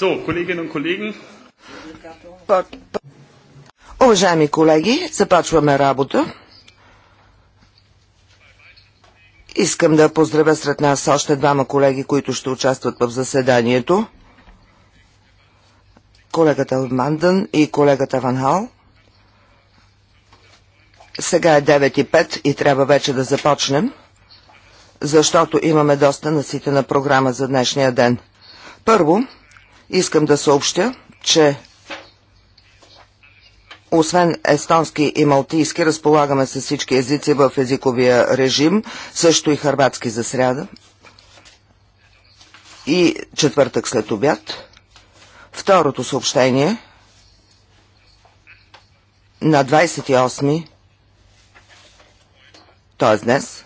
So, Kolleginnen und Kollegen. Уважаеми колеги, започваме работа. Искам да поздравя сред нас още двама колеги, които ще участват в заседанието. Колегата от Мандън и колегата Ван Хал. Сега е 9.05 и трябва вече да започнем, защото имаме доста наситена програма за днешния ден. Първо, искам да съобщя, че освен естонски и малтийски, разполагаме с всички езици в езиковия режим, също и харватски за сряда и четвъртък след обяд. Второто съобщение на 28 т.е. днес,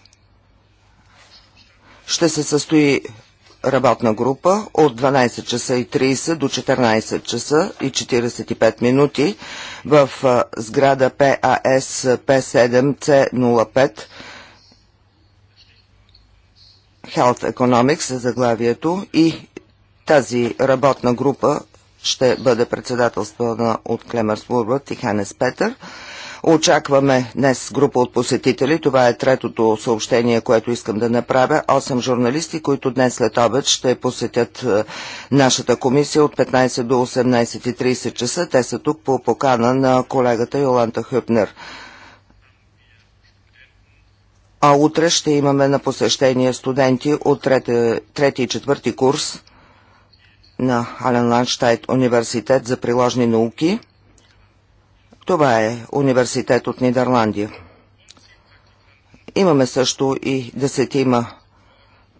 ще се състои работна група от 12 часа и 30 до 14 часа и 45 минути в сграда ПАС п 7 c 05 Health Economics е заглавието и тази работна група ще бъде председателствана от Клемър Бурбът и Ханес Петър. Очакваме днес група от посетители. Това е третото съобщение, което искам да направя. Осем журналисти, които днес след обед ще посетят е, нашата комисия от 15 до 18.30 часа. Те са тук по покана на колегата Йоланта Хюпнер. А утре ще имаме на посещение студенти от трети, и четвърти курс на Ален Ланштайт университет за приложни науки – това е университет от Нидерландия. Имаме също и десетима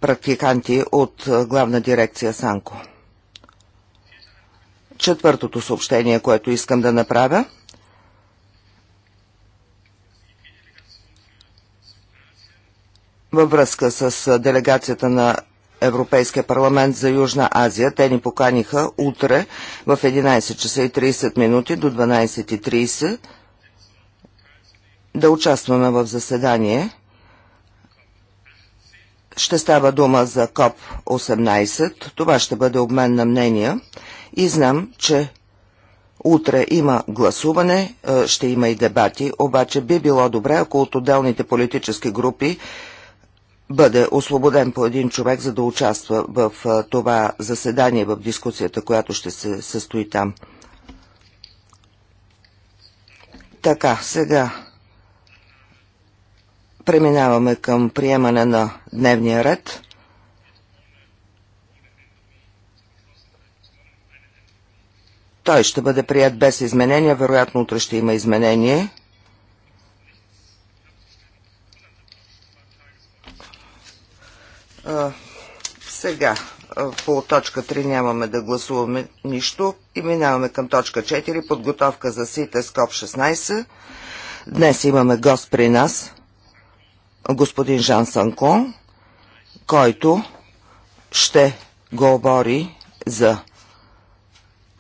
практиканти от е, главна дирекция Санко. Четвъртото съобщение, което искам да направя – във връзка с е, делегацията на Европейския парламент за Южна Азия. Те ни поканиха утре в 11 часа и 30 минути до 12.30 да участваме в заседание. Ще става дума за КОП 18. Това ще бъде обмен на мнения и знам, че Утре има гласуване, е, ще има и дебати, обаче би било добре, ако от отделните политически групи бъде освободен по един човек, за да участва в това заседание, в дискусията, която ще се състои там. Така, сега преминаваме към приемане на дневния ред. Той ще бъде прият без изменения, вероятно утре ще има изменение. Сега по точка 3 нямаме да гласуваме нищо и минаваме към точка 4. Подготовка за СИТЕ СКОП КОП 16. Днес имаме гост при нас, господин Жан Санклон, който ще говори за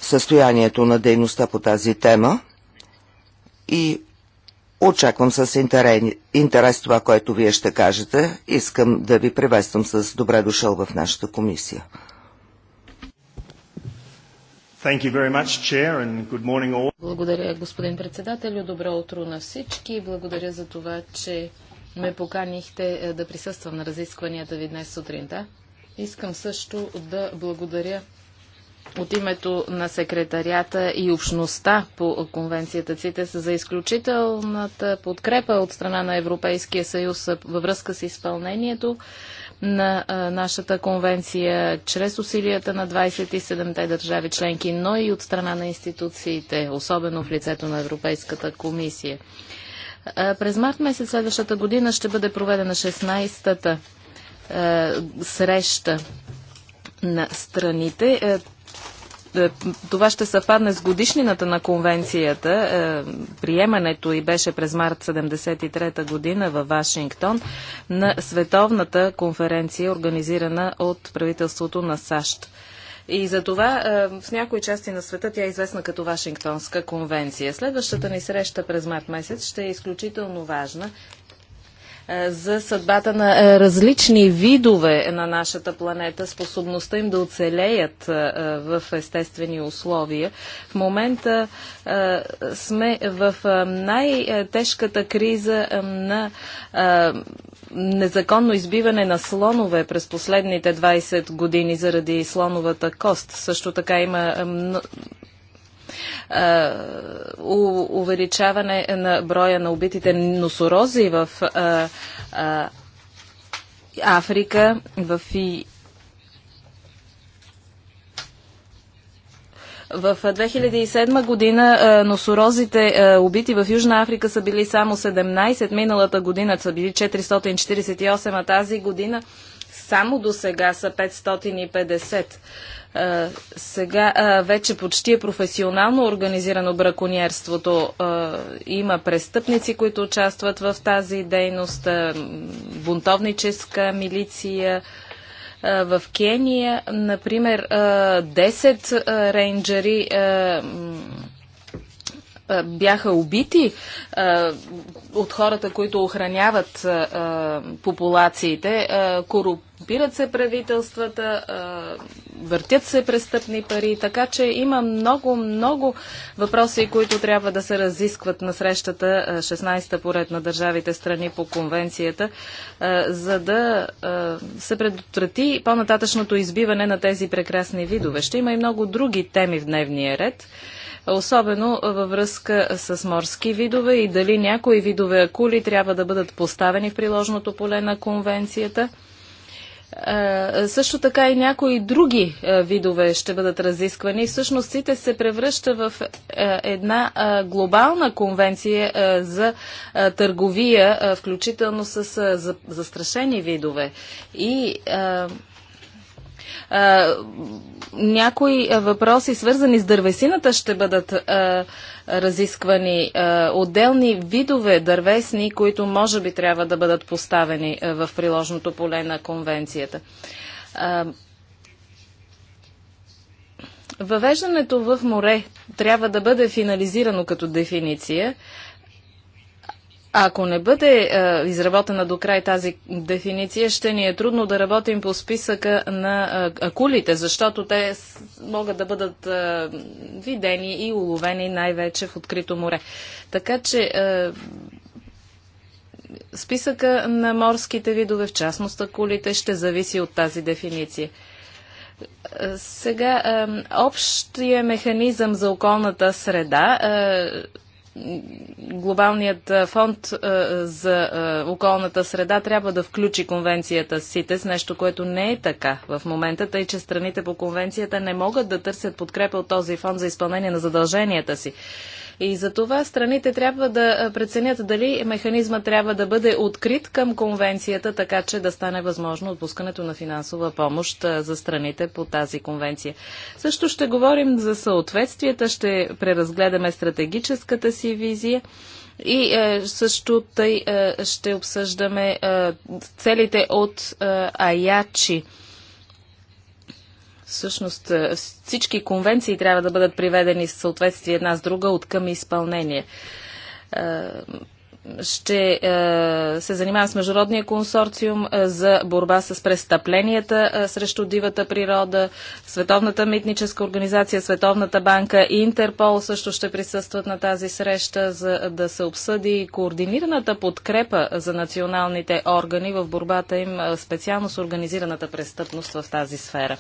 състоянието на дейността по тази тема и Очаквам с интерес това, което вие ще кажете. Искам да ви приветствам с добре дошъл в нашата комисия. Much, Благодаря, господин председател, Добро утро на всички. Благодаря за това, че ме поканихте е, да присъствам на разискванията ви днес сутринта. Искам също да благодаря от името на секретарията и общността по конвенцията ЦИТЕС за изключителната подкрепа от страна на Европейския съюз във връзка с изпълнението на нашата конвенция чрез усилията на 27-те държави членки, но и от страна на институциите, особено в лицето на Европейската комисия. през март месец следващата година ще бъде проведена 16-та среща на страните. Е, това ще съвпадне с годишнината на конвенцията. Е, приемането и беше през март 73 година във Вашингтон на световната конференция, организирана от правителството на САЩ. И за това е, в някои части на света тя е известна като Вашингтонска конвенция. Следващата ни среща през март месец ще е изключително важна е, за съдбата на е, различни видове на нашата планета, способността им да оцелеят е, в естествени условия. В момента сме в най-тежката криза на незаконно избиване на слонове през последните 20 години заради слоновата кост. Също така има увеличаване на броя на убитите носорози в Африка, в и В 2007 година носорозите убити в Южна Африка са били само 17, миналата година са били 448, а тази година само до сега са 550 сега вече почти е професионално организирано браконьерството. Има престъпници, които участват в тази дейност, бунтовническа милиция. В Кения, например, 10 рейнджери бяха убити а, от хората, които охраняват а, популациите. А, корупират се правителствата, въртят се престъпни пари, така че има много, много въпроси, които трябва да се разискват на срещата 16-та поред на държавите страни по конвенцията, за да се предотврати по-нататъчното избиване на тези прекрасни видове. Ще има и много други теми в дневния ред особено във връзка с морски видове и дали някои видове акули трябва да бъдат поставени в приложното поле на конвенцията. Също така и някои други видове ще бъдат разисквани. Всъщност СИТЕ се превръща в една глобална конвенция за търговия, включително с застрашени видове. И а, някои въпроси, свързани с дървесината, ще бъдат а, разисквани. А, отделни видове дървесни, които може би трябва да бъдат поставени а, в приложното поле на конвенцията. А, Въвеждането в море трябва да бъде финализирано като дефиниция. Ако не бъде а, изработена до край тази дефиниция, ще ни е трудно да работим по списъка на а, акулите, защото те с, могат да бъдат а, видени и уловени най-вече в открито море. Така че а, списъка на морските видове, в частност акулите, ще зависи от тази дефиниция. Сега, а, общия механизъм за околната среда. А, глобалният фонд за околната среда трябва да включи конвенцията СИТЕС, нещо, което не е така в момента, тъй че страните по конвенцията не могат да търсят подкрепа от този фонд за изпълнение на задълженията си. И за това страните трябва да преценят дали механизма трябва да бъде открит към конвенцията, така че да стане възможно отпускането на финансова помощ за страните по тази конвенция. Също ще говорим за съответствията, ще преразгледаме стратегическата си визия. И е, също тъй е, ще обсъждаме е, целите от е, Аячи. Всъщност е, всички конвенции трябва да бъдат приведени в съответствие една с друга от към изпълнение. Е, ще е, се занимавам с Международния консорциум за борба с престъпленията срещу дивата природа, Световната митническа организация, Световната банка и Интерпол също ще присъстват на тази среща, за да се обсъди координираната подкрепа за националните органи в борбата им специално с организираната престъпност в тази сфера.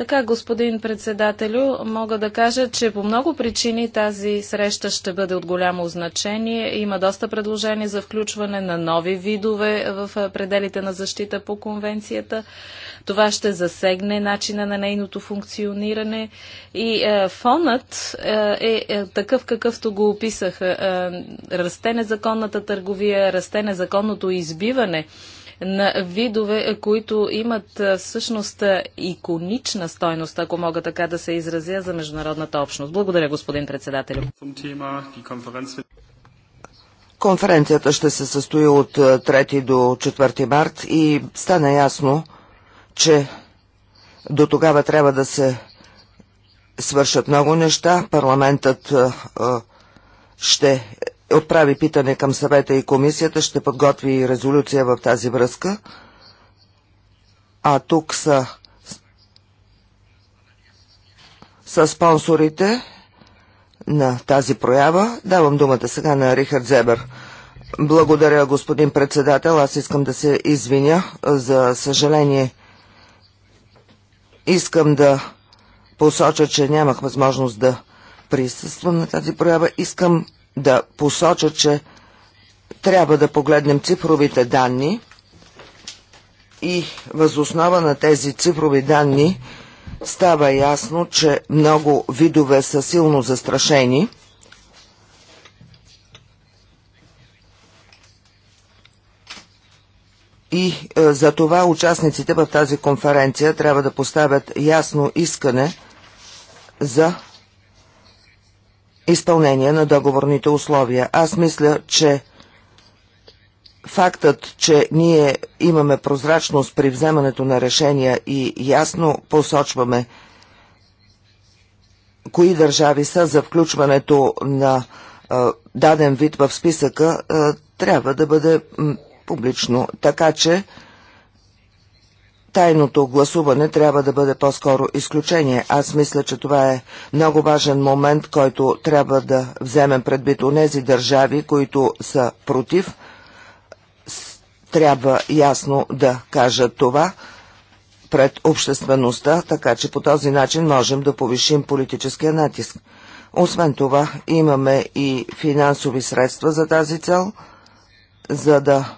Така, господин председателю, мога да кажа, че по много причини тази среща ще бъде от голямо значение. Има доста предложения за включване на нови видове в пределите на защита по конвенцията. Това ще засегне начина на нейното функциониране и е, фонът е, е, такъв какъвто го описах. е, расте незаконната търговия, расте незаконното избиване на видове, които имат всъщност иконична стойност, ако мога така да се изразя за международната общност. Благодаря, господин председател. Конференцията ще се състои от 3 до 4 март и стана ясно, че до тогава трябва да се свършат много неща. Парламентът ще отправи питане към съвета и комисията, ще подготви резолюция в тази връзка. А тук са, са спонсорите на тази проява. Давам думата сега на Рихард Зебер. Благодаря, господин председател. Аз искам да се извиня. За съжаление, искам да посоча, че нямах възможност да присъствам на тази проява. Искам да посоча, че трябва да погледнем цифровите данни и възоснова на тези цифрови данни става ясно, че много видове са силно застрашени. И е, за това участниците в тази конференция трябва да поставят ясно искане за изпълнение на договорните условия. Аз мисля, че фактът, че ние имаме прозрачност при вземането на решения и ясно посочваме кои държави са за включването на даден вид в списъка, трябва да бъде публично. Така че Тайното гласуване трябва да бъде по-скоро изключение. Аз мисля, че това е много важен момент, който трябва да вземем предвид онези държави, които са против. Трябва ясно да кажат това пред обществеността, така че по този начин можем да повишим политическия натиск. Освен това, имаме и финансови средства за тази цел, за да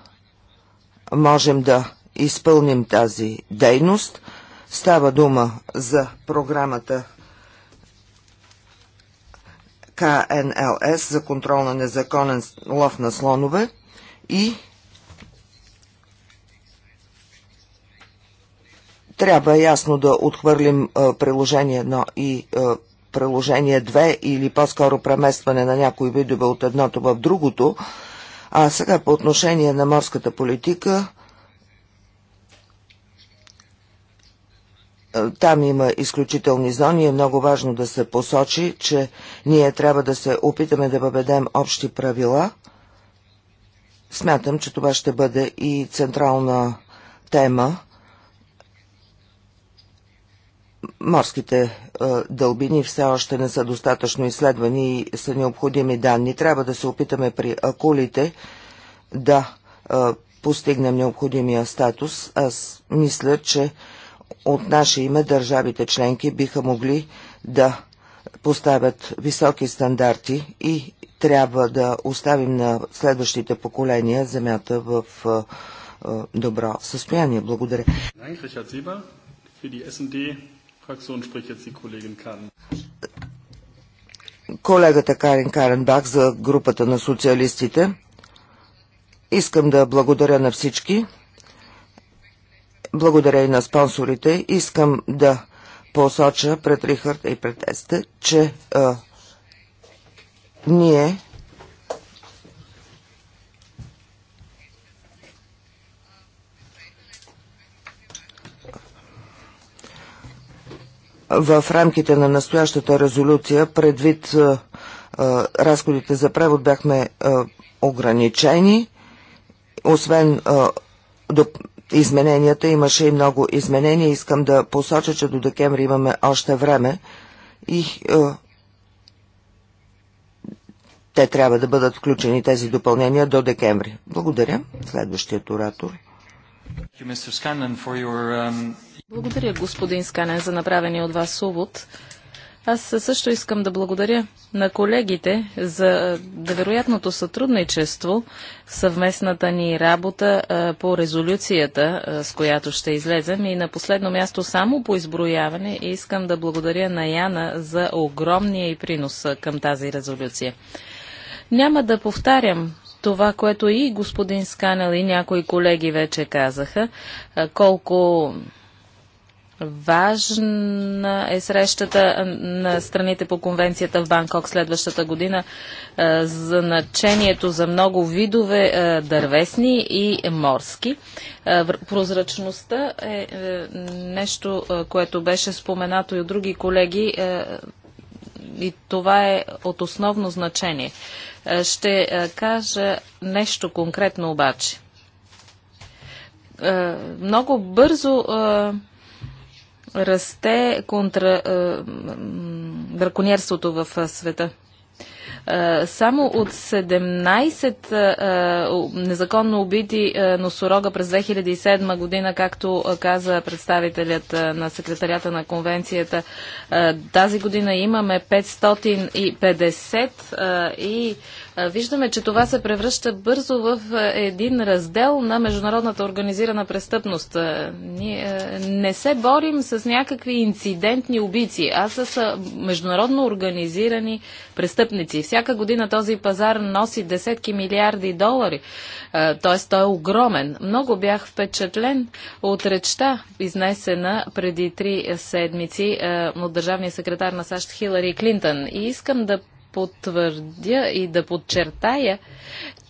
можем да изпълним тази дейност. Става дума за програмата КНЛС за контрол на незаконен лов на слонове и трябва ясно да отхвърлим е, приложение 1 и е, приложение 2 или по-скоро преместване на някои видове от едното в другото. А сега по отношение на морската политика Е, там има изключителни зони и е много важно да се посочи, че ние трябва да се опитаме да въведем общи правила. Смятам, че това ще бъде и централна тема. Морските е, дълбини все още не са достатъчно изследвани и са необходими данни. Трябва да се опитаме при акулите да е, постигнем необходимия статус. Аз мисля, че от наше име държавите членки биха могли да поставят високи стандарти и трябва да оставим на следващите поколения земята в добро състояние. Благодаря. Колегата Карен Каренбак за групата на социалистите. Искам да благодаря на всички благодаря и на спонсорите, искам да посоча пред Рихард и пред Есте, че а, ние в рамките на настоящата резолюция, предвид а, а, разходите за превод, бяхме а, ограничени, освен а, измененията. Имаше и много изменения. Искам да посоча, че до декември имаме още време и е, те трябва да бъдат включени тези допълнения до декември. Благодаря. Следващият оратор. Благодаря, господин Сканен, за направения от вас увод. Аз също искам да благодаря на колегите за невероятното сътрудничество в съвместната ни работа по резолюцията, с която ще излезем. И на последно място само по изброяване искам да благодаря на Яна за огромния и принос към тази резолюция. Няма да повтарям това, което и господин Сканел и някои колеги вече казаха, колко Важна е срещата на страните по конвенцията в Банкок следващата година. Е, значението за много видове е, дървесни и морски. Е, прозрачността е нещо, което беше споменато и от други колеги и това е от основно значение. Ще кажа нещо конкретно обаче. Много бързо расте контра, е, драконьерството в е, света. Е, само от 17 незаконно убити носорога през 2007 година, както каза представителят на секретарята на конвенцията, тази година имаме 550 и Виждаме, че това се превръща бързо в един раздел на международната организирана престъпност. Ние не се борим с някакви инцидентни убийци, а с международно организирани престъпници. Всяка година този пазар носи десетки милиарди долари, т.е. той е огромен. Много бях впечатлен от речта, изнесена преди три седмици от държавния секретар на САЩ Хилари Клинтън. И искам да потвърдя и да подчертая,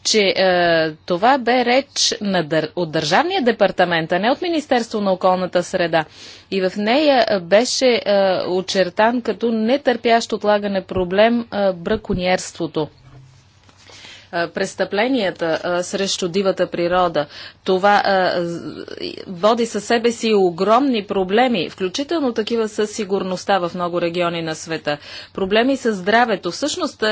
че е, това бе реч на дър... от Държавния департамент, а не от Министерство на околната среда. И в нея е, беше е, очертан като нетърпящ отлагане проблем е, браконьерството престъпленията срещу дивата природа. Това води със себе си огромни проблеми, включително такива с сигурността в много региони на света. Проблеми с здравето. Всъщност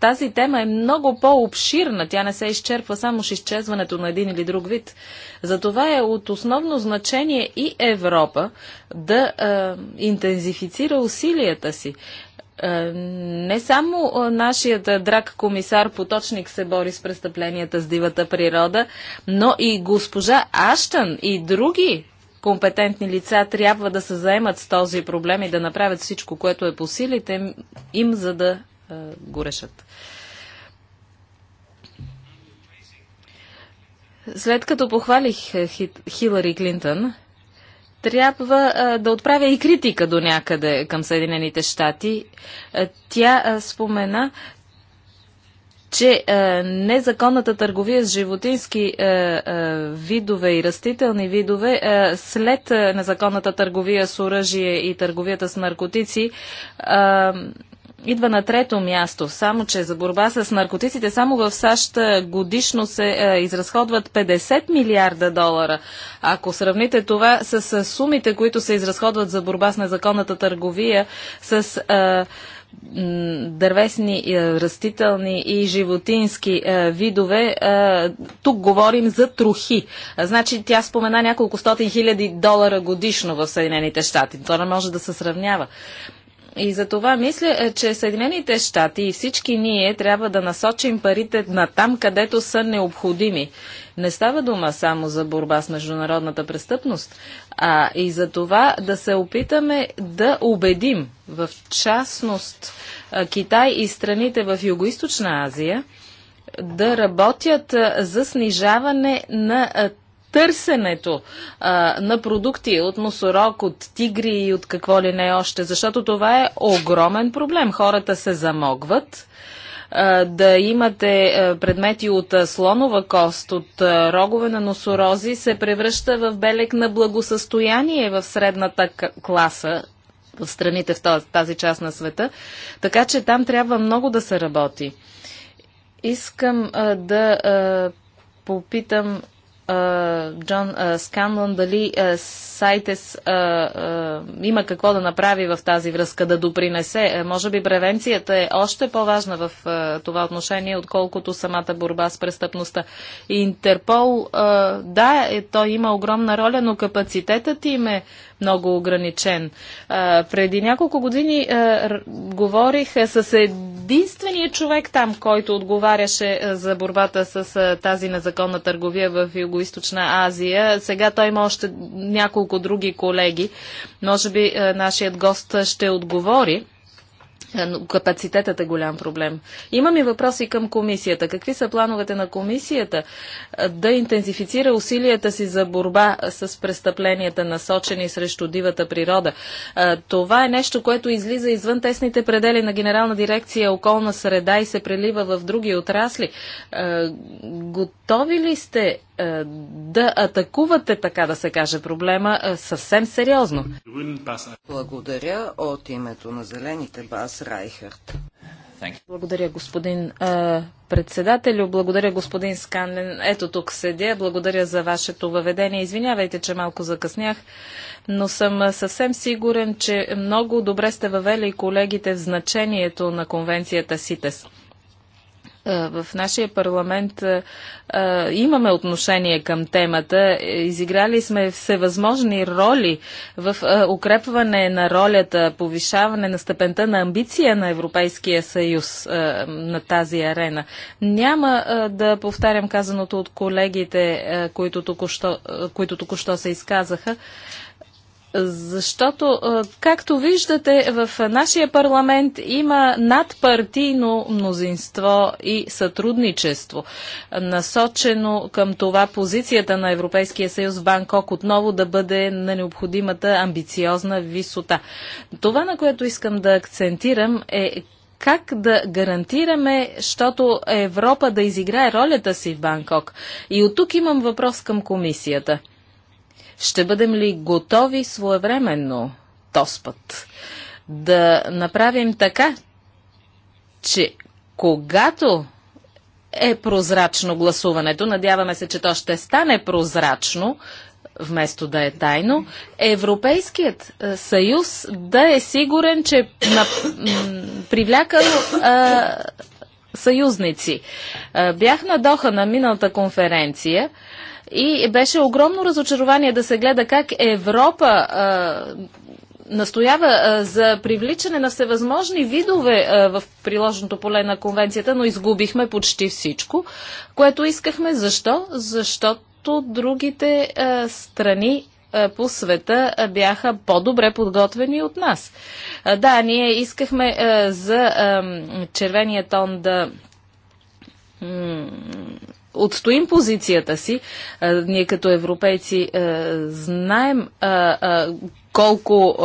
тази тема е много по-обширна. Тя не се изчерпва само с изчезването на един или друг вид. Затова е от основно значение и Европа да интензифицира усилията си. Е, не само е, нашият е, драг комисар Поточник се бори с престъпленията с дивата природа, но и госпожа Аштън и други компетентни лица трябва да се заемат с този проблем и да направят всичко, което е по силите им, за да го решат. След като похвалих Хилари Клинтън, трябва а, да отправя и критика до някъде към Съединените щати. Тя а, спомена, че а, незаконната търговия с животински а, а, видове и растителни видове а, след а, незаконната търговия с оръжие и търговията с наркотици а, идва на трето място, само че за борба с наркотиците само в САЩ годишно се а, изразходват 50 милиарда долара. Ако сравните това с, с сумите, които се изразходват за борба с незаконната търговия, с А, дървесни, растителни и животински видове. Тук говорим за трохи. Значи тя спомена няколко стотин хиляди долара годишно в Съединените щати. Това не може да се сравнява. И за това мисля, е, че Съединените щати и всички ние трябва да насочим парите на там, където са необходими. Не става дума само за борба с международната престъпност, а и за това да се опитаме да убедим в частност Китай и страните в Юго-Источна Азия да работят за снижаване на търсенето а, на продукти от носорог, от тигри и от какво ли не още, защото това е огромен проблем. Хората се замогват а, да имате предмети от слонова кост, от рогове на носорози, се превръща в белек на благосъстояние в средната класа в страните в тази част на света. Така че там трябва много да се работи. Искам а, да а, попитам Джон Сканлон, дали Сайтес има какво да направи в тази връзка, да допринесе. Е, може би превенцията е още по-важна в това отношение, отколкото самата борба с престъпността. Интерпол, да, е, той има огромна роля, но капацитетът им е много ограничен. А, преди няколко години а, говорих с единствения човек там, който отговаряше за борбата с а, тази незаконна търговия в Юго-Источна Азия. Сега той има още няколко други колеги. Може би а, нашият гост ще отговори е, но капацитетът е голям проблем. Имам и въпроси към комисията. Какви са плановете на комисията е, да интензифицира усилията си за борба с престъпленията, насочени срещу дивата природа? Е, това е нещо, което излиза извън тесните предели на Генерална дирекция околна среда и се прелива в други отрасли. Готови ли сте е, да атакувате, така да се каже, проблема е, съвсем сериозно. Благодаря от името на Зелените Бас Райхард. Благодаря, господин а, е, председателю. Благодаря, господин Сканлен. Ето тук седя. Благодаря за вашето въведение. Извинявайте, че малко закъснях, но съм съвсем сигурен, че много добре сте въвели колегите в значението на конвенцията СИТЕС. В нашия парламент имаме отношение към темата. Изиграли сме всевъзможни роли в укрепване на ролята, повишаване на степента на амбиция на Европейския съюз на тази арена. Няма да повтарям казаното от колегите, които току-що, които току-що се изказаха. Защото, е, както виждате, в нашия парламент има надпартийно мнозинство и сътрудничество, насочено към това позицията на Европейския съюз в Банкок отново да бъде на необходимата амбициозна висота. Това, на което искам да акцентирам е как да гарантираме, защото Европа да изиграе ролята си в Банкок. И от тук имам въпрос към комисията – ще бъдем ли готови своевременно този път да направим така, че когато е прозрачно гласуването, надяваме се, че то ще стане прозрачно, вместо да е тайно, Европейският е, съюз да е сигурен, че на, привлякал а, е, съюзници. А, е, бях на Доха на миналата конференция и беше огромно разочарование да се гледа как Европа а, настоява а, за привличане на всевъзможни видове а, в приложното поле на конвенцията, но изгубихме почти всичко, което искахме. Защо? Защото другите а, страни по света бяха по-добре подготвени от нас. Да, ние искахме за червения тон да отстоим позицията си. Е, ние като европейци е, знаем е, колко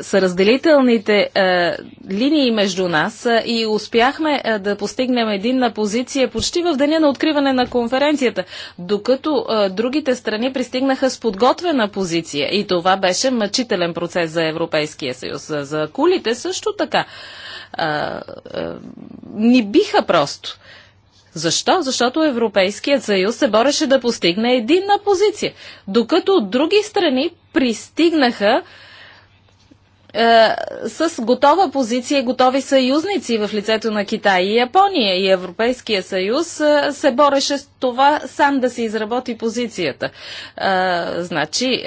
са разделителните е, линии между нас е, и успяхме е, да постигнем единна позиция почти в деня на откриване на конференцията, докато е, другите страни пристигнаха с подготвена позиция и това беше мъчителен процес за Европейския съюз. За кулите също така е, е, ни биха просто. Е, защо? Защото Европейският съюз се бореше да постигне единна позиция, докато от други страни пристигнаха е, с готова позиция, готови съюзници в лицето на Китай и Япония и Европейския съюз е, се бореше с това сам да се изработи позицията. Е, значи,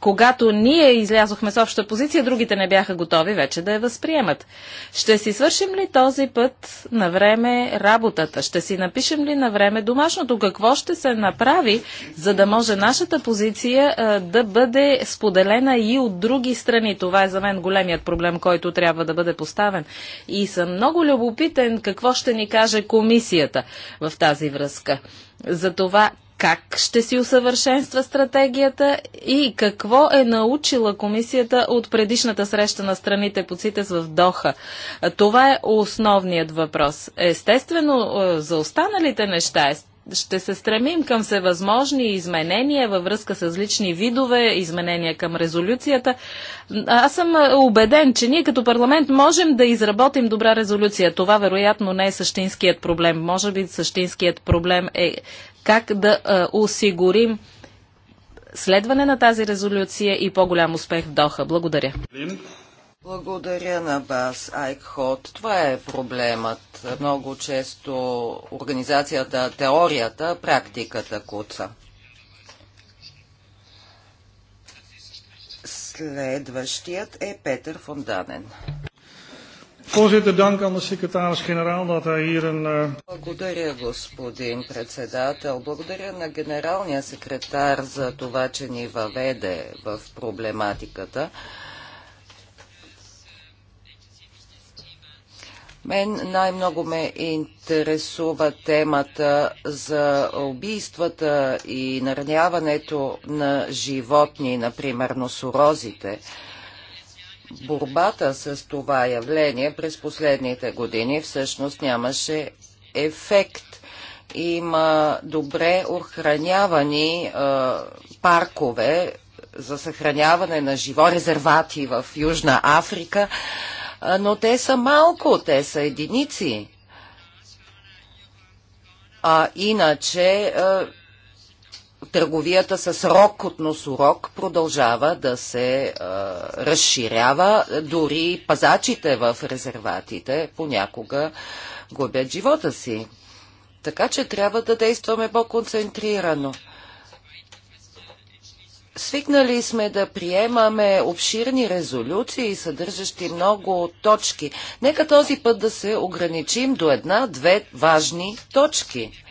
когато ние излязохме с обща позиция, другите не бяха готови вече да я възприемат. Ще си свършим ли този път на време работата? Ще си напишем ли на време домашното? Какво ще се направи, за да може нашата позиция да бъде споделена и от други страни? Това е за мен големият проблем, който трябва да бъде поставен. И съм много любопитен какво ще ни каже комисията в тази връзка. За това как ще си усъвършенства стратегията и какво е научила комисията от предишната среща на страните по ЦИТЕС в Доха? Това е основният въпрос. Естествено, е, за останалите неща ще се стремим към всевъзможни изменения във връзка с различни видове, изменения към резолюцията. Аз съм убеден, че ние като парламент можем да изработим добра резолюция. Това вероятно не е същинският проблем. Може би същинският проблем е как да а, осигурим следване на тази резолюция и по-голям успех в Доха. Благодаря. Благодаря на вас, Айкхот. Това е проблемът. Много често организацията, теорията, практиката куца. Следващият е Петър Фонданен. Eh, Благодаря, господин председател. Благодаря на генералния секретар за това, че ни въведе в проблематиката. Мен най-много ме интересува темата за убийствата и нараняването на животни, например носорозите. Борбата с това явление през последните години всъщност нямаше ефект. Има добре охранявани е, паркове за съхраняване на живо резервати в Южна Африка, но те са малко, те са единици. А иначе търговията с рок от носорог продължава да се а, разширява. Дори пазачите в резерватите понякога губят живота си. Така че трябва да действаме по-концентрирано. Свикнали сме да приемаме обширни резолюции, съдържащи много точки. Нека този път да се ограничим до една-две важни точки.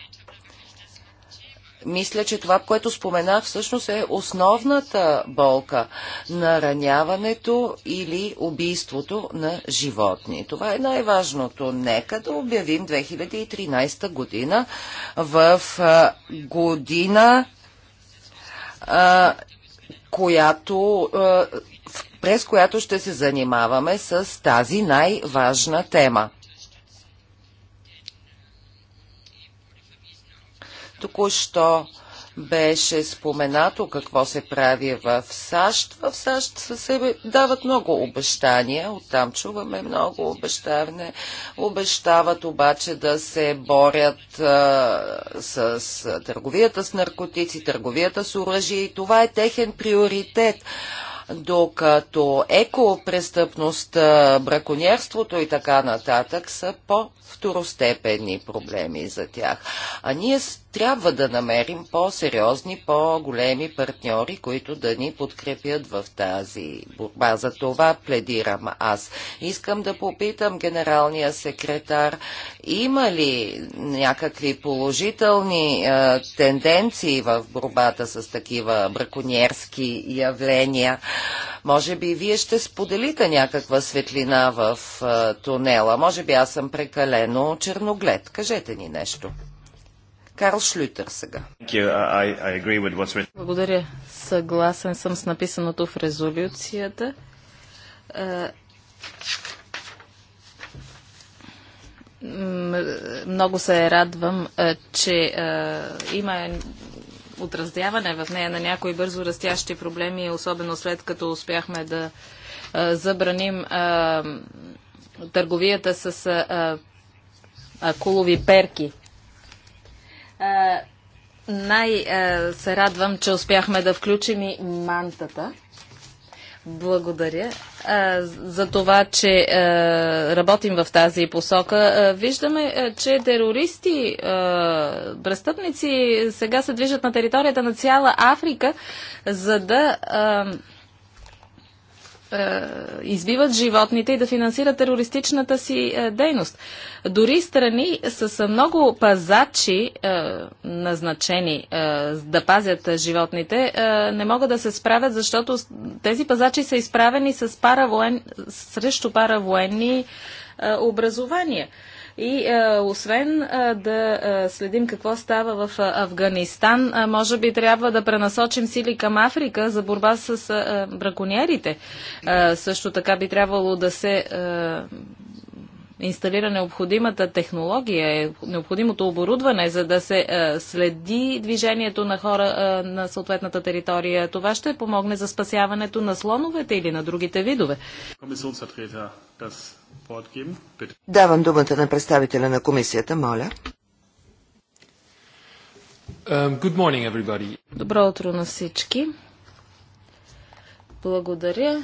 Мисля, че това, което споменах, всъщност е основната болка – на раняването или убийството на животни. Това е най-важното. Нека да обявим 2013 година в година която, е, през която ще се занимаваме с тази най-важна тема. Току-що беше споменато какво се прави в САЩ. В САЩ се дават много обещания. Оттам чуваме много обещаване. Обещават обаче да се борят а, с, търговията с наркотици, търговията с оръжие и това е техен приоритет докато екопрестъпността, браконьерството и така нататък са по-второстепенни проблеми за тях. А ние трябва да намерим по-сериозни, по-големи партньори, които да ни подкрепят в тази борба. За това пледирам аз. Искам да попитам генералния секретар, има ли някакви положителни е, тенденции в борбата с такива браконьерски явления? Може би вие ще споделите някаква светлина в е, тунела. Може би аз съм прекалено черноглед. Кажете ни нещо. Карл Шлютер сега. Благодаря. Съгласен съм с написаното в резолюцията. Много се радвам, че има отразяване в нея на някои бързо растящи проблеми, особено след като успяхме да забраним търговията с акулови перки е, най- е, се радвам, че успяхме да включим и мантата. Благодаря е, за това, че работим в тази посока. Виждаме, че терористи, престъпници сега се движат на територията на цяла Африка, за да е, избиват животните и да финансират терористичната си е, дейност. Дори страни с много пазачи, е, назначени да пазят животните, не могат да се справят, защото тези пазачи са изправени с паравоен... срещу паравоенни образования. И а, е, освен а, е, да а, е, следим какво става в а, Афганистан, а, може би трябва да пренасочим сили към Африка за борба с а, браконьерите. А, също така би трябвало да се. А, инсталира необходимата технология, необходимото оборудване, за да се е, следи движението на хора е, на съответната територия. Това ще помогне за спасяването на слоновете или на другите видове. Давам думата на представителя на комисията, моля. Um, morning, Добро утро на всички. Благодаря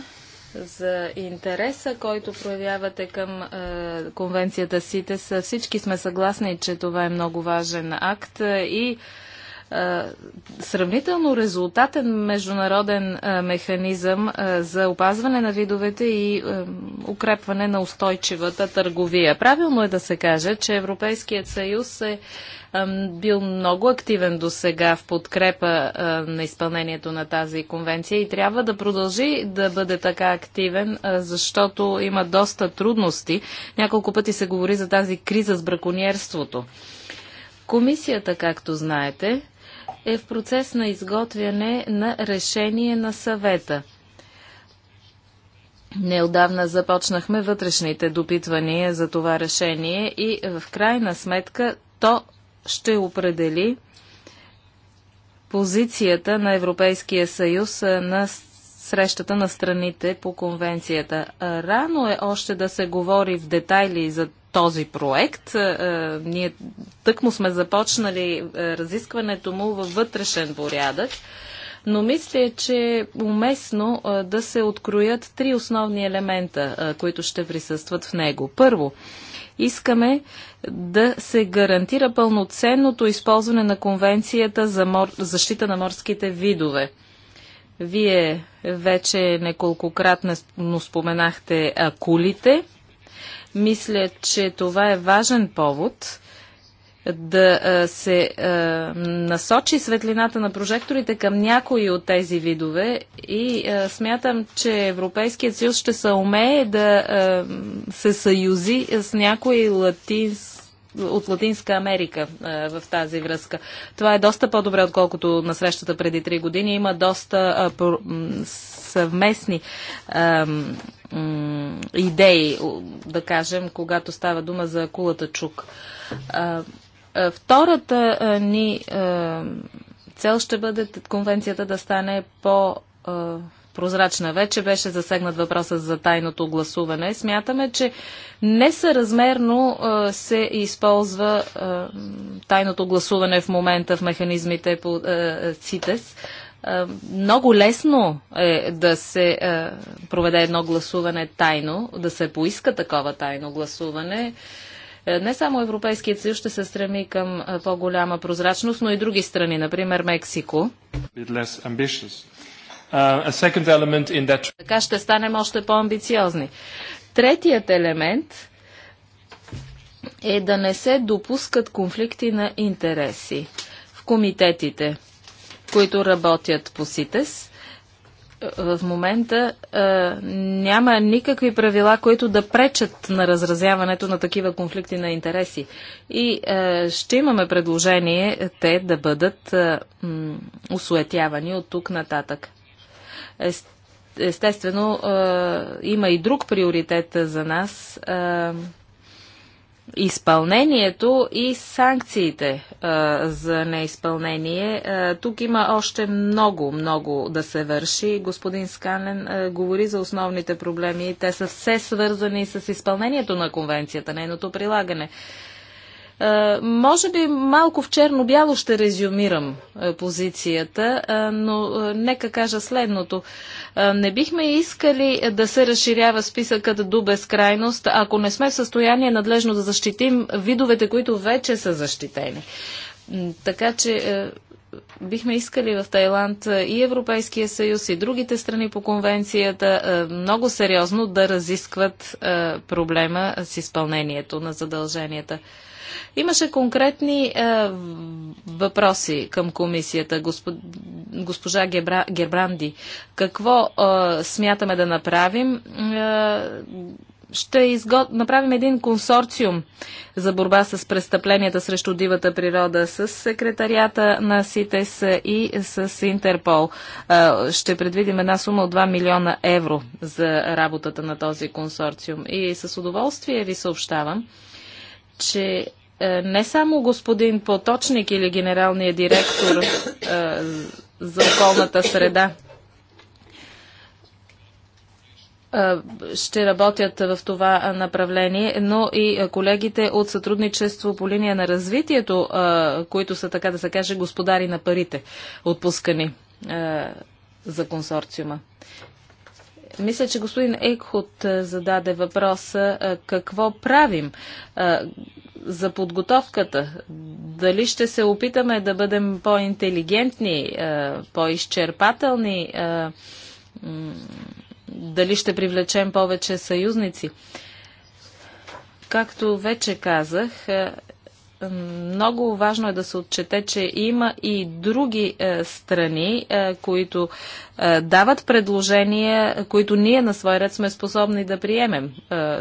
за интереса, който проявявате към е, конвенцията СИТЕС. Всички сме съгласни, че това е много важен акт и е, сравнително резултатен международен е, механизъм е, за опазване на видовете и укрепване на устойчивата търговия. Правилно е да се каже, че Европейският съюз е бил много активен до сега в подкрепа на изпълнението на тази конвенция и трябва да продължи да бъде така активен, защото има доста трудности. Няколко пъти се говори за тази криза с браконьерството. Комисията, както знаете, е в процес на изготвяне на решение на съвета. Неодавна започнахме вътрешните допитвания за това решение и в крайна сметка то ще определи позицията на Европейския съюз на срещата на страните по конвенцията. Рано е още да се говори в детайли за този проект. Е, е, ние тъкмо сме започнали е, разискването му във вътрешен порядък, но мисля, че уместно да се откроят три основни елемента, които ще присъстват в него. Първо, искаме да се гарантира пълноценното използване на конвенцията за мор... защита на морските видове. Вие вече неколкократно споменахте акулите – мисля, че това е важен повод да се насочи светлината на прожекторите към някои от тези видове и смятам, че Европейският съюз ще се умее да се съюзи с някои латинс, от Латинска Америка а, в тази връзка. Това е доста по-добре, отколкото на срещата преди три години. Има доста а, съвместни а, идеи, да кажем, когато става дума за кулата чук. Втората ни цел ще бъде конвенцията да стане по прозрачна. Вече беше засегнат въпроса за тайното гласуване. Смятаме, че несъразмерно се използва тайното гласуване в момента в механизмите по ЦИТЕС. Е, много лесно е да се е, проведе едно гласуване тайно, да се поиска такова тайно гласуване. Е, не само Европейският съюз ще се стреми към по-голяма прозрачност, но и други страни, например Мексико. Uh, така ще станем още по-амбициозни. Третият елемент е да не се допускат конфликти на интереси в комитетите които работят по СИТЕС. В момента а, няма никакви правила, които да пречат на разразяването на такива конфликти на интереси. И а, ще имаме предложение те да бъдат осуетявани от тук нататък. Естествено, а, има и друг приоритет за нас. А, изпълнението и санкциите а, за неизпълнение. А, тук има още много, много да се върши. Господин Сканен а, говори за основните проблеми. Те са все свързани с изпълнението на конвенцията, нейното прилагане. Е, може би малко в черно-бяло ще резюмирам е, позицията, е, но нека кажа следното. Не бихме искали да се разширява списъкът до безкрайност, ако не сме в състояние надлежно да защитим видовете, които вече са защитени. Така че бихме искали в Тайланд и Европейския съюз и другите страни по конвенцията много сериозно да разискват проблема с изпълнението на задълженията. Имаше конкретни е, въпроси към комисията. Госпо, госпожа Гебра, Гербранди, какво е, смятаме да направим? Е, ще изгод... направим един консорциум за борба с престъпленията срещу дивата природа с секретарията на СИТЕС и с Интерпол. Е, ще предвидим една сума от 2 милиона евро за работата на този консорциум. И с удоволствие ви съобщавам, че е, не само господин Поточник или генералният директор е, за околната среда е, ще работят в това направление, но и колегите от сътрудничество по линия на развитието, които са, така да се каже, господари на парите, отпускани за консорциума. Мисля, че господин Екхот зададе въпроса какво правим за подготовката. Дали ще се опитаме да бъдем по-интелигентни, е, по-изчерпателни, е, дали ще привлечем повече съюзници. Както вече казах, е, много важно е да се отчете, че има и други е, страни, е, които е, дават предложения, които ние на свой ред сме способни да приемем.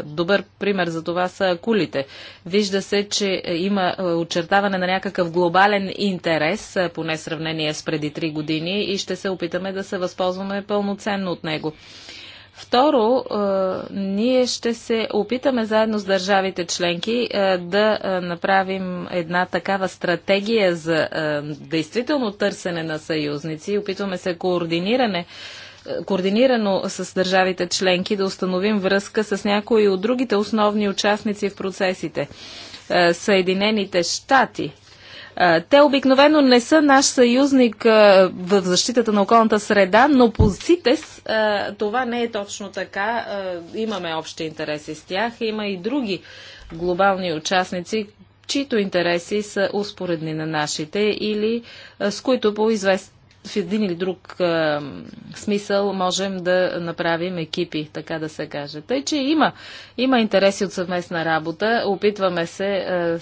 Добър пример за това са кулите. Вижда се, че има очертаване на някакъв глобален интерес, поне сравнение с преди три години и ще се опитаме да се възползваме пълноценно от него. Второ, е, ние ще се опитаме заедно с държавите членки е, да е, направим една такава стратегия за действително търсене на съюзници. Опитваме се координиране координирано с държавите членки да установим връзка с някои от другите основни участници в процесите. Съединените щати те обикновено не са наш съюзник в защитата на околната среда, но по СИТЕС това не е точно така. Имаме общи интереси с тях. Има и други глобални участници, чието интереси са успоредни на нашите или с които по известен в един или друг а, смисъл можем да направим екипи, така да се каже. Тъй, че има, има интереси от съвместна работа. Опитваме се а,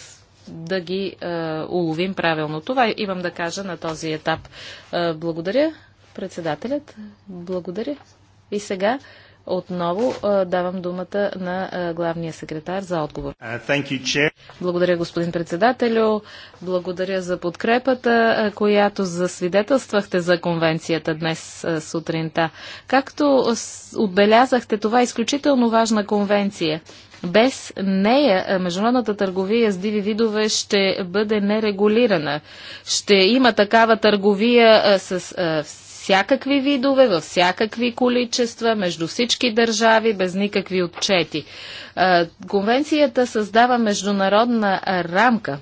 да ги е, уловим правилно. Това имам да кажа на този етап. Е, благодаря, председателят. Благодаря. И сега отново е, давам думата на е, главния секретар за отговор. Uh, you, благодаря, господин председателю. Благодаря за подкрепата, е, която засвидетелствахте за конвенцията днес е, сутринта. Както отбелязахте, това е изключително важна конвенция. Без нея е, международната търговия с диви видове ще бъде нерегулирана. Ще има такава търговия е, с е, всякакви видове, във всякакви количества, между всички държави, без никакви отчети. Конвенцията създава международна рамка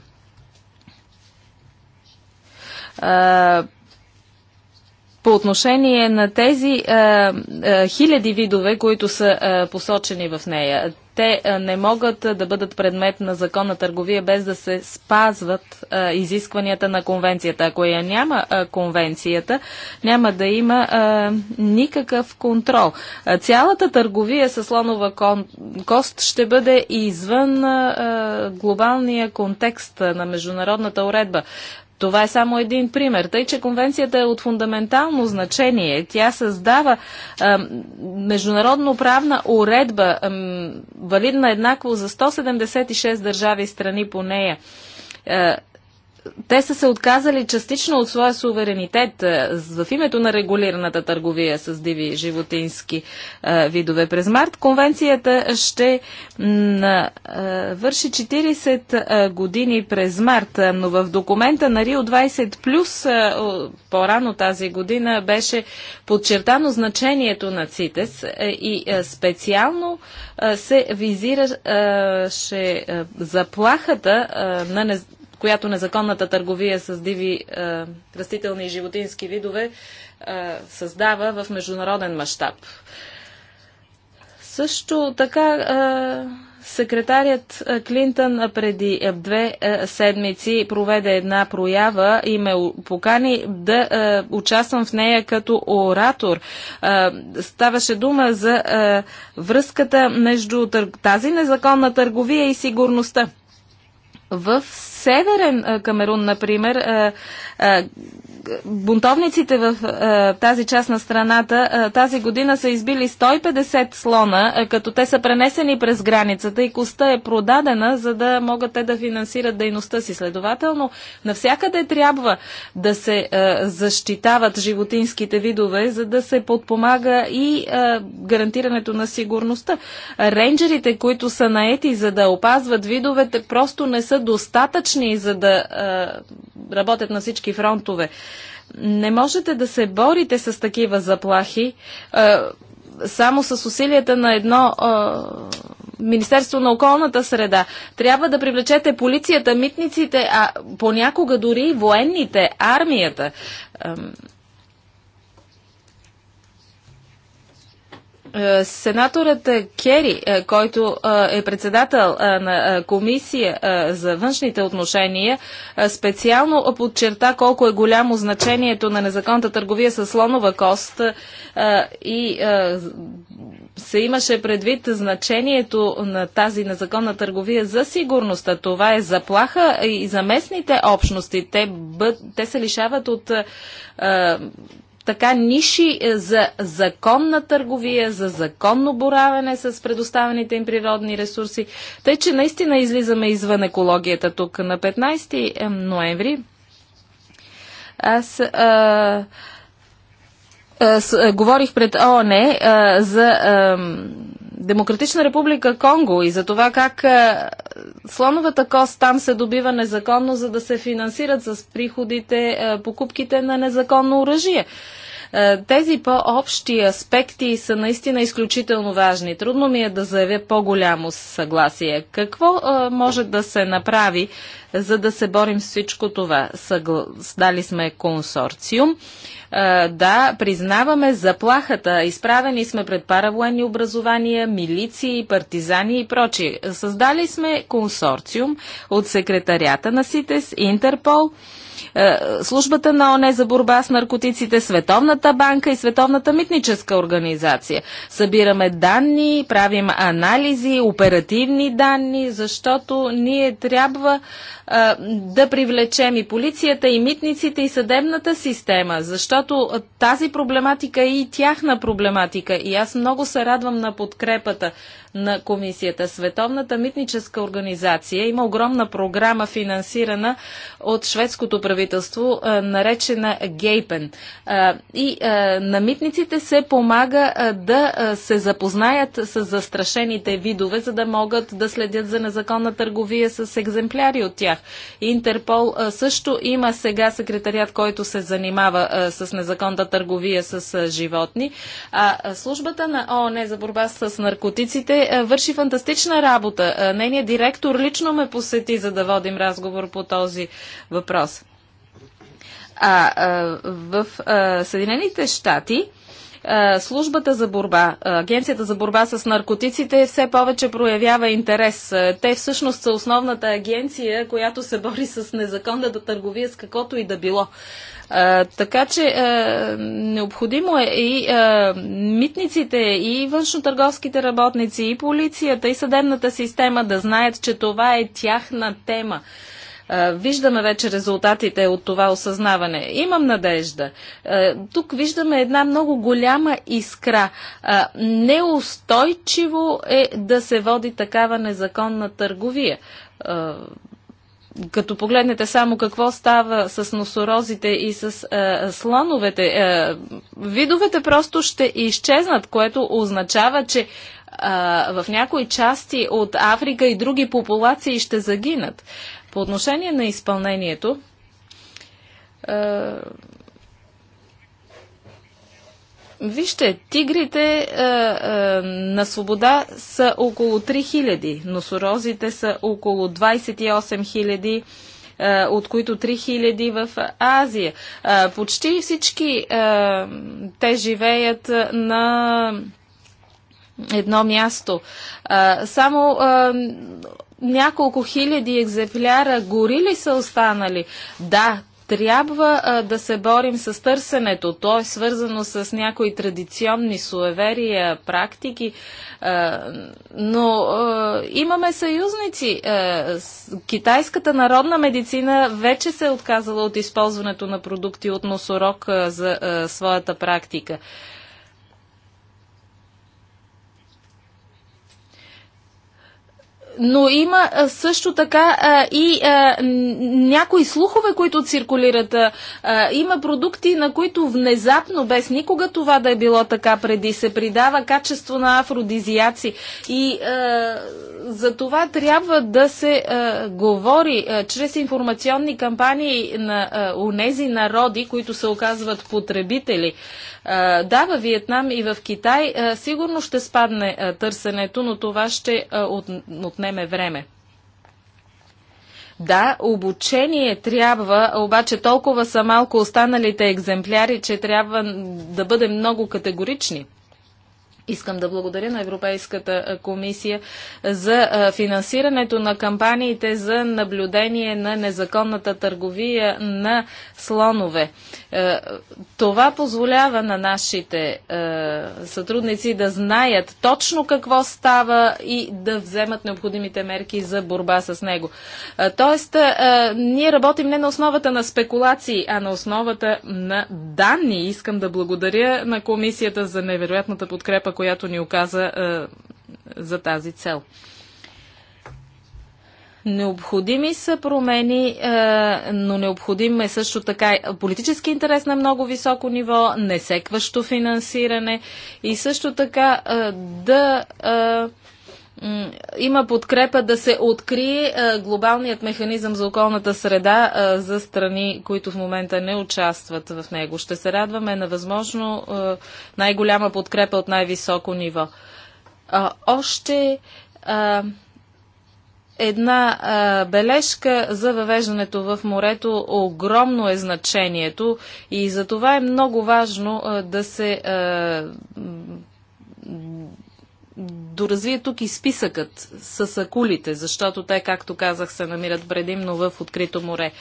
по отношение на тези а, а, хиляди видове, които са а, посочени в нея те не могат да бъдат предмет на законна търговия без да се спазват изискванията на конвенцията. Ако я няма конвенцията, няма да има никакъв контрол. Цялата търговия с слонова кост ще бъде извън глобалния контекст на международната уредба. Това е само един пример. Тъй, че конвенцията е от фундаментално значение. Тя създава е, международно правна уредба, е, валидна еднакво за 176 държави страни по нея. Е, те са се отказали частично от своя суверенитет е, в името на регулираната търговия с диви животински е, видове. През март конвенцията ще е, върши 40 години през март, но в документа на Рио 20 плюс по-рано тази година беше подчертано значението на ЦИТЕС и специално се визираше заплахата на която незаконната търговия с диви е, растителни и животински видове е, създава в международен мащаб. Също така е, секретарият е, Клинтън е, преди е, две седмици проведе една проява и ме покани да участвам в нея като оратор. Ставаше дума за връзката между тази незаконна търговия и сигурността. В Северен е, Камерун, например, е, е, бунтовниците в а, е, тази част на страната а, е, тази година са избили 150 слона, а, е, като те са пренесени през границата и коста е продадена, за да могат те да финансират дейността си. Следователно, навсякъде трябва да се а, защитават животинските видове, за да се подпомага и а, гарантирането на сигурността. Рейнджерите, които са наети за да опазват видовете, просто не са достатъчни за да а, работят на всички фронтове. Не можете да се борите с такива заплахи само с усилията на едно а, Министерство на околната среда. Трябва да привлечете полицията, митниците, а понякога дори и военните, армията. А, Е, сенаторът е, Кери, е, който е председател на комисия за външните отношения, специално подчерта колко е голямо значението на незаконната търговия с слонова кост и се имаше предвид значението на тази незаконна търговия за сигурността. Това е заплаха и за местните общности. Те, бъд, те се лишават от така ниши е, за законна търговия, за законно боравене с предоставените им природни ресурси. Тъй, че наистина излизаме извън екологията тук на 15 е, ноември. Аз а, а, с, а, говорих пред ООН а, за а, Демократична република Конго и за това как е, слоновата кост там се добива незаконно, за да се финансират с приходите е, покупките на незаконно оръжие. Е, тези по-общи аспекти са наистина изключително важни. Трудно ми е да заявя по-голямо съгласие. Какво е, може да се направи, за да се борим с всичко това? Дали сме консорциум. Е, да, признаваме заплахата. Изправени сме пред паравоенни образования, милиции, партизани и прочи. Създали сме консорциум от секретарията на СИТЕС, Интерпол, е, службата на ОНЕ за борба с наркотиците, Световната банка и Световната митническа организация. Събираме данни, правим анализи, оперативни данни, защото ние трябва е, да привлечем и полицията, и митниците, и съдебната система, защото тази проблематика е и тяхна проблематика. И аз много се радвам на подкрепата на комисията. Световната митническа организация има огромна програма, финансирана от шведското правителство, наречена Гейпен. И на митниците се помага да се запознаят с застрашените видове, за да могат да следят за незаконна търговия с екземпляри от тях. Интерпол също има сега секретарият, който се занимава с незаконна търговия с животни. А службата на ООН за борба с наркотиците е, върши фантастична работа. Е, нейният директор лично ме посети, за да водим разговор по този въпрос. А, а в а, Съединените щати службата за борба, агенцията за борба с наркотиците все повече проявява интерес. Те всъщност са основната агенция, която се бори с незаконната търговия с каквото и да било. А, така че а, необходимо е и а, митниците, и външнотърговските работници, и полицията, и съдебната система да знаят, че това е тяхна тема. Виждаме вече резултатите от това осъзнаване. Имам надежда. Тук виждаме една много голяма искра. Неустойчиво е да се води такава незаконна търговия като погледнете само какво става с носорозите и с а, е, слоновете, а, е, видовете просто ще изчезнат, което означава, че а, е, в някои части от Африка и други популации ще загинат. По отношение на изпълнението, Вижте, тигрите а, е, а, е, на свобода са около 3000, носорозите са около 28 000, е, от които 3000 в Азия. почти всички те живеят на едно място. само няколко хиляди екземпляра горили са останали. Да, трябва а, да се борим с търсенето. То е свързано с някои традиционни суеверия, практики, а, но а, имаме съюзници. Китайската народна медицина вече се е отказала от използването на продукти от носорог за своята практика. но има също така а, и а, някои слухове, които циркулират. А, има продукти, на които внезапно, без никога това да е било така преди, се придава качество на афродизиаци. И а, за това трябва да се а, е, говори а, е, чрез информационни кампании на тези е, народи, които се оказват потребители. А, да, във Виетнам и в Китай а, сигурно ще спадне а, търсенето, но това ще а, от, отнеме време. Да, обучение трябва, обаче толкова са малко останалите екземпляри, че трябва да бъдем много категорични. Искам да благодаря на Европейската комисия за финансирането на кампаниите за наблюдение на незаконната търговия на слонове. Това позволява на нашите сътрудници да знаят точно какво става и да вземат необходимите мерки за борба с него. Тоест, ние работим не на основата на спекулации, а на основата на данни. Искам да благодаря на комисията за невероятната подкрепа, която ни оказа е, за тази цел. Необходими са промени, е, но необходим е също така политически интерес на много високо ниво, несекващо финансиране и също така е, да има подкрепа да се открие е, глобалният механизъм за околната среда е, за страни, които в момента не участват в него. Ще се радваме на възможно е, най-голяма подкрепа от най-високо ниво. Още една бележка за въвеждането в морето. Огромно е значението и за това е много важно да се доразвия тук и списъкът с акулите, защото те, както казах, се намират предимно в открито море.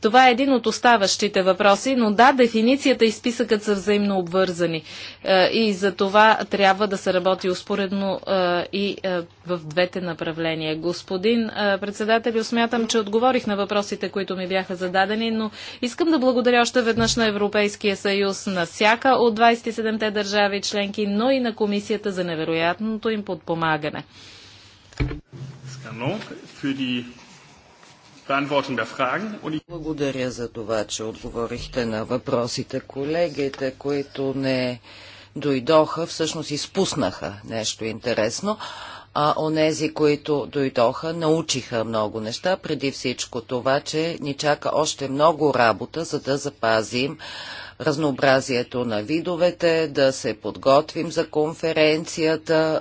Това е един от оставащите въпроси, но да, дефиницията и списъкът са взаимно обвързани. Е, и за това трябва да се работи успоредно е, и е, в двете направления. Господин председател, смятам, че отговорих на въпросите, които ми бяха зададени, но искам да благодаря още веднъж на Европейския съюз, на всяка от 27-те държави членки, но и на Комисията за невероятното им подпомагане. Скано, благодаря за това, че отговорихте на въпросите. Колегите, които не дойдоха, всъщност изпуснаха нещо интересно, а онези, които дойдоха, научиха много неща, преди всичко това, че ни чака още много работа, за да запазим разнообразието на видовете, да се подготвим за конференцията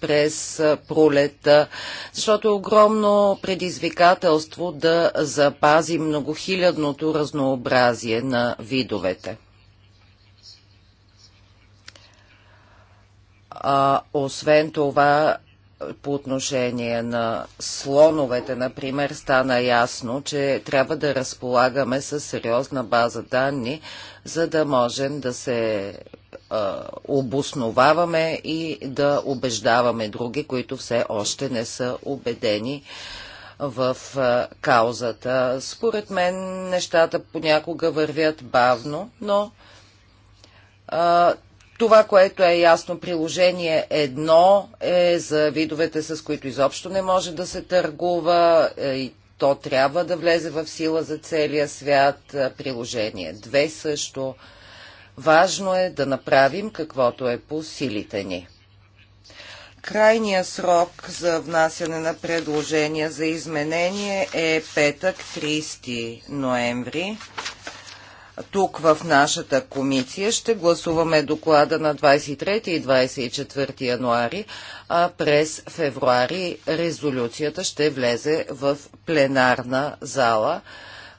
през пролета, защото е огромно предизвикателство да запазим многохилядното разнообразие на видовете. А, освен това, по отношение на слоновете, например, стана ясно, че трябва да разполагаме с сериозна база данни, за да можем да се обосноваваме и да убеждаваме други, които все още не са убедени в каузата. Според мен нещата понякога вървят бавно, но това, което е ясно приложение едно е за видовете, с които изобщо не може да се търгува е, и то трябва да влезе в сила за целия свят. Е, приложение две също. Важно е да направим каквото е по силите ни. Крайният срок за внасяне на предложения за изменение е петък 30 ноември тук в нашата комисия. Ще гласуваме доклада на 23 и 24 януари, а през февруари резолюцията ще влезе в пленарна зала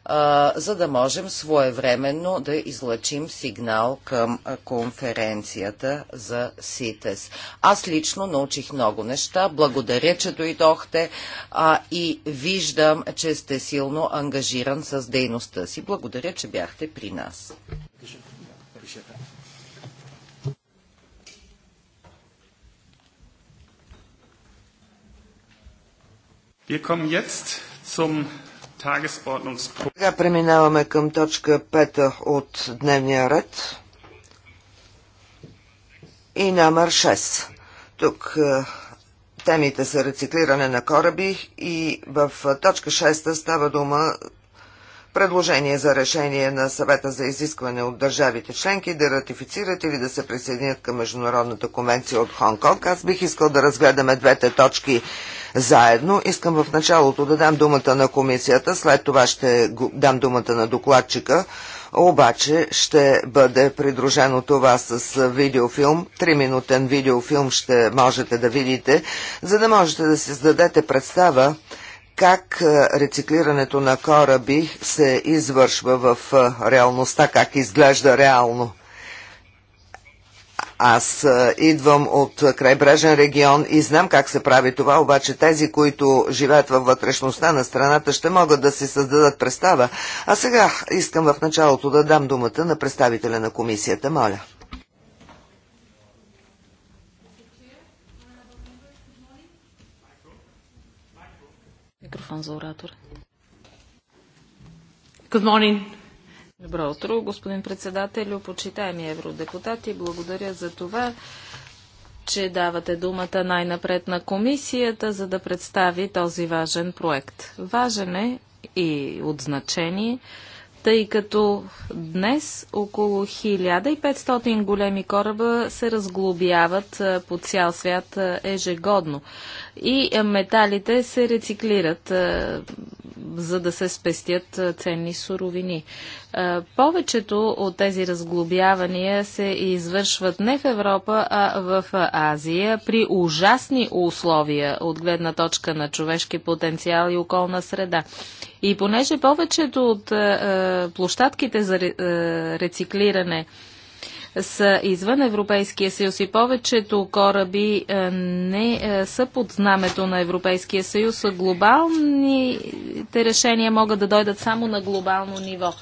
а, за да можем своевременно да излъчим сигнал към конференцията за СИТЕС. Аз лично научих много неща. Благодаря, че дойдохте а, и виждам, че сте силно ангажиран с дейността си. Благодаря, че бяхте при нас. Wir kommen jetzt zum сега преминаваме към точка 5 от дневния ред и номер 6. Тук е, темите са рециклиране на кораби и в е, точка 6 става дума предложение за решение на съвета за изискване от държавите членки да ратифицират или да се присъединят към Международната конвенция от Хонг-Конг. Аз бих искал да разгледаме двете точки заедно. Искам в началото да дам думата на комисията, след това ще дам думата на докладчика, обаче ще бъде придружено това с видеофилм. Триминутен видеофилм ще можете да видите, за да можете да си зададете представа как е, рециклирането на кораби се извършва в е, реалността, как изглежда реално. Аз идвам от крайбрежен регион и знам как се прави това, обаче тези, които живеят във вътрешността на страната, ще могат да си създадат представа. А сега искам в началото да дам думата на представителя на комисията. Моля. Микрофон за оратора. Good morning. Добро утро, господин председателю, почитаеми евродепутати. Благодаря за това, че давате думата най-напред на комисията, за да представи този важен проект. Важен е и от значение, тъй като днес около 1500 големи кораба се разглобяват по цял свят ежегодно и металите се рециклират за да се спестят ценни суровини. Повечето от тези разглобявания се извършват не в Европа, а в Азия при ужасни условия от гледна точка на човешки потенциал и околна среда. И понеже повечето от площадките за рециклиране са извън Европейския съюз и повечето кораби е, не е, са под знамето на Европейския съюз. Глобалните решения могат да дойдат само на глобално ниво.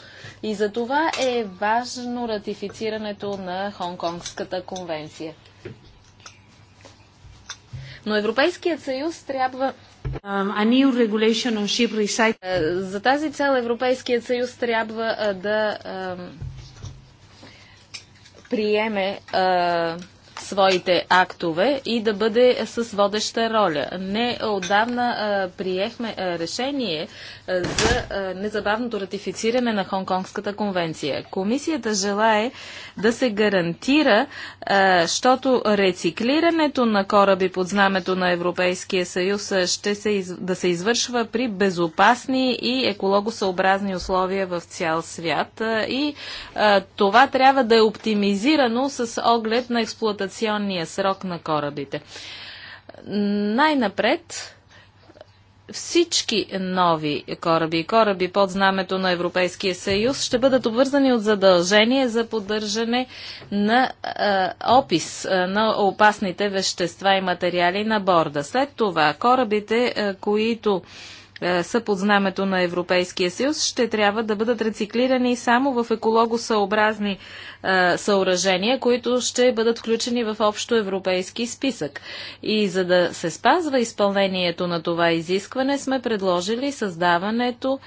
И за това е важно ратифицирането на Хонконгската конвенция. Но Европейският съюз трябва um, е, за тази цел Европейският съюз трябва да приеме а, своите актове и да бъде с водеща роля. Не отдавна а, приехме а, решение а, за незабавното ратифициране на Хонконгската конвенция. Комисията желае да се гарантира, защото рециклирането на кораби под знамето на Европейския съюз ще се, из... да се извършва при безопасни и екологосъобразни условия в цял свят. И това трябва да е оптимизирано с оглед на експлуатацията регистрационния срок на корабите. Най-напред всички нови кораби и кораби под знамето на Европейския съюз ще бъдат обвързани от задължение за поддържане на е, опис е, на опасните вещества и материали на борда. След това корабите, е, които е, е, са под знамето на Европейския съюз, ще трябва да бъдат рециклирани само в екологосъобразни е, съоръжения, които ще бъдат включени в общо европейски списък. И за да се спазва изпълнението на това изискване, сме предложили създаването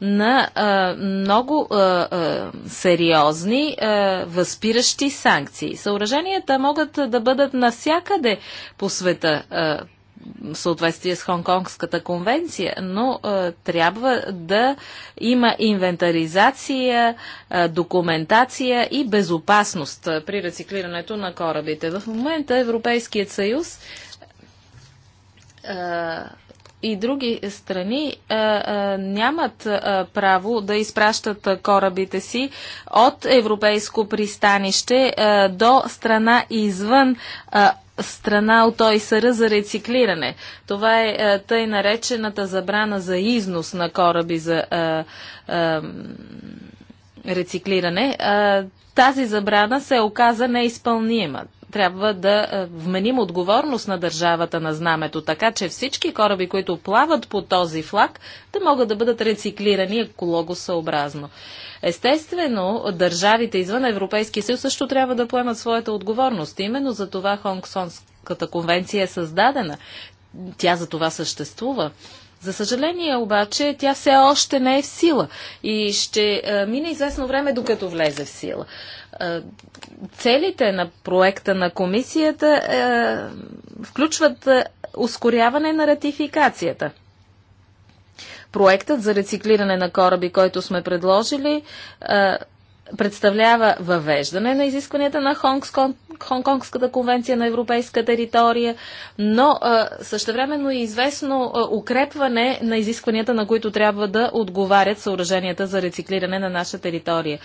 на а, е, много а, е, а, сериозни а, възпиращи санкции. Съоръженията могат да бъдат навсякъде по света а, съответствие с Хонконгската конвенция, но е, трябва да има инвентаризация, е, документация и безопасност е, при рециклирането на корабите. В момента Европейският съюз е, и други страни а, е, а, е, нямат а, право да изпращат корабите си от европейско пристанище а, до страна извън а, страна от ОИСР за рециклиране. Това е, е, тъй наречената забрана за износ на кораби за е, е, рециклиране. Тази забрана се оказа неизпълнима. Трябва да вменим отговорност на държавата на знамето, така че всички кораби, които плават по този флаг, да могат да бъдат рециклирани екологосъобразно. съобразно. Естествено, държавите извън Европейския съюз също трябва да поемат своята отговорност. Именно за това Хонгсонската конвенция е създадена. Тя за това съществува. За съжаление обаче, тя все още не е в сила и ще е, мине известно време, докато влезе в сила. Е, целите на проекта на комисията е, включват ускоряване на ратификацията проектът за рециклиране на кораби, който сме предложили, представлява въвеждане на изискванията на Хонконгската конвенция на европейска територия, но същевременно е известно укрепване на изискванията, на които трябва да отговарят съоръженията за рециклиране на наша територия.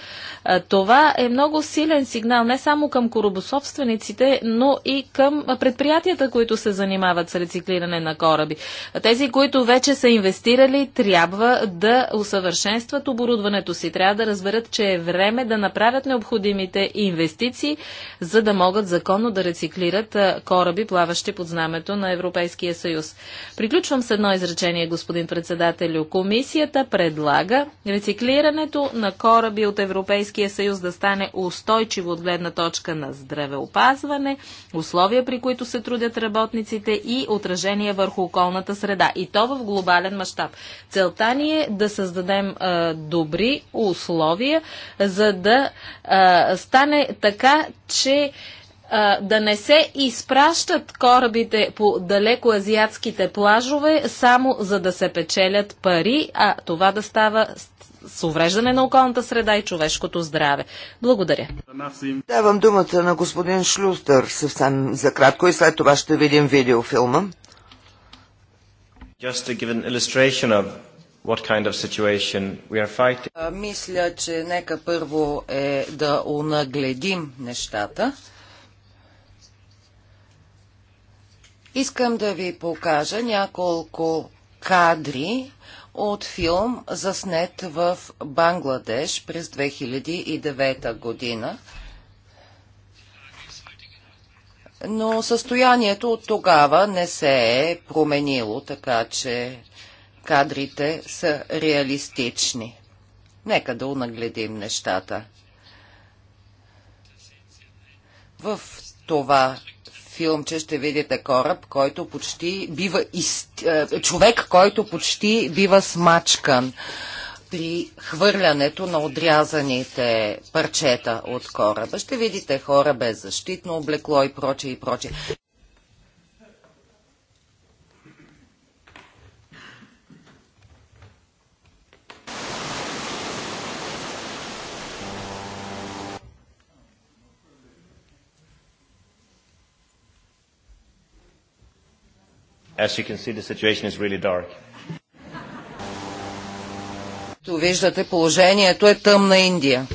Това е много силен сигнал не само към корабособствениците, но и към предприятията, които се занимават с рециклиране на кораби. Тези, които вече са инвестирали, трябва да усъвършенстват оборудването си, трябва да разберат, че е време време да направят необходимите инвестиции, за да могат законно да рециклират кораби, плаващи под знамето на Европейския съюз. Приключвам с едно изречение, господин председателю. Комисията предлага рециклирането на кораби от Европейския съюз да стане устойчиво от гледна точка на здравеопазване, условия при които се трудят работниците и отражение върху околната среда. И то в глобален мащаб. Целта ни е да създадем добри условия за за да а, стане така, че а, да не се изпращат корабите по далеко азиатските плажове, само за да се печелят пари, а това да става с увреждане на околната среда и човешкото здраве. Благодаря. Давам думата на господин Шлюстър съвсем за кратко и след това ще видим видеофилма. Just to give an illustration of Kind of мисля, че нека първо е да унагледим нещата. Искам да ви покажа няколко кадри от филм, заснет в Бангладеш през 2009 година. Но състоянието от тогава не се е променило, така че кадрите са реалистични. Нека да унагледим нещата. В това филмче ще видите кораб, който почти бива из... Е, човек, който почти бива смачкан при хвърлянето на отрязаните парчета от кораба. Ще видите хора без защитно облекло и прочее и прочее. As you can see, the situation is really dark. Както виждате, положението е тъмна Индия.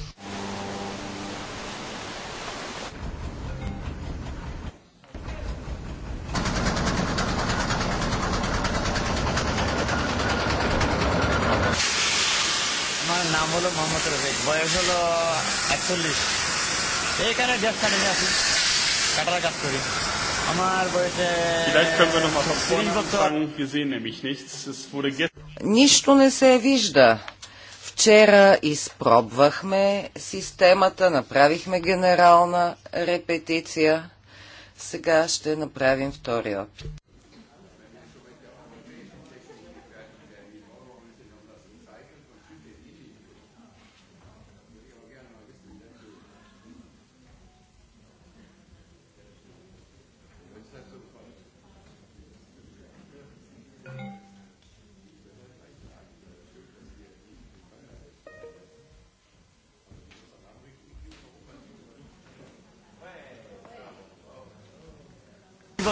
নাম হলো মোহাম্মদ রফিক বয়স হলো একচল্লিশ এখানে দেড় Нищо не се вижда. Вчера изпробвахме системата, направихме генерална репетиция. Сега ще направим втори опит.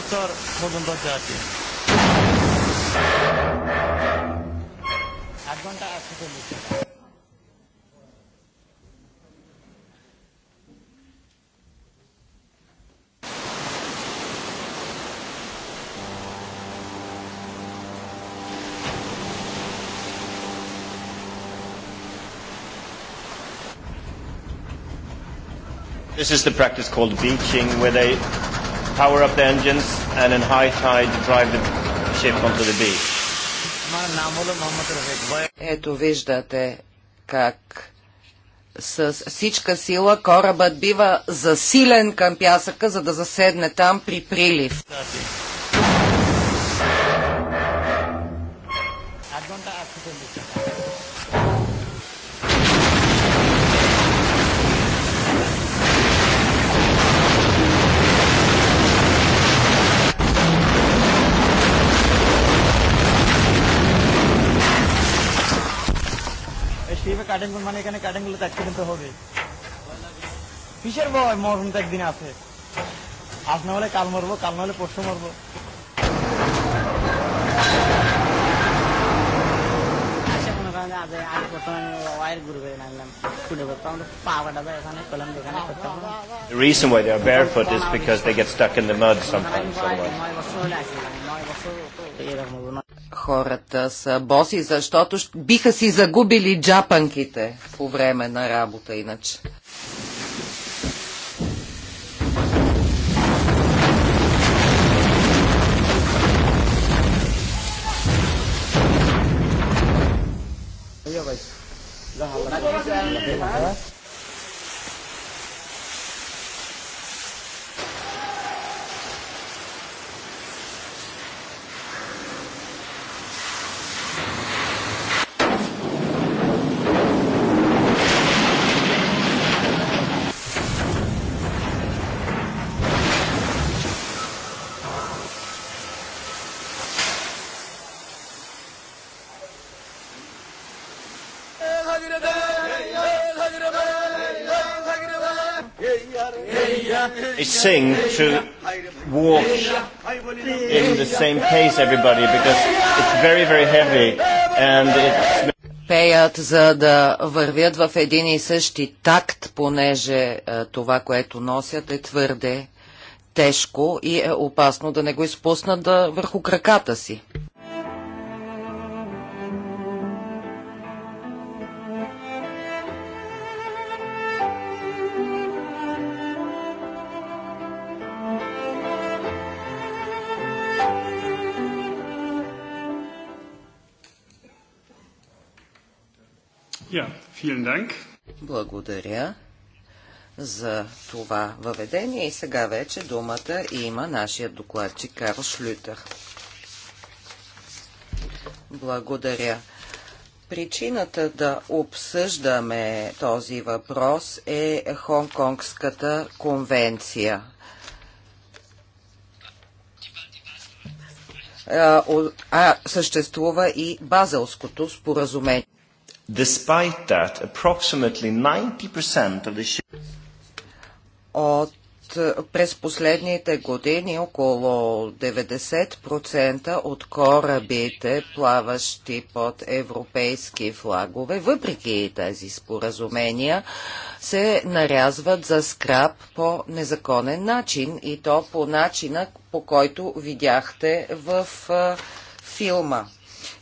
doktor Mondondozati. আধ ঘন্টা This is the practice called beaching, where they power up the engines and in high tide drive the ship onto the beach. Ето виждате как с всичка сила корабът бива засилен към пясъка, за да заседне там при прилив. এইভাবে কার্টেন মানে এখানে কাটেন গুলো ত্যাগ কিন্তু হবে কিসের বয় মরণ তো একদিন আছে আজ না হলে কাল মরবো কাল না হলে পরশু মরবো The reason why they are barefoot is because they get stuck in the mud sometimes otherwise. Хората са боси, защото биха си загубили джапанките по време на работа иначе. sing to walk in the same pace, everybody, because it's very, very heavy and it's пеят, за да вървят в един и същи такт, понеже е, това, което носят е твърде тежко и е опасно да не го изпуснат да, върху краката си. Благодаря за това въведение и сега вече думата има нашия докладчик Карл Шлютер. Благодаря. Причината да обсъждаме този въпрос е Хонконгската конвенция. А, съществува и Базелското споразумение. Despite that, approximately 90% of the От през последните години около 90% от корабите, плаващи под европейски флагове, въпреки тези споразумения, се нарязват за скраб по незаконен начин и то по начина, по който видяхте в филма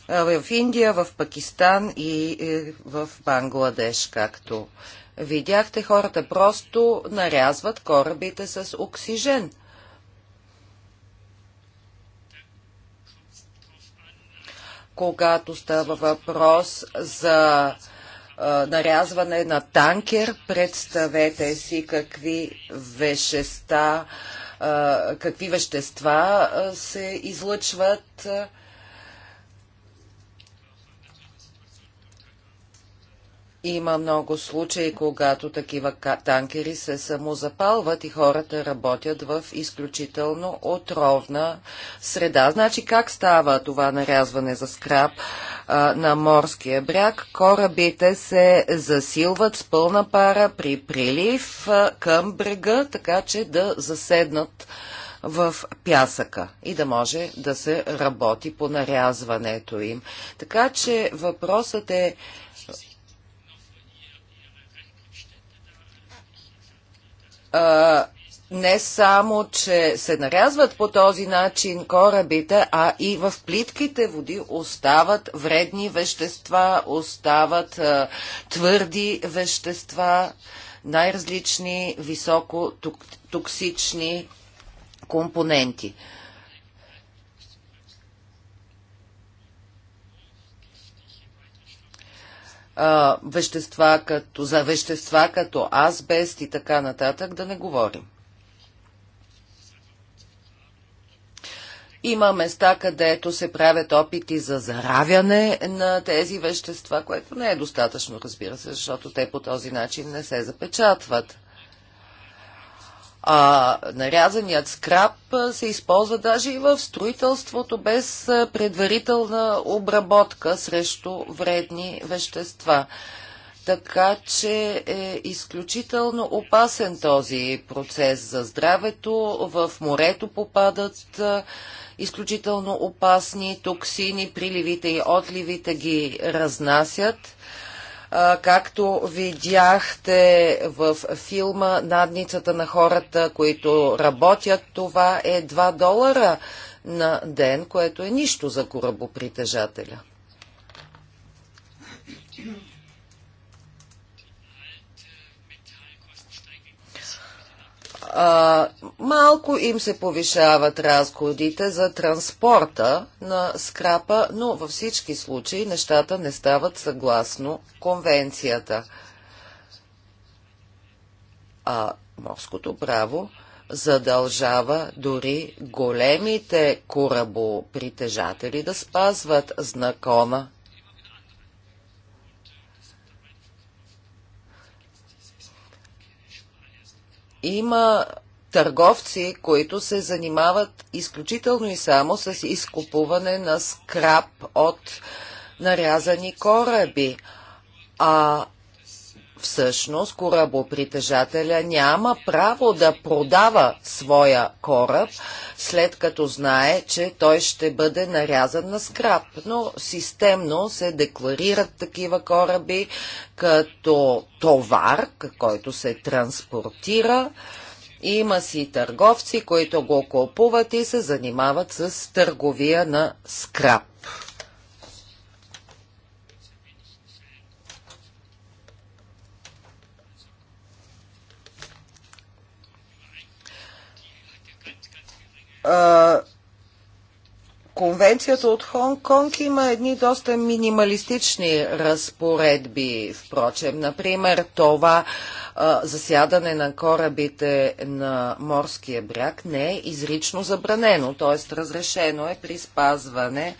в Индия, в Пакистан и е, в Бангладеш, както видяхте. Хората просто нарязват корабите с оксижен. Когато става въпрос за нарязване на танкер. Представете си какви вещества, какви вещества се излъчват Има много случаи, когато такива танкери се самозапалват и хората работят в изключително отровна среда. Значи как става това нарязване за скраб а, на морския бряг? Корабите се засилват с пълна пара при прилив а, към брега, така че да заседнат в пясъка и да може да се работи по нарязването им. Така че въпросът е не само, че се нарязват по този начин корабите, а и в плитките води остават вредни вещества, остават а, твърди вещества, най-различни високо токсични компоненти. а, вещества като, за вещества като азбест и така нататък, да не говорим. Има места, където се правят опити за заравяне на тези вещества, което не е достатъчно, разбира се, защото те по този начин не се запечатват. А нарязаният скраб се използва даже и в строителството без предварителна обработка срещу вредни вещества. Така че е изключително опасен този процес за здравето. В морето попадат изключително опасни токсини, приливите и отливите ги разнасят – Както видяхте в филма, надницата на хората, които работят, това е 2 долара на ден, което е нищо за корабопритежателя. а, малко им се повишават разходите за транспорта на скрапа, но във всички случаи нещата не стават съгласно конвенцията. А морското право задължава дори големите корабопритежатели да спазват закона Има търговци, които се занимават изключително и само с изкупуване на скраб от нарязани кораби. А Всъщност корабопритежателя няма право да продава своя кораб, след като знае, че той ще бъде нарязан на скрап. Но системно се декларират такива кораби като товар, който се транспортира. Има си търговци, които го купуват и се занимават с търговия на скрап. конвенцията от Хонг-Конг има едни доста минималистични разпоредби, впрочем. Например, това засядане на корабите на морския бряг не е изрично забранено, т.е. разрешено е при спазване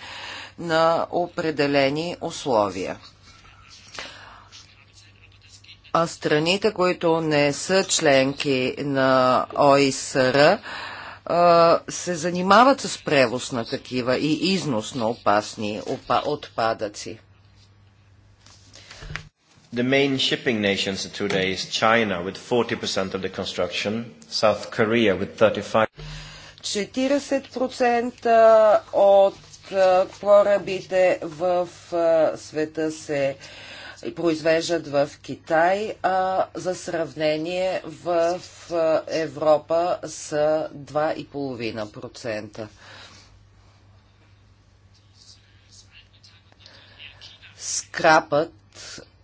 на определени условия. А страните, които не са членки на ОИСР, се занимават с превоз на такива и износ на опасни отпадъци. The main shipping nations today is China with 40% of the construction, South Korea with 35%. 40% от корабите в света се произвеждат в Китай, а за сравнение в Европа са 2,5%. Скрапът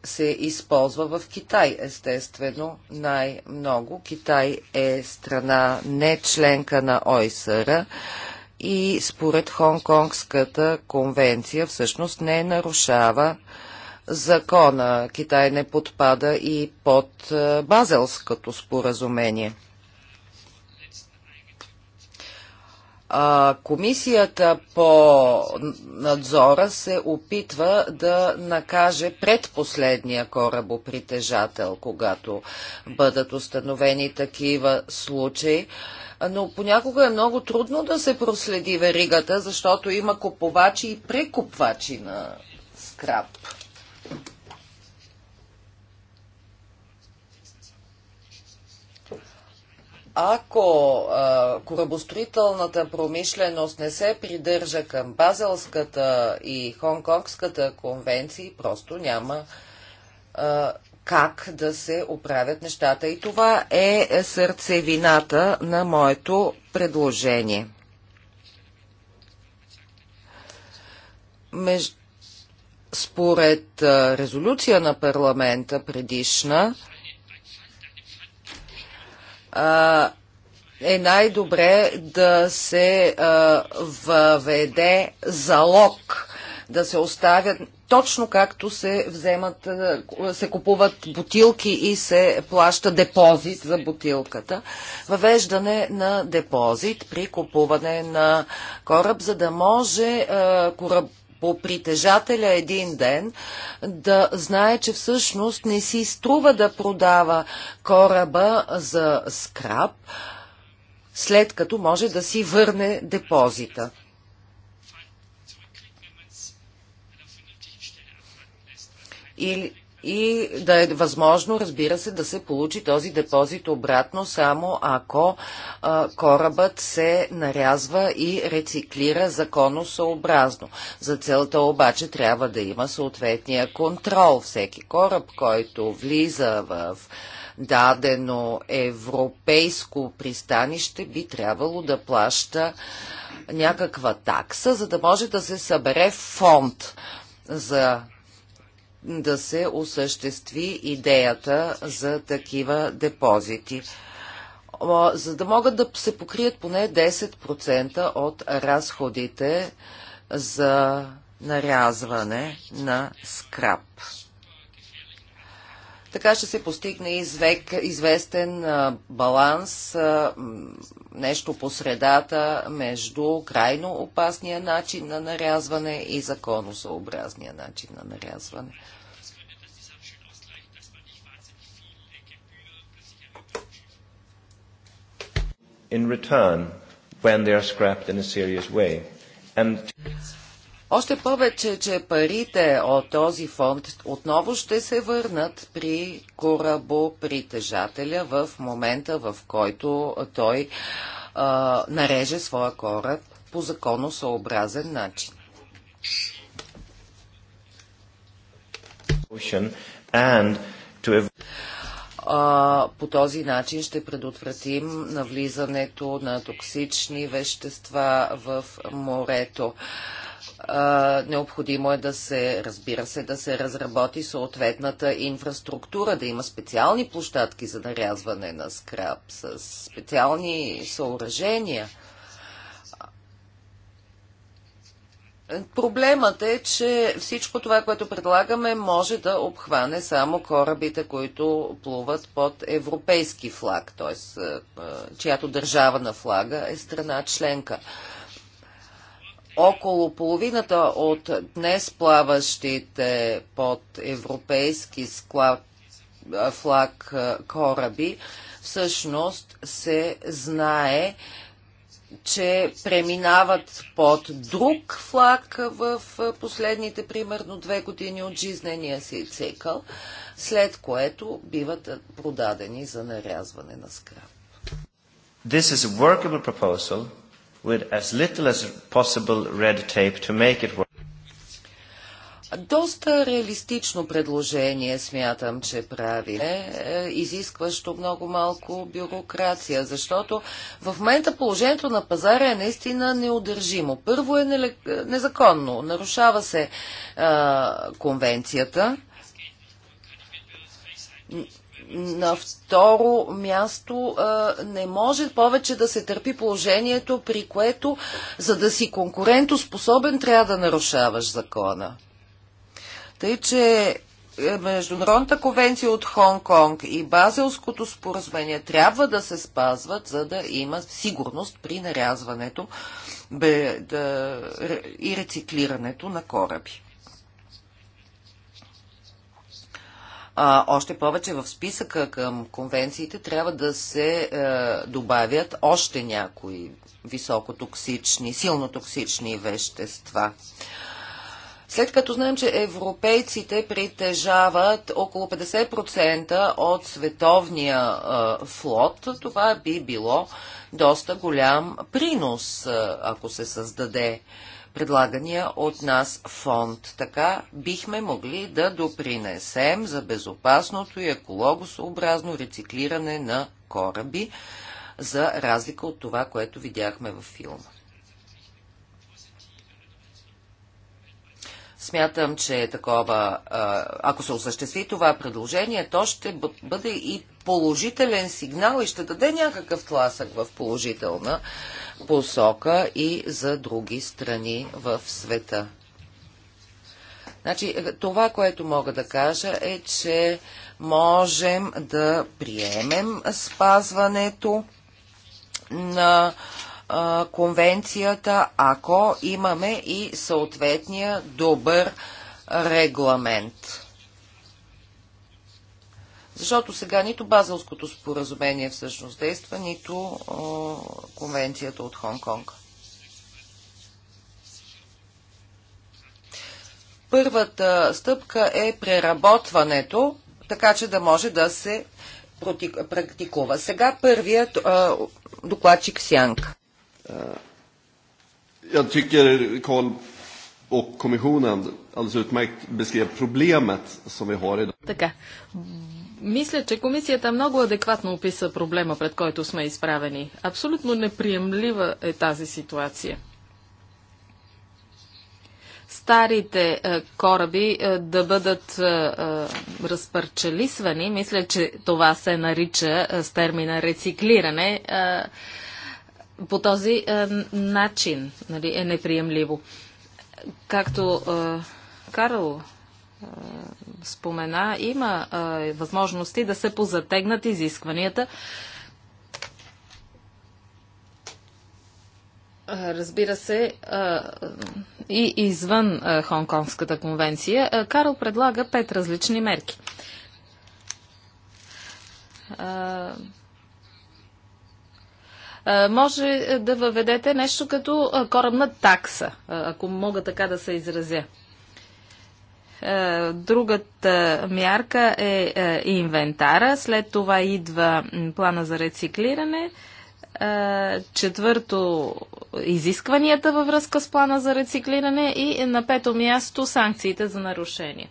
се използва в Китай, естествено, най-много. Китай е страна не членка на ОИСР и според Хонконгската конвенция всъщност не нарушава закона. Китай не подпада и под е, Базелското споразумение. комисията по надзора се опитва да накаже предпоследния корабопритежател, когато бъдат установени такива случаи. Но понякога е много трудно да се проследи веригата, защото има купувачи и прекупвачи на скраб. ако а, корабостроителната промишленост не се придържа към Базелската и Хонконгската конвенции, просто няма а, как да се оправят нещата. И това е сърцевината на моето предложение. Между според резолюция на парламента предишна, е най-добре да се въведе залог, да се оставят точно както се вземат, се купуват бутилки и се плаща депозит за бутилката. Въвеждане на депозит при купуване на кораб, за да може кораб по притежателя един ден да знае, че всъщност не си струва да продава кораба за скраб, след като може да си върне депозита. Или и да е възможно, разбира се, да се получи този депозит обратно, само ако а, корабът се нарязва и рециклира законосъобразно. За целта обаче трябва да има съответния контрол. Всеки кораб, който влиза в дадено европейско пристанище, би трябвало да плаща някаква такса, за да може да се събере фонд за да се осъществи идеята за такива депозити за да могат да се покрият поне 10% от разходите за нарязване на скраб. Така ще се постигне извек, известен баланс, нещо по средата между крайно опасния начин на нарязване и законосъобразния начин на нарязване. in return when they are scrapped in a serious way. And... Още повече, че парите от този фонд отново ще се върнат при корабопритежателя в момента, в който той а, нареже своя кораб по законосъобразен начин. And to а, по този начин ще предотвратим навлизането на токсични вещества в морето. А, необходимо е да се, разбира се, да се разработи съответната инфраструктура, да има специални площадки за нарязване на скраб с специални съоръжения – Проблемът е, че всичко това, което предлагаме, може да обхване само корабите, които плуват под европейски флаг, т.е. чиято държава на флага е страна членка. Около половината от днес плаващите под европейски склад, флаг кораби всъщност се знае, че преминават под друг флаг в последните примерно две години от жизнения си цикъл, след което биват продадени за нарязване на скрап. This is a workable proposal with as little as possible red tape to make it work. Доста реалистично предложение смятам, че прави, е, изискващо много малко бюрокрация, защото в момента положението на пазара е наистина неудържимо. Първо е незаконно, нарушава се е, конвенцията. На второ място не може повече да се търпи положението, при което за да си конкурентоспособен трябва да нарушаваш закона. Тъй, че е, Международната конвенция от Хонг-Конг и Базелското споразумение трябва да се спазват, за да има сигурност при нарязването и рециклирането на кораби. А, още повече в списъка към конвенциите трябва да се е, добавят още някои високотоксични, силно токсични вещества. Е, след като знаем, че европейците притежават около 50% от световния а, флот, това би било доста голям принос, а, ако се създаде предлагания от нас фонд. Така бихме могли да допринесем за безопасното и екологосообразно рециклиране на кораби, за разлика от това, което видяхме във филма. Смятам, че такова, ако се осъществи това предложение, то ще бъде и положителен сигнал и ще даде някакъв тласък в положителна посока и за други страни в света. Значи, е, това, което мога да кажа е, че можем да приемем спазването на конвенцията, ако имаме и съответния добър регламент. Защото сега нито Базелското споразумение всъщност действа, нито конвенцията от Хонг-Конг. Първата стъпка е преработването, така че да може да се практикува. Сега първият докладчик Сянка. Eh, jag tycker Carl och kommissionen alldeles utmärkt beskrev problemet som vi har idag. Така. Мисля, че комисията много адекватно описа проблема, пред който сме изправени. Абсолютно неприемлива е тази ситуация старите е, кораби е, да бъдат е, разпърчелисвани. Мисля, че това се нарича с термина рециклиране по този е, начин нали, е неприемливо. Както е, Карл е, спомена, има е, възможности да се позатегнат изискванията. Е, разбира се, е, и извън е, Хонконгската конвенция, Карл предлага пет различни мерки е, може да въведете нещо като е, корабна такса, е, ако мога така да се изразя. Другата мярка е инвентара, след това идва плана за рециклиране, четвърто изискванията във връзка с плана за рециклиране и на пето място санкциите за нарушение.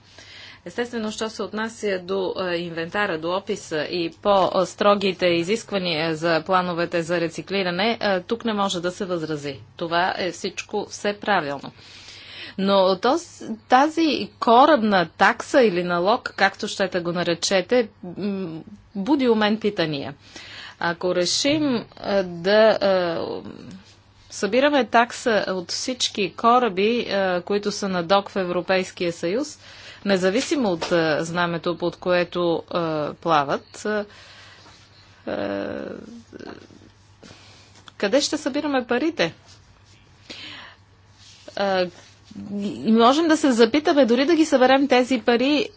Естествено, що се отнася до е, инвентара, до описа и по-строгите изисквания за плановете за рециклиране, е, тук не може да се възрази. Това е всичко все правилно. Но тази корабна такса или налог, както щете го наречете, буди у мен питания. Ако решим е, да събираме такса от всички кораби, които са на док в Европейския съюз, независимо от е, знамето, под което е, плават. Е, къде ще събираме парите? Можем да се запитаме, дори да ги съберем тези пари,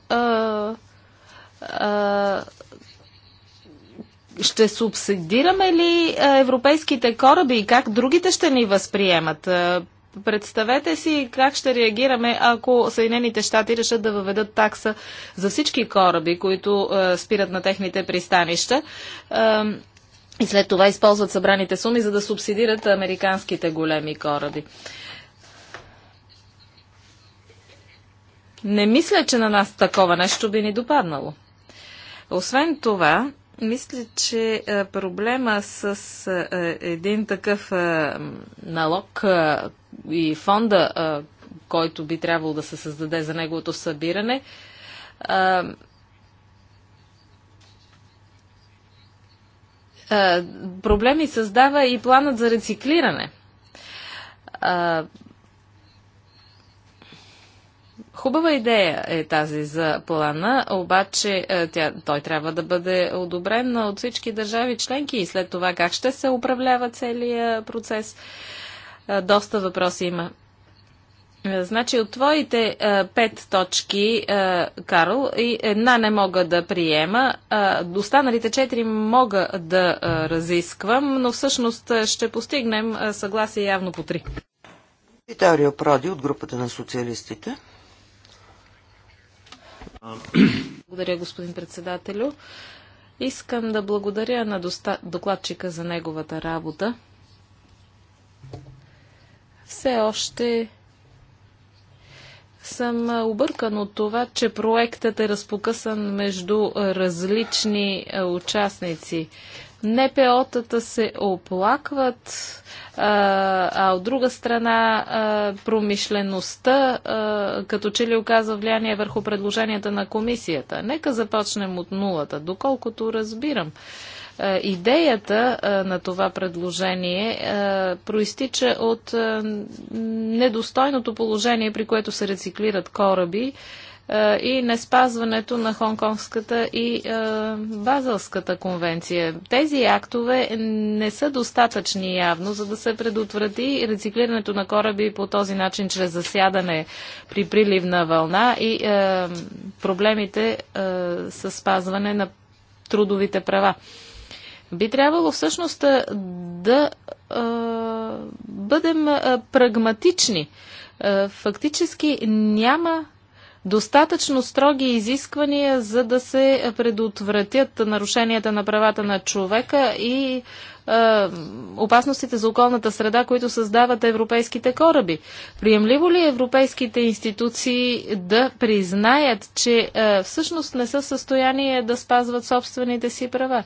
ще субсидираме ли европейските кораби и как другите ще ни възприемат? Представете си как ще реагираме, ако Съединените щати решат да въведат такса за всички кораби, които е, спират на техните пристанища. Е, и след това използват събраните суми, за да субсидират американските големи кораби. Не мисля, че на нас такова нещо би ни допаднало. Освен това, мисля, че е, проблема с е, е, един такъв налог и фонда, който би трябвало да се създаде за неговото събиране, проблеми създава и планът за рециклиране Хубава идея е тази за плана, обаче е, тя, той трябва да бъде одобрен от всички държави членки и след това как ще се управлява целият процес. Е, доста въпроси има. Е, значи от твоите а, пет точки, а, Карл, една не мога да приема, а, останалите четири мога да а, разисквам, но всъщност ще постигнем а, съгласие явно по три. Витарио Пради от групата на социалистите. Благодаря, господин председателю. Искам да благодаря на докладчика за неговата работа. Все още съм объркан от това, че проектът е разпокъсан между различни участници. НПО-тата се оплакват, а от друга страна промишлеността като че ли оказа влияние върху предложенията на комисията. Нека започнем от нулата, доколкото разбирам. Идеята на това предложение проистича от недостойното положение, при което се рециклират кораби е, и неспазването на Хонконгската и е, Базълската конвенция. Тези актове не са достатъчни явно, за да се предотврати рециклирането на кораби по този начин, чрез засядане при приливна вълна и е, проблемите с спазване на трудовите права. Би трябвало всъщност да бъдем прагматични. Фактически няма достатъчно строги изисквания, за да се предотвратят нарушенията на правата на човека и е, опасностите за околната среда, които създават европейските кораби. Приемливо ли е европейските институции да признаят, че е, всъщност не са в състояние да спазват собствените си права?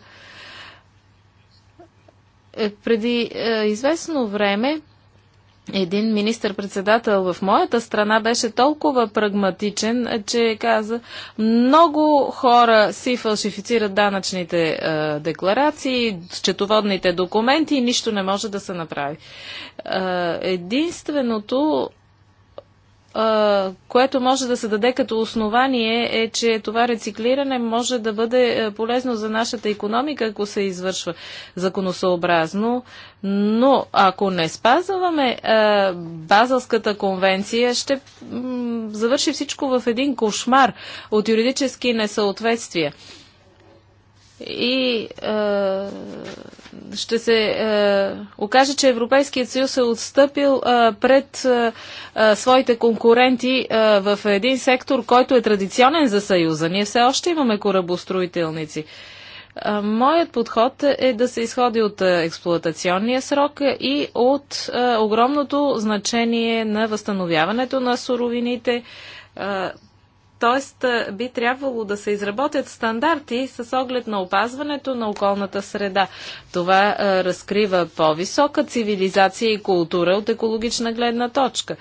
Е, преди е, известно време един министр-председател в моята страна беше толкова прагматичен, че каза, много хора си фалшифицират данъчните е, декларации, счетоводните документи и нищо не може да се направи. Е, единственото което може да се даде като основание е, че това рециклиране може да бъде е, полезно за нашата економика, ако се извършва законосъобразно, но ако не спазваме е, Базълската конвенция, ще завърши всичко в един кошмар от юридически несъответствия и е, ще се е, окаже, че Европейският съюз е отстъпил е, пред е, е, своите конкуренти е, в един сектор, който е традиционен за съюза. Ние все още имаме корабостроителници. Е, моят подход е да се изходи от е, експлуатационния срок и от огромното значение на възстановяването на суровините, т.е. би трябвало да се изработят стандарти с оглед на опазването на околната среда. Това а, разкрива по-висока цивилизация и култура от екологична гледна точка.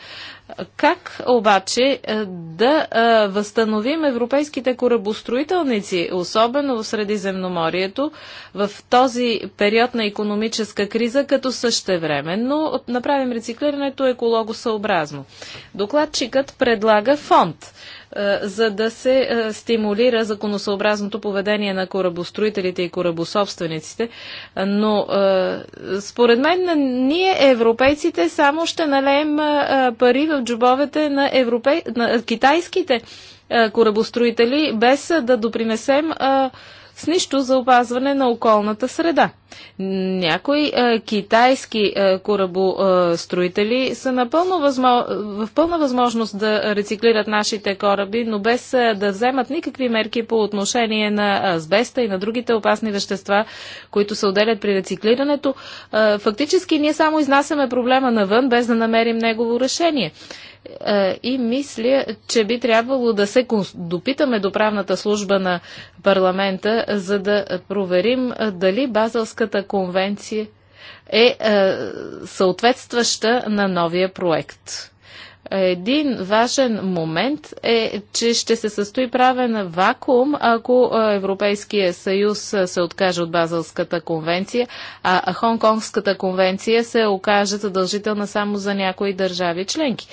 Как обаче да а, възстановим европейските корабостроителници, особено в Средиземноморието, в този период на економическа криза, като същевременно направим рециклирането екологосъобразно? Докладчикът предлага фонд – е, за да се е, стимулира законосъобразното поведение на корабостроителите и корабособствениците. Но е, според мен ние, европейците, само ще налеем пари в джобовете на, европей... на китайските корабостроители, без да допринесем с нищо за опазване на околната среда. Някои е, китайски е, корабостроители са напълно възмо... в пълна възможност да рециклират нашите кораби, но без е, да вземат никакви мерки по отношение на азбеста и на другите опасни вещества, които се отделят при рециклирането. Е, фактически ние само изнасяме проблема навън, без да намерим негово решение. Е, и мисля, че би трябвало да се допитаме до правната служба на парламента, за да проверим е, дали Базълската конвенция е, е съответстваща на новия проект. Един важен момент е, че ще се състои правен вакуум, ако Европейския съюз се откаже от Базълската конвенция, а Хонконгската конвенция се окаже задължителна само за някои държави членки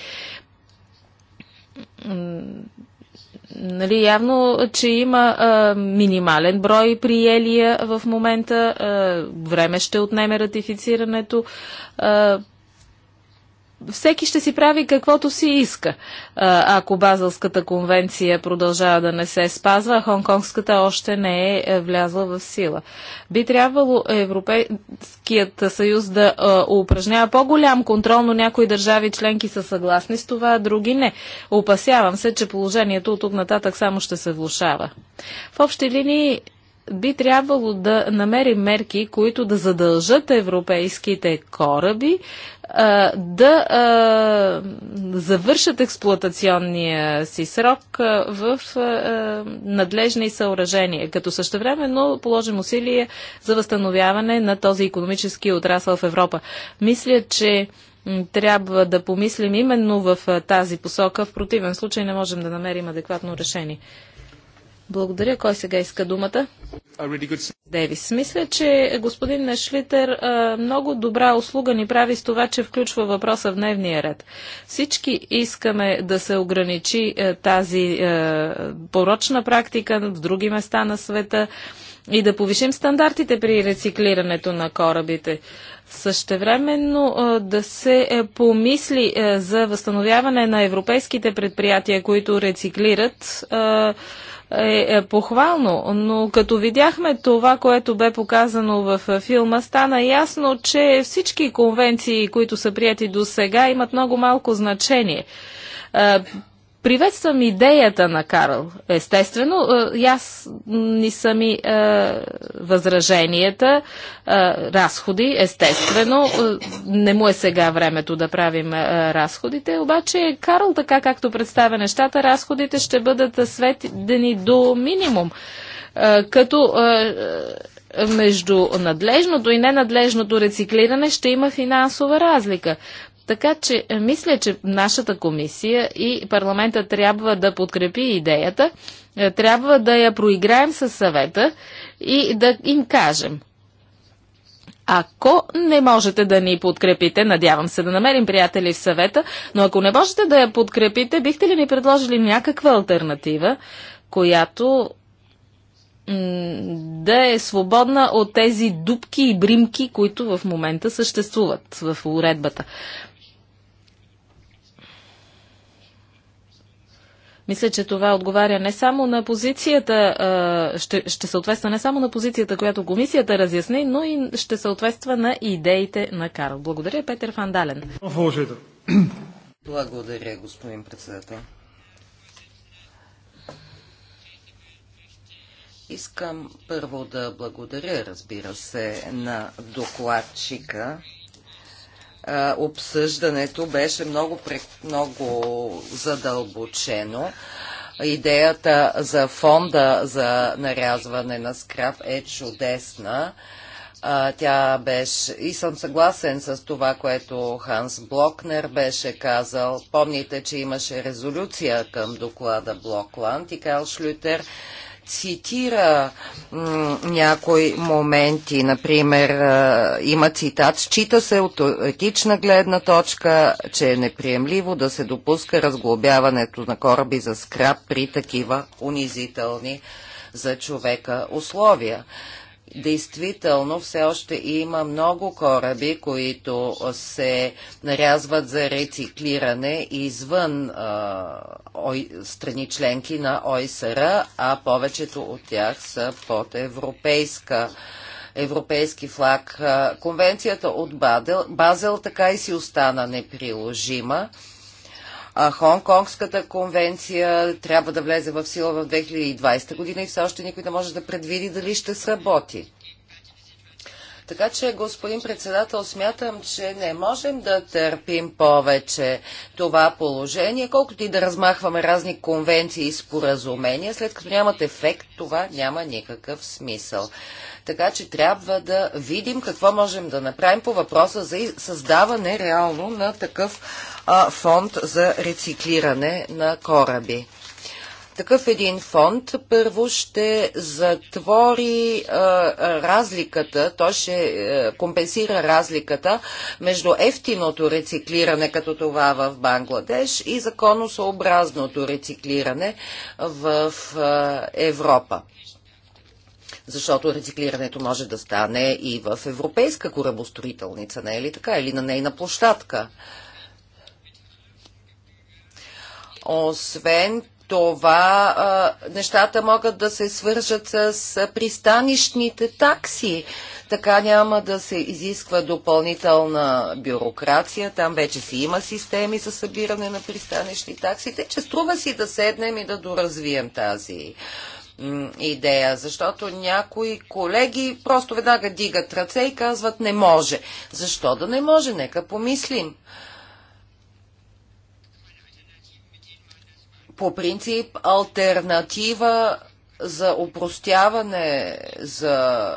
нали, явно, че има а, минимален брой приелия в момента. А, време ще отнеме ратифицирането. А, всеки ще си прави каквото си иска, ако Базълската конвенция продължава да не се спазва, а Хонконгската още не е, е влязла в сила. Би трябвало Европейският съюз да упражнява по-голям контрол, но някои държави членки са съгласни с това, а други не. Опасявам се, че положението от тук нататък само ще се влушава. В общи линии би трябвало да намерим мерки, които да задължат европейските кораби а, да а, завършат експлуатационния си срок а, в надлежни съоръжения, като същевременно положим усилия за възстановяване на този економически отрасъл в Европа. Мисля, че трябва да помислим именно в тази посока. В противен случай не можем да намерим адекватно решение. Благодаря. Кой сега иска думата? Девис. Мисля, че господин Нешлитер много добра услуга ни прави с това, че включва въпроса в дневния ред. Всички искаме да се ограничи е, тази е, порочна практика в други места на света и да повишим стандартите при рециклирането на корабите. Същевременно е, да се помисли за възстановяване на европейските предприятия, които рециклират е, е похвално, но като видяхме това, което бе показано в е, филма, стана ясно, че всички конвенции, които са прияти до сега, имат много малко значение е, Приветствам идеята на Карл. Естествено, е, аз не са ми е, възраженията, е, разходи, естествено. Е, не му е сега времето да правим е, разходите, обаче Карл, така както представя нещата, разходите ще бъдат светени до минимум. Е, като е, между надлежното и ненадлежното рециклиране ще има финансова разлика. Така че е, мисля, че нашата комисия и парламента трябва да подкрепи идеята, е, трябва да я проиграем със съвета и да им кажем. Ако не можете да ни подкрепите, надявам се да намерим приятели в съвета, но ако не можете да я подкрепите, бихте ли ни предложили някаква альтернатива, която да е свободна от тези дубки и бримки, които в момента съществуват в уредбата. Мисля, че това отговаря не само на позицията, ще, ще съответства не само на позицията, която комисията разясни, но и ще съответства на идеите на Карл. Благодаря, Петър Фандален. Благодаря, господин председател. Искам първо да благодаря, разбира се, на докладчика обсъждането беше много, много задълбочено. Идеята за фонда за нарязване на скраб е чудесна. тя беше и съм съгласен с това, което Ханс Блокнер беше казал. Помните, че имаше резолюция към доклада Блокланд и Кайл Шлютер цитира някои моменти. Например, има цитат, счита се от етична гледна точка, че е неприемливо да се допуска разглобяването на кораби за скраб при такива унизителни за човека условия. Действително, все още има много кораби, които се нарязват за рециклиране извън а, ой, страни членки на ОИСР, а повечето от тях са под европейска европейски флаг. Конвенцията от Базел така и си остана неприложима а Хонконгската конвенция трябва да влезе в сила в 2020 година и все още никой не може да предвиди дали ще сработи. Така че, господин председател, смятам, че не можем да търпим повече това положение, колкото и да размахваме разни конвенции и споразумения, след като нямат ефект, това няма никакъв смисъл. Така че трябва да видим какво можем да направим по въпроса за създаване реално на такъв а, фонд за рециклиране на кораби. Такъв един фонд първо ще затвори а, разликата, той ще а, е, компенсира разликата между ефтиното рециклиране, като това в Бангладеш, и законосъобразното рециклиране в а, Европа. Защото рециклирането може да стане и в европейска корабостроителница, не е ли така? Или на нейна площадка. Освен това нещата могат да се свържат с пристанищните такси. Така няма да се изисква допълнителна бюрокрация. Там вече си има системи за събиране на пристанищни такси. Те, че струва си да седнем и да доразвием тази идея, защото някои колеги просто веднага дигат ръце и казват не може. Защо да не може? Нека помислим. По принцип, альтернатива за упростяване за,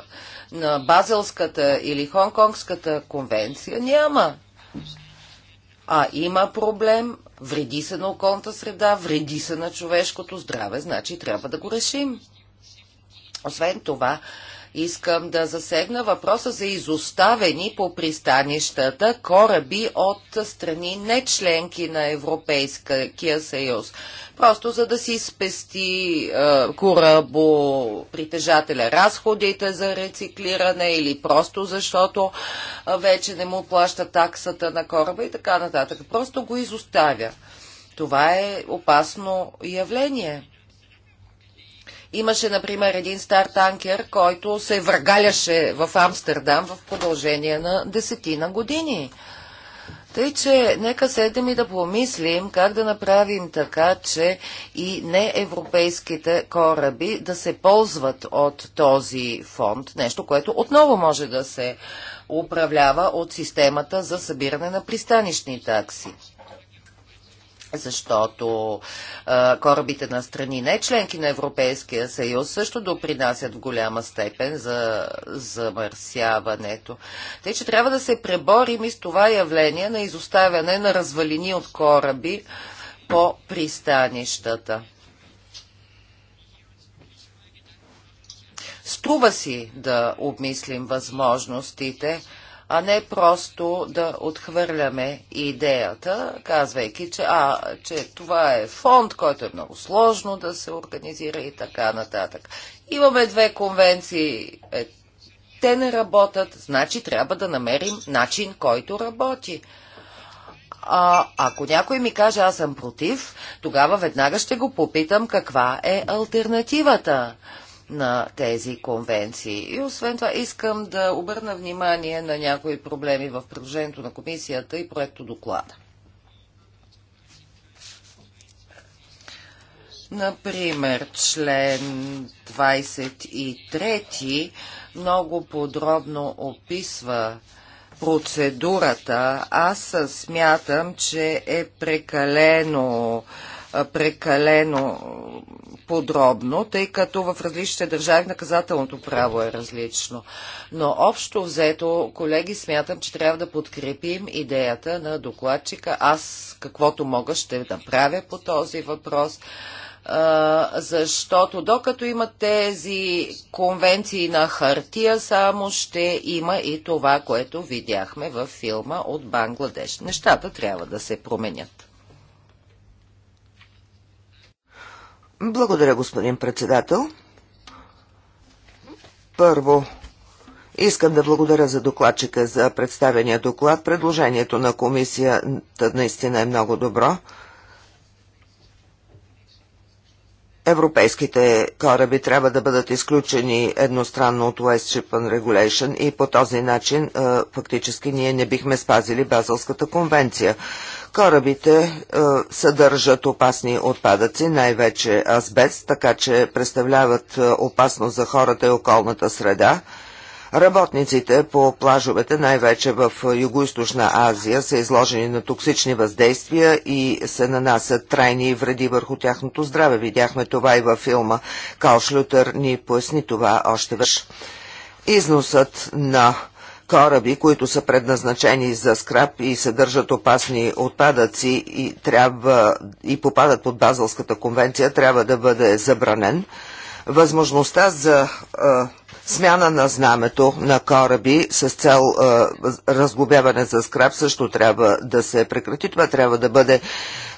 на Базелската или Хонконгската конвенция няма. А има проблем Вреди се на околната среда, вреди се на човешкото здраве, значи трябва да го решим. Освен това, Искам да засегна въпроса за изоставени по пристанищата кораби от страни не членки на Европейския съюз. Просто за да си спести е, корабо притежателя разходите за рециклиране или просто защото е, вече не му плаща таксата на кораба и така нататък. Просто го изоставя. Това е опасно явление. Имаше, например, един стар танкер, който се въргаляше в Амстердам в продължение на десетина години. Тъй, че нека седем и да помислим как да направим така, че и не европейските кораби да се ползват от този фонд. Нещо, което отново може да се управлява от системата за събиране на пристанищни такси защото а, корабите на страни не членки на Европейския съюз също допринасят в голяма степен за замърсяването. Тъй, че трябва да се преборим и с това явление на изоставяне на развалини от кораби по пристанищата. Струва си да обмислим възможностите, а не просто да отхвърляме идеята, казвайки, че, а, че това е фонд, който е много сложно да се организира и така нататък. Имаме две конвенции, е, те не работят, значи трябва да намерим начин, който работи. А, ако някой ми каже аз съм против, тогава веднага ще го попитам каква е альтернативата на тези конвенции. И освен това искам да обърна внимание на някои проблеми в предложението на комисията и проекто доклада. Например, член 23 много подробно описва процедурата. Аз смятам, че е прекалено а, прекалено подробно, тъй като в различните държави наказателното право е различно. Но общо взето, колеги, смятам, че трябва да подкрепим идеята на докладчика. Аз каквото мога ще направя по този въпрос защото докато има тези конвенции на хартия, само ще има и това, което видяхме във филма от Бангладеш. Нещата трябва да се променят. Благодаря, господин председател. Първо, Искам да благодаря за докладчика за представения доклад. Предложението на комисията наистина е много добро. Европейските кораби трябва да бъдат изключени едностранно от West Ship and Regulation и по този начин фактически ние не бихме спазили Базълската конвенция. Корабите е, съдържат опасни отпадъци, най-вече азбест, така че представляват е, опасност за хората и околната среда. Работниците по плажовете, най-вече в Юго-Источна Азия, са изложени на токсични въздействия и се нанасят трайни вреди върху тяхното здраве. Видяхме това и във филма. Калшлютър ни поясни това още веднъж. Износът на кораби, които са предназначени за скраб и съдържат опасни отпадъци и, трябва, и попадат под Базълската конвенция, трябва да бъде забранен. Възможността за а, Смяна на знамето на кораби с цел разглобяване за скраб също трябва да се прекрати. Това трябва да бъде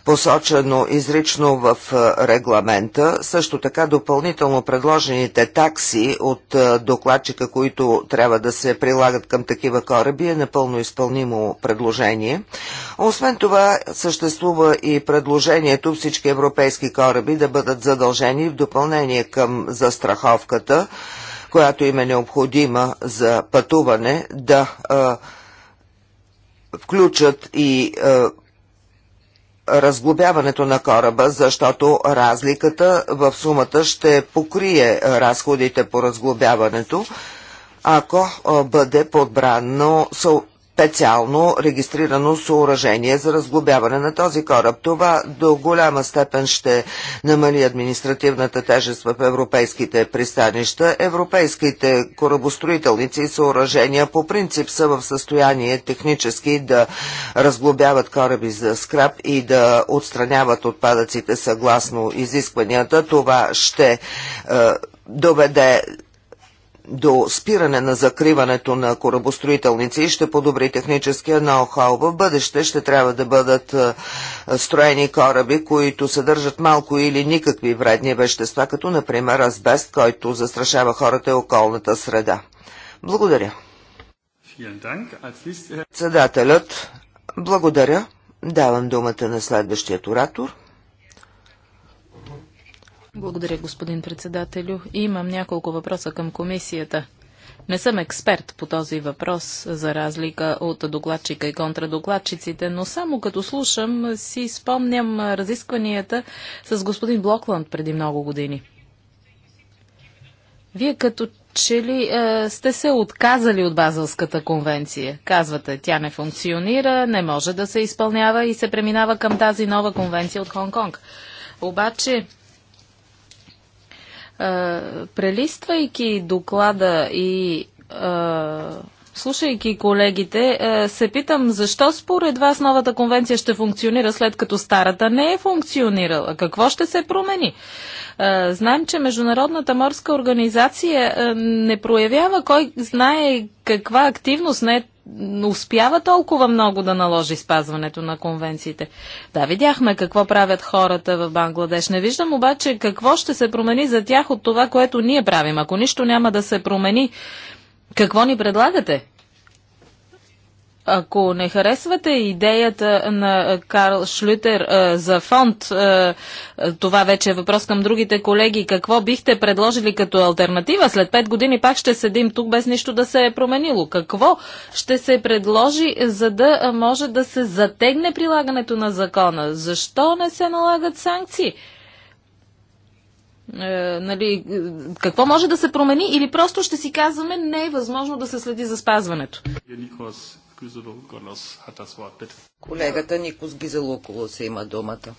посочено изрично в регламента. Също така допълнително предложените такси от докладчика, които трябва да се прилагат към такива кораби, е напълно изпълнимо предложение. Освен това, съществува и предложението всички европейски кораби да бъдат задължени в допълнение към застраховката която им е необходима за пътуване, да а, включат и а, разглобяването на кораба, защото разликата в сумата ще покрие разходите по разглобяването, ако бъде подбрано специално регистрирано съоръжение за разглобяване на този кораб. Това до голяма степен ще намали административната тежест в европейските пристанища. Европейските корабостроителници и съоръжения по принцип са в състояние технически да разглобяват кораби за скраб и да отстраняват отпадъците съгласно изискванията. Това ще е, доведе до спиране на закриването на корабостроителници и ще подобри техническия ноу-хау. В бъдеще ще трябва да бъдат е, строени кораби, които съдържат малко или никакви вредни вещества, като например азбест, който застрашава хората и околната среда. Благодаря. Председателят, благодаря. Давам думата на следващия оратор. Благодаря, господин председателю. Имам няколко въпроса към комисията. Не съм експерт по този въпрос, за разлика от докладчика и контрадокладчиците, но само като слушам си спомням разискванията с господин Блокланд преди много години. Вие като че ли е, сте се отказали от Базълската конвенция? Казвате, тя не функционира, не може да се изпълнява и се преминава към тази нова конвенция от Хонг-Конг. Обаче, е, прелиствайки доклада и е, Слушайки колегите, е, се питам защо според вас новата конвенция ще функционира след като старата не е функционирала? Какво ще се промени? Е, знаем, че Международната морска организация е, не проявява кой знае каква активност не успява толкова много да наложи спазването на конвенциите. Да, видяхме какво правят хората в Бангладеш. Не виждам обаче какво ще се промени за тях от това, което ние правим. Ако нищо няма да се промени, какво ни предлагате? Ако не харесвате идеята на Карл Шлютер за фонд, това вече е въпрос към другите колеги, какво бихте предложили като альтернатива? След 5 години пак ще седим тук без нищо да се е променило. Какво ще се предложи, за да може да се затегне прилагането на закона? Защо не се налагат санкции? Е, нали, какво може да се промени или просто ще си казваме не е възможно да се следи за спазването? Е, Колегата Никос Гизелоколос има думата.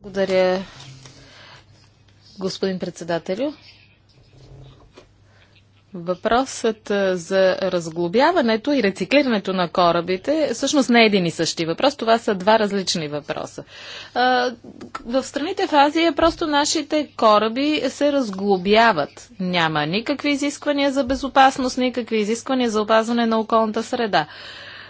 Благодаря, господин председателю. Въпросът за разглобяването и рециклирането на корабите всъщност не е един и същи въпрос. Това са два различни въпроса. В страните в Азия просто нашите кораби се разглобяват. Няма никакви изисквания за безопасност, никакви изисквания за опазване на околната среда.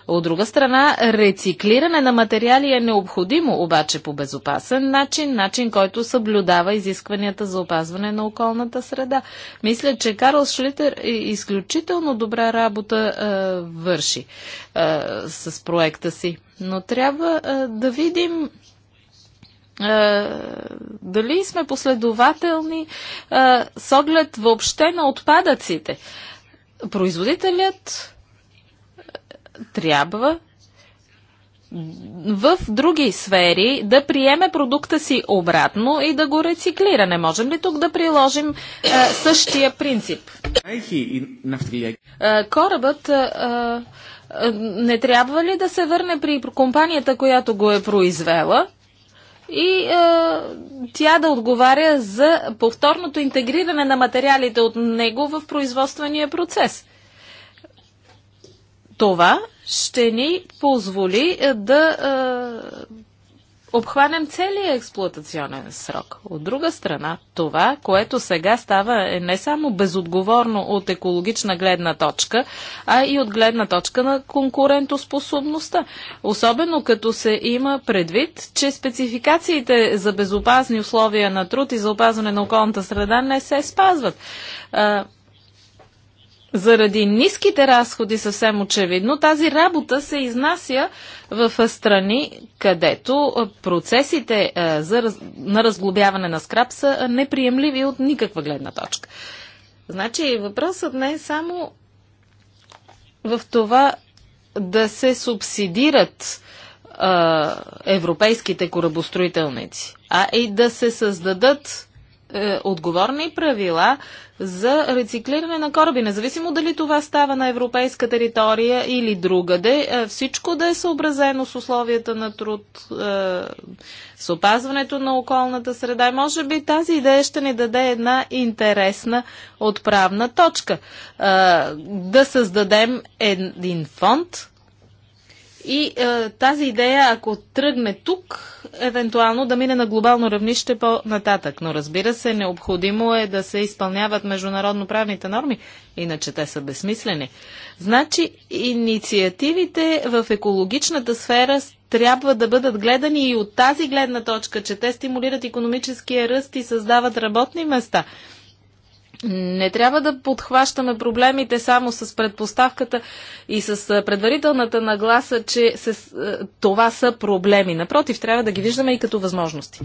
От друга страна, рециклиране на материали е необходимо, обаче по безопасен начин, начин, който съблюдава изискванията за опазване на околната среда. Мисля, че Карл Шлитер е изключително добра работа е, върши е, с проекта си. Но трябва е, да видим дали сме последователни с оглед въобще на отпадъците. Производителят трябва в други сфери да приеме продукта си обратно и да го рециклира. Не можем ли тук да приложим а, е, същия принцип? А, е, корабът а, е, а, не трябва ли да се върне при компанията, която го е произвела? и а, тя да отговаря за повторното интегриране на материалите от него в производствения процес. Това ще ни позволи е, да е, обхванем целият експлуатационен срок. От друга страна, това, което сега става е не само безотговорно от екологична гледна точка, а и от гледна точка на конкурентоспособността. Особено като се има предвид, че спецификациите за безопасни условия на труд и за опазване на околната среда не се спазват. А, е, заради ниските разходи, съвсем очевидно, тази работа се изнася в страни, където процесите за, на разглобяване на скраб са неприемливи от никаква гледна точка. Значи въпросът не е само в това да се субсидират а, европейските корабостроителници, а и да се създадат а, е, отговорни правила за рециклиране на кораби, независимо дали това става на европейска територия или другаде, е, всичко да е съобразено с условията на труд, е, с опазването на околната среда. може би тази идея ще ни даде една интересна отправна точка. Е, да създадем един фонд, и е, тази идея, ако тръгне тук, евентуално да мине на глобално равнище по-нататък. Но разбира се, необходимо е да се изпълняват международно-правните норми, иначе те са безсмислени. Значи, инициативите в екологичната сфера трябва да бъдат гледани и от тази гледна точка, че те стимулират економическия ръст и създават работни места – не трябва да подхващаме проблемите само с предпоставката и с предварителната нагласа, че се, това са проблеми. Напротив, трябва да ги виждаме и като възможности.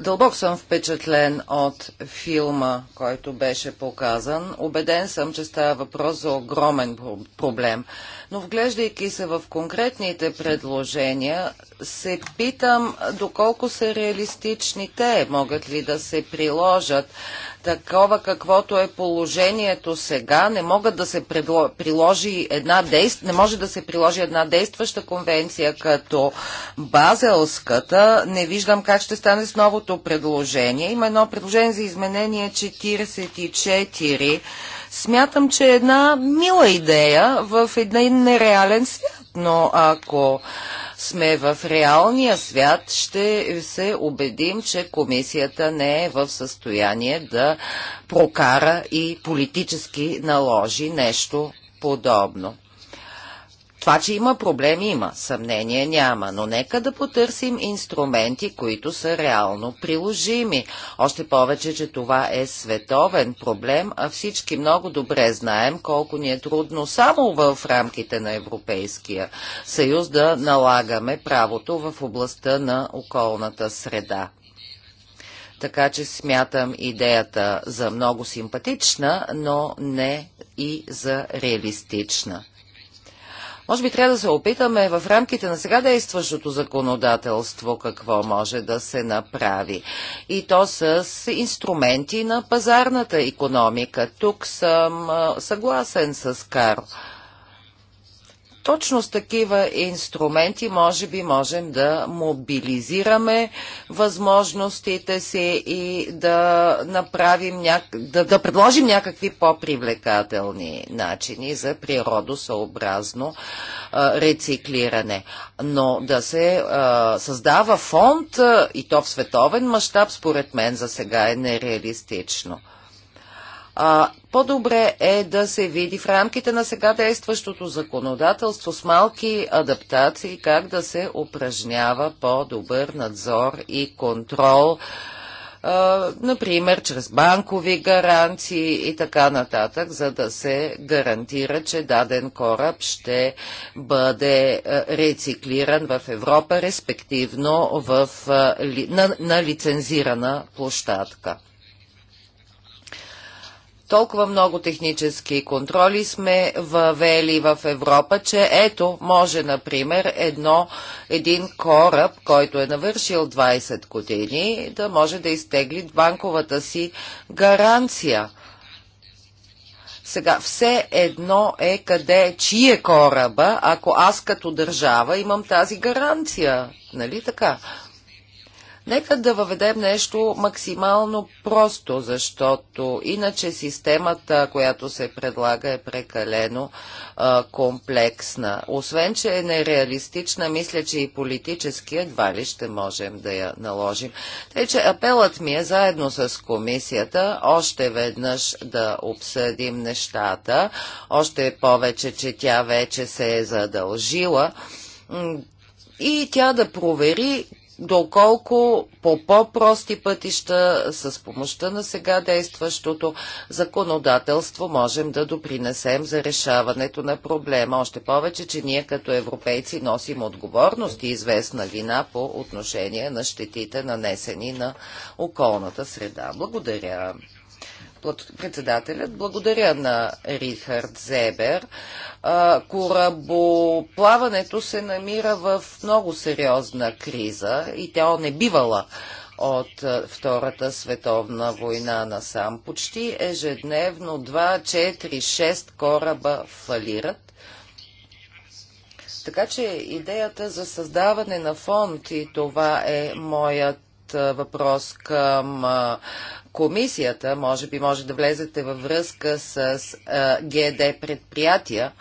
Дълбоко съм впечатлен от филма, който беше показан. Обеден съм, че става въпрос за огромен проблем. Но вглеждайки се в конкретните предложения, се питам доколко са реалистични те, могат ли да се приложат такова каквото е положението сега, не, могат да се приложи една действ... не може да се приложи една действаща конвенция като Базелската. Не виждам как ще стане с новото предложение. Има едно предложение за изменение 44 Смятам, че е една мила идея в един нереален свят, но ако сме в реалния свят, ще се убедим, че комисията не е в състояние да прокара и политически наложи нещо подобно. Това, че има проблеми, има. Съмнение няма. Но нека да потърсим инструменти, които са реално приложими. Още повече, че това е световен проблем, а всички много добре знаем колко ни е трудно само в рамките на Европейския съюз да налагаме правото в областта на околната среда така че смятам идеята за много симпатична, но не и за реалистична. Може би трябва да се опитаме в рамките на сега действащото законодателство какво може да се направи. И то с инструменти на пазарната економика. Тук съм съгласен с Карл. Точно с такива инструменти може би можем да мобилизираме възможностите си и да направим няк... да, да предложим някакви по-привлекателни начини за природосъобразно а, рециклиране. Но да се а, създава фонд а, и то в световен мащаб, според мен за сега е нереалистично по-добре е да се види в рамките на сега действащото законодателство с малки адаптации как да се упражнява по-добър надзор и контрол, а, например, чрез банкови гаранции и така нататък, за да се гарантира, че даден кораб ще бъде рециклиран в Европа, респективно в, на, на лицензирана площадка. Толкова много технически контроли сме въвели в Европа, че ето може, например, едно, един кораб, който е навършил 20 години, да може да изтегли банковата си гаранция. Сега, все едно е къде, чие кораба, ако аз като държава имам тази гаранция. Нали така? Нека да въведем нещо максимално просто, защото иначе системата, която се предлага е прекалено а, комплексна. Освен, че е нереалистична, мисля, че и политически едва ли ще можем да я наложим. Тъй, че апелът ми е заедно с комисията още веднъж да обсъдим нещата, още повече, че тя вече се е задължила и тя да провери доколко по по-прости пътища с помощта на сега действащото законодателство можем да допринесем за решаването на проблема. Още повече, че ние като европейци носим отговорност и известна вина по отношение на щетите нанесени на околната среда. Благодаря. Председателят, благодаря на Рихард Зебер. Корабоплаването се намира в много сериозна криза и тя не бивала от Втората световна война насам. Почти ежедневно 2, 4, 6 кораба фалират. Така че идеята за създаване на фонд и това е моят въпрос към комисията. Може би може да влезете във връзка с ГД предприятия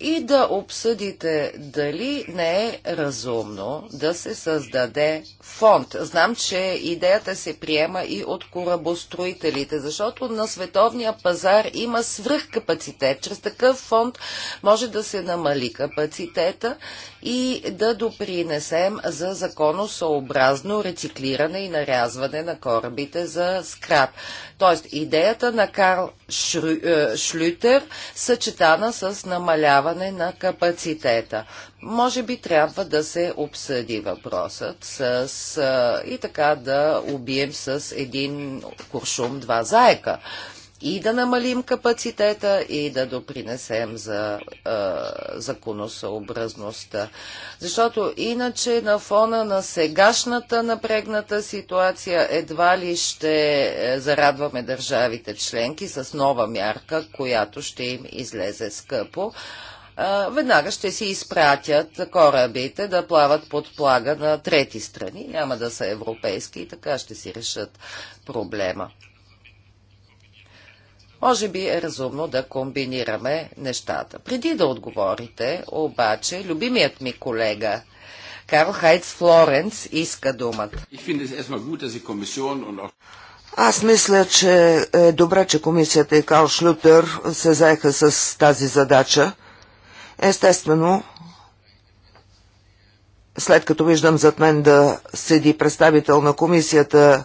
и да обсъдите дали не е разумно да се създаде фонд. Знам, че идеята се приема и от корабостроителите, защото на световния пазар има свръхкапацитет. Чрез такъв фонд може да се намали капацитета и да допринесем за законосъобразно рециклиране и нарязване на корабите за скраб. Тоест идеята на Карл е, Шлютер съчетана с намаляване увеличаване на капацитета. Може би трябва да се обсъди въпросът с, и така да убием с един куршум два заека и да намалим капацитета и да допринесем за е, законосъобразността. Защото иначе на фона на сегашната напрегната ситуация едва ли ще е, зарадваме държавите членки с нова мярка, която ще им излезе скъпо, веднага ще си изпратят корабите да плават под плага на трети страни, няма да са европейски и така ще си решат проблема. Може би е разумно да комбинираме нещата. Преди да отговорите, обаче, любимият ми колега Карл Хайц Флоренц иска думата. Аз мисля, че е добре, че комисията и Карл Шлютер се заеха с тази задача. Естествено, след като виждам зад мен да седи представител на комисията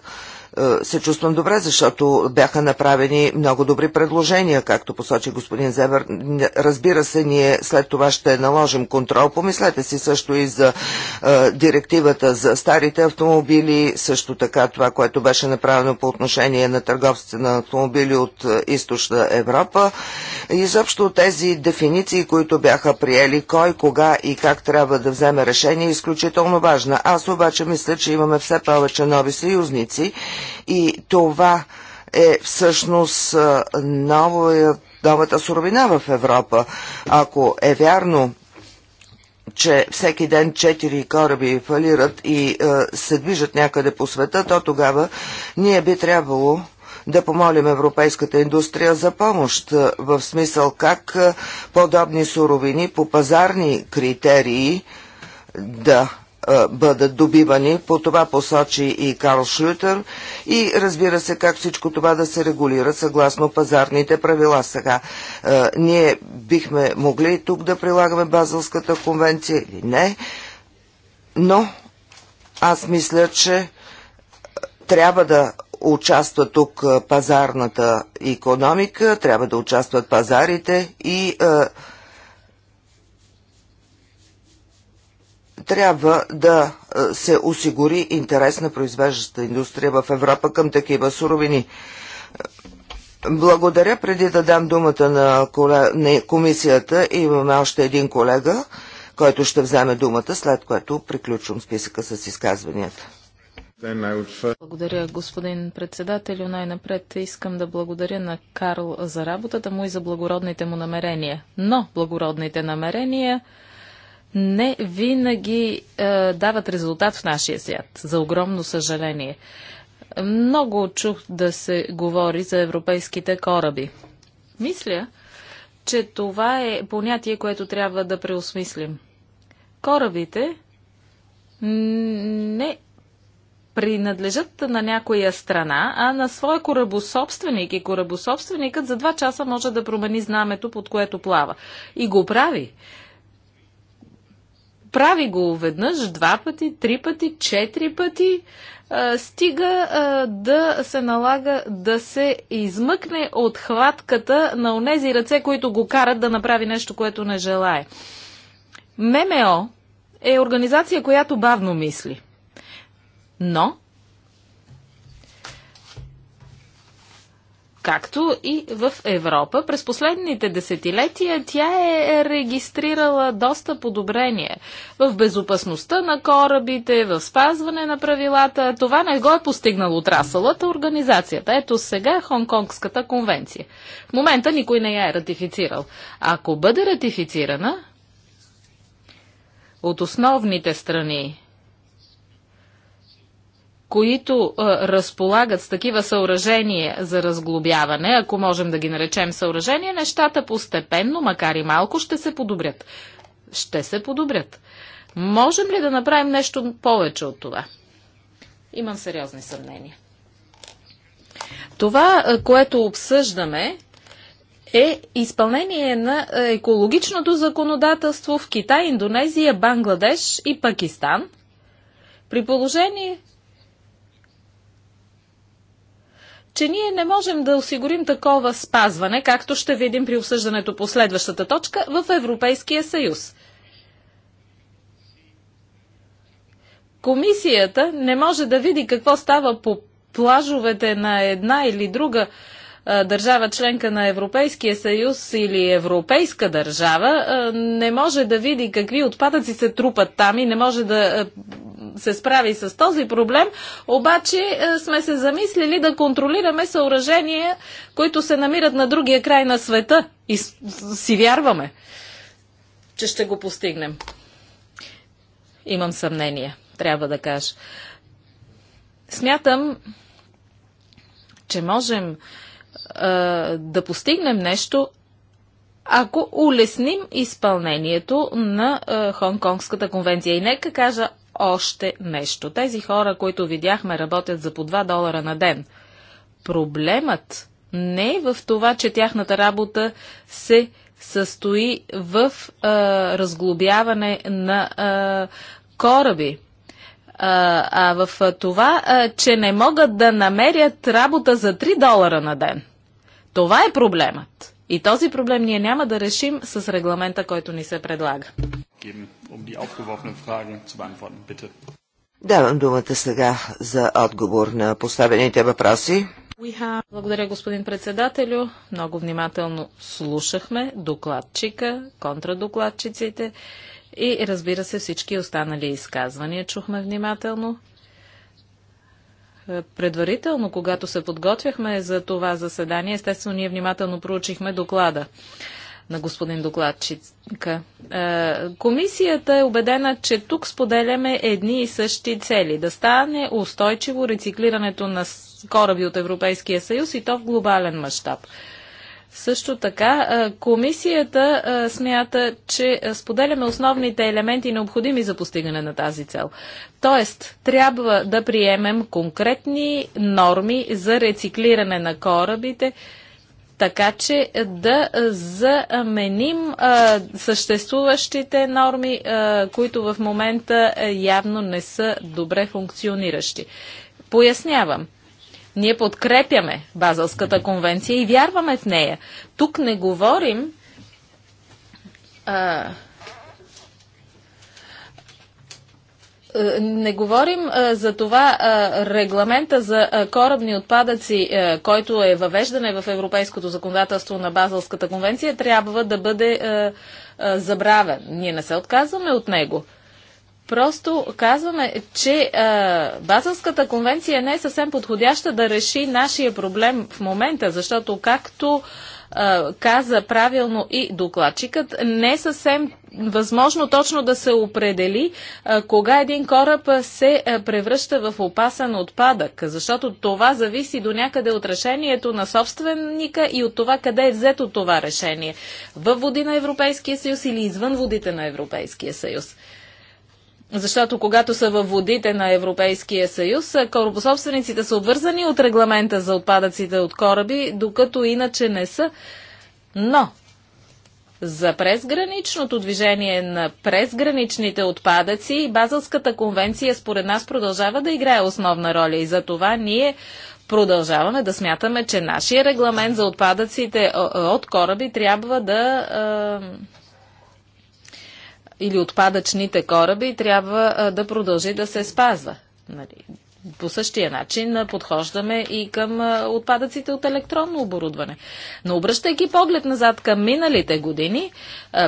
е, се чувствам добре, защото бяха направени много добри предложения, както посочи господин Зебър. Разбира се, ние след това ще наложим контрол. Помислете си също и за е, директивата за старите автомобили, също така това, което беше направено по отношение на търговците на автомобили от е, източна Европа. Изобщо тези дефиниции, които бяха приели, кой, кога и как трябва да вземе решение, е изключително важна. Аз обаче мисля, че имаме все повече нови съюзници и това е всъщност новия, новата суровина в Европа. Ако е вярно, че всеки ден четири кораби фалират и е, се движат някъде по света, то тогава ние би трябвало да помолим европейската индустрия за помощ, в смисъл как подобни суровини по пазарни критерии да бъдат добивани. По това посочи и Карл Шютер и разбира се как всичко това да се регулира съгласно пазарните правила сега. Ние бихме могли тук да прилагаме Базълската конвенция или не, но аз мисля, че трябва да участва тук пазарната економика, трябва да участват пазарите и е, трябва да е, се осигури интерес на произвеждащата индустрия в Европа към такива суровини. Благодаря. Преди да дам думата на, колег... на комисията, имаме още един колега, който ще вземе думата, след което приключвам списъка с изказванията. Благодаря, господин председател, Най-напред искам да благодаря на Карл за работата му и за благородните му намерения. Но благородните намерения не винаги е, дават резултат в нашия свят, за огромно съжаление. Много чух да се говори за европейските кораби. Мисля, че това е понятие, което трябва да преосмислим. Корабите не принадлежат на някоя страна, а на своя корабособственик и корабособственикът за два часа може да промени знамето, под което плава. И го прави прави го веднъж, два пъти, три пъти, четири пъти, стига да се налага да се измъкне от хватката на онези ръце, които го карат да направи нещо, което не желае. ММО е организация, която бавно мисли. Но както и в Европа. През последните десетилетия тя е регистрирала доста подобрение в безопасността на корабите, в спазване на правилата. Това не го е постигнало Расалата организацията. Ето сега Хонконгската конвенция. В момента никой не я е ратифицирал. Ако бъде ратифицирана от основните страни които а, е, разполагат с такива съоръжения за разглобяване, ако можем да ги наречем съоръжения, нещата постепенно, макар и малко, ще се подобрят. Ще се подобрят. Можем ли да направим нещо повече от това? Имам сериозни съмнения. Това, е, което обсъждаме, е изпълнение на е, екологичното законодателство в Китай, Индонезия, Бангладеш и Пакистан, при положение, че ние не можем да осигурим такова спазване, както ще видим при обсъждането по следващата точка в Европейския съюз. Комисията не може да види какво става по плажовете на една или друга държава членка на Европейския съюз или европейска държава не може да види какви отпадъци се трупат там и не може да се справи с този проблем, обаче е, сме се замислили да контролираме съоръжения, които се намират на другия край на света. И си вярваме, че ще го постигнем. Имам съмнение, трябва да кажа. Смятам, че можем а, е, да постигнем нещо, ако улесним изпълнението на е, Хонконгската конвенция. И нека кажа още нещо. Тези хора, които видяхме, работят за по 2 долара на ден. Проблемът не е в това, че тяхната работа се състои в а, разглобяване на а, кораби. А, а в това, а, че не могат да намерят работа за 3 долара на ден. Това е проблемът. И този проблем ние няма да решим с регламента, който ни се предлага um die aufgeworfenen Fragen zu beantworten. Bitte. Давам думата сега за отговор на поставените въпроси. Have... Благодаря, господин председателю. Много внимателно слушахме докладчика, контрадокладчиците и разбира се всички останали изказвания чухме внимателно. Е, предварително, когато се подготвяхме за това заседание, естествено ние внимателно проучихме доклада на господин докладчика. Е, комисията е убедена, че тук споделяме едни и същи цели. Да стане устойчиво рециклирането на кораби от Европейския съюз и то в глобален мащаб. Също така, е, комисията е, смята, че споделяме основните елементи необходими за постигане на тази цел. Тоест, трябва да приемем конкретни норми за рециклиране на корабите, така че е, да заменим а, е, съществуващите норми, а, е, които в момента явно не са добре функциониращи. Пояснявам. Ние подкрепяме Базълската конвенция и вярваме в нея. Тук не говорим а, Е, не говорим е, за това е, регламента за корабни отпадъци, който е въвеждане в европейското законодателство на Базълската конвенция, трябва да бъде забравен. Ние не се отказваме от него. Просто казваме, че а, Базълската конвенция не е съвсем подходяща да реши нашия проблем в момента, защото както каза правилно и докладчикът, не е съвсем възможно точно да се определи кога един кораб се превръща в опасен отпадък, защото това зависи до някъде от решението на собственика и от това къде е взето това решение – във води на Европейския съюз или извън водите на Европейския съюз. Защото когато са във водите на Европейския съюз, корабособствениците са обвързани от регламента за отпадъците от кораби, докато иначе не са. Но за презграничното движение на презграничните отпадъци, Базълската конвенция според нас продължава да играе основна роля и за това ние продължаваме да смятаме, че нашия регламент за отпадъците от кораби трябва да или отпадъчните кораби трябва да продължи да се спазва. Нали, по същия начин подхождаме и към отпадъците от електронно оборудване. Но обръщайки поглед назад към миналите години,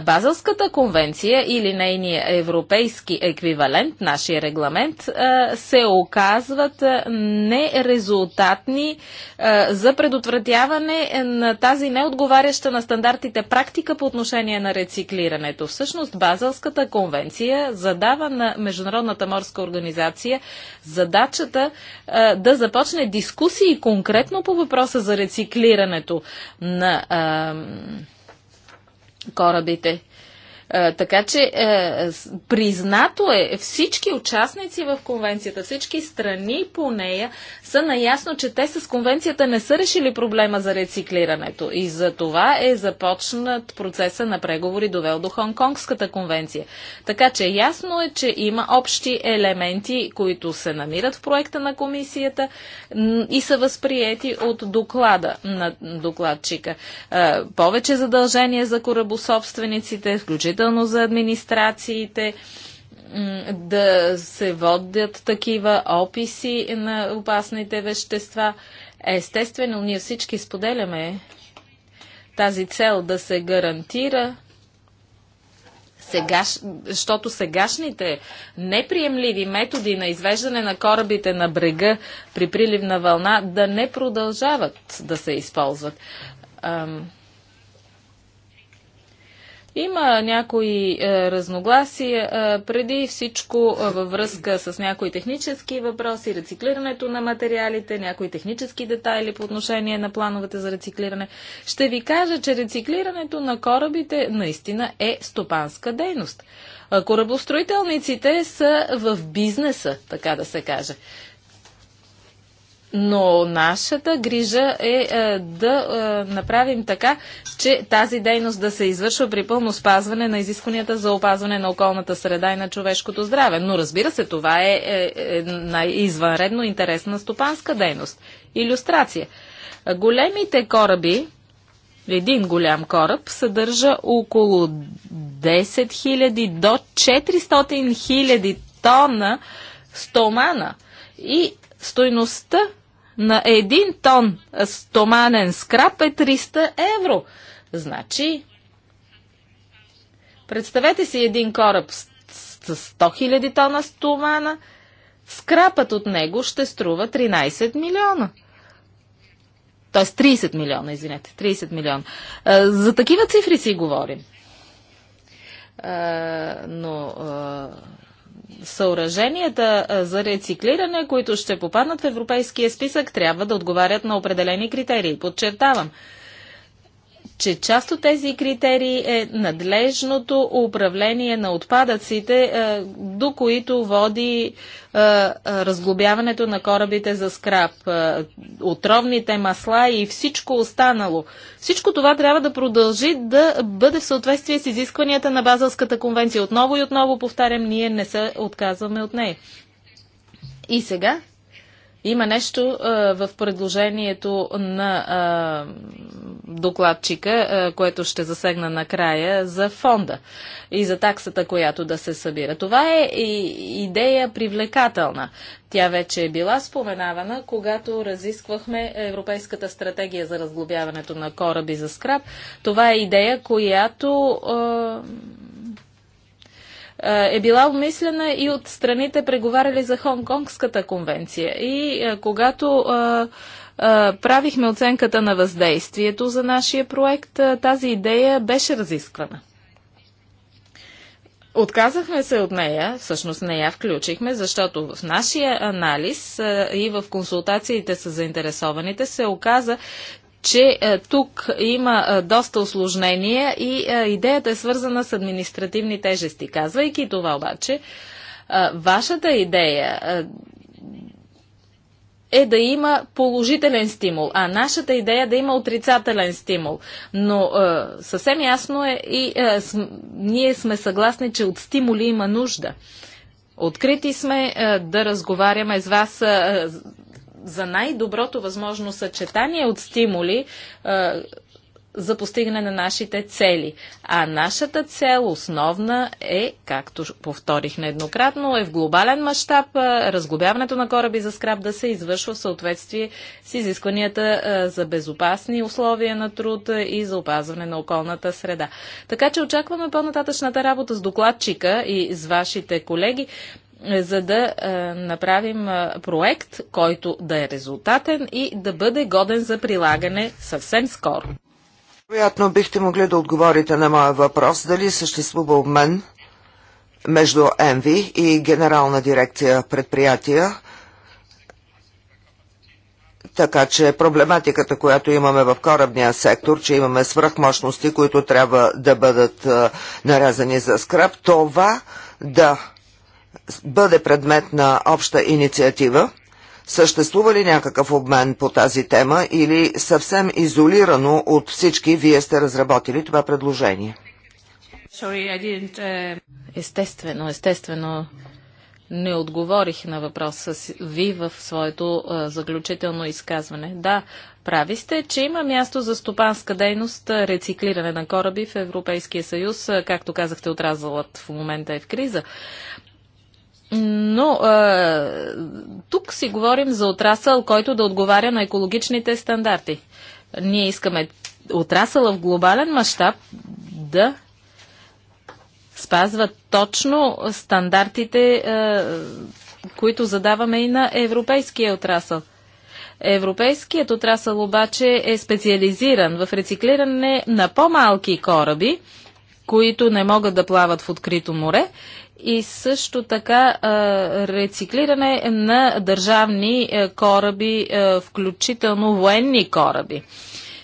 Базълската конвенция или нейния европейски еквивалент, нашия регламент, се оказват нерезултатни за предотвратяване на тази неотговаряща на стандартите практика по отношение на рециклирането. Всъщност Базълската конвенция задава на Международната морска организация задача срещата а, да започне дискусии конкретно по въпроса за рециклирането на а, корабите. Е, така че е, признато е всички участници в конвенцията, всички страни по нея са наясно, че те с конвенцията не са решили проблема за рециклирането. И за това е започнат процеса на преговори, довел до Хонконгската конвенция. Така че ясно е, че има общи елементи, които се намират в проекта на комисията и са възприети от доклада на докладчика. Е, повече задължения за корабособствениците, включително включително за администрациите, да се водят такива описи на опасните вещества. Естествено, ние всички споделяме тази цел да се гарантира, сегаш, защото сегашните неприемливи методи на извеждане на корабите на брега при приливна вълна да не продължават да се използват. Има някои е, разногласия, е, преди всичко е, във връзка с някои технически въпроси, рециклирането на материалите, някои технически детайли по отношение на плановете за рециклиране. Ще ви кажа, че рециклирането на корабите наистина е стопанска дейност. Е, корабостроителниците са в бизнеса, така да се каже. Но нашата грижа е, е да е, направим така, че тази дейност да се извършва при пълно спазване на изискванията за опазване на околната среда и на човешкото здраве. Но разбира се, това е, е, е извънредно интересна стопанска дейност. Иллюстрация. Големите кораби, един голям кораб, съдържа около 10 000 до 400 000 тона стомана. И стойността на един тон стоманен скрап е 300 евро. Значи, представете си един кораб с 100 000 тона стомана, скрапът от него ще струва 13 милиона. Тоест 30 милиона, извинете, 30 милиона. За такива цифри си говорим. Но съоръженията за рециклиране, които ще попаднат в европейския списък, трябва да отговарят на определени критерии. Подчертавам, че част от тези критерии е надлежното управление на отпадъците, е, до които води е, е, разглобяването на корабите за скраб, отровните масла и всичко останало. Всичко това трябва да продължи да бъде в съответствие с изискванията на Базълската конвенция. Отново и отново повтарям, ние не се отказваме от нея. И сега има нещо а, в предложението на а, докладчика, а, което ще засегна накрая, за фонда и за таксата, която да се събира. Това е и идея привлекателна. Тя вече е била споменавана, когато разисквахме Европейската стратегия за разглобяването на кораби за скраб. Това е идея, която е, е била обмислена и от страните преговаряли за Хонконгската конвенция. И е, когато е, правихме оценката на въздействието за нашия проект, тази идея беше разисквана. Отказахме се от нея, всъщност не я включихме, защото в нашия анализ и в консултациите с заинтересованите се оказа, че е, тук има е, доста осложнения и е, идеята е свързана с административни тежести. Казвайки това обаче, вашата идея е да има положителен стимул, а нашата идея е да има отрицателен стимул. Но е, съвсем ясно е и е, с, ние сме съгласни, че от стимули има нужда. Открити сме е, да разговаряме с вас е, за най-доброто възможно съчетание от стимули е, за постигане на нашите цели. А нашата цел основна е, както повторих нееднократно, е в глобален мащаб е, разглобяването на кораби за скраб да се извършва в съответствие с изискванията е, за безопасни условия на труд и за опазване на околната среда. Така че очакваме по-нататъчната работа с докладчика и с вашите колеги за да е, направим е, проект, който да е резултатен и да бъде годен за прилагане съвсем скоро. Вероятно бихте могли да отговорите на моя въпрос дали съществува обмен между МВ и Генерална дирекция предприятия, така че проблематиката, която имаме в корабния сектор, че имаме свръхмощности, които трябва да бъдат е, нарязани за скраб, това да бъде предмет на обща инициатива? Съществува ли някакъв обмен по тази тема или съвсем изолирано от всички вие сте разработили това предложение? Uh, естествено, естествено. Не отговорих на въпроса ви в своето а, заключително изказване. Да, прави сте, че има място за стопанска дейност, рециклиране на кораби в Европейския съюз. Както казахте, отразалът в момента е в криза. Но а, тук си говорим за отрасъл, който да отговаря на екологичните стандарти. Ние искаме отрасъла в глобален мащаб да спазва точно стандартите, а, които задаваме и на европейския отрасъл. Европейският отрасъл обаче е специализиран в рециклиране на по-малки кораби, които не могат да плават в открито море и също така рециклиране на държавни кораби, включително военни кораби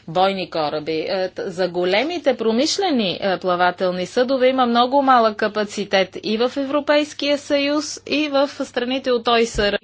бойни кораби. За големите промишлени плавателни съдове има много малък капацитет и в Европейския съюз, и в страните от ОИСР.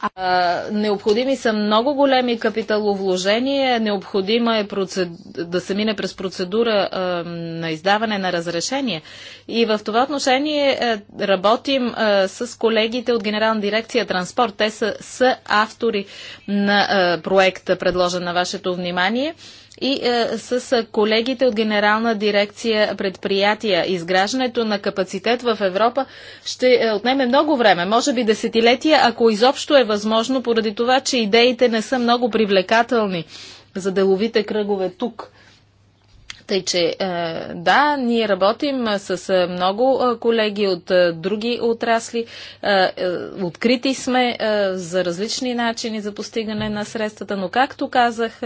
А, необходими са много големи капиталовложения, необходима е процед... да се мине през процедура а, на издаване на разрешение. И в това отношение а, е, работим а, с колегите от Генерална дирекция Транспорт. Те са, са автори на а, проекта, предложен на вашето внимание и е, с колегите от Генерална дирекция предприятия. Изграждането на капацитет в Европа ще е, отнеме много време, може би десетилетия, ако изобщо е възможно, поради това, че идеите не са много привлекателни за деловите кръгове тук. Тъй, че е, да, ние работим с много колеги от други отрасли. Е, е, открити сме за различни начини за постигане на средствата, но както казах,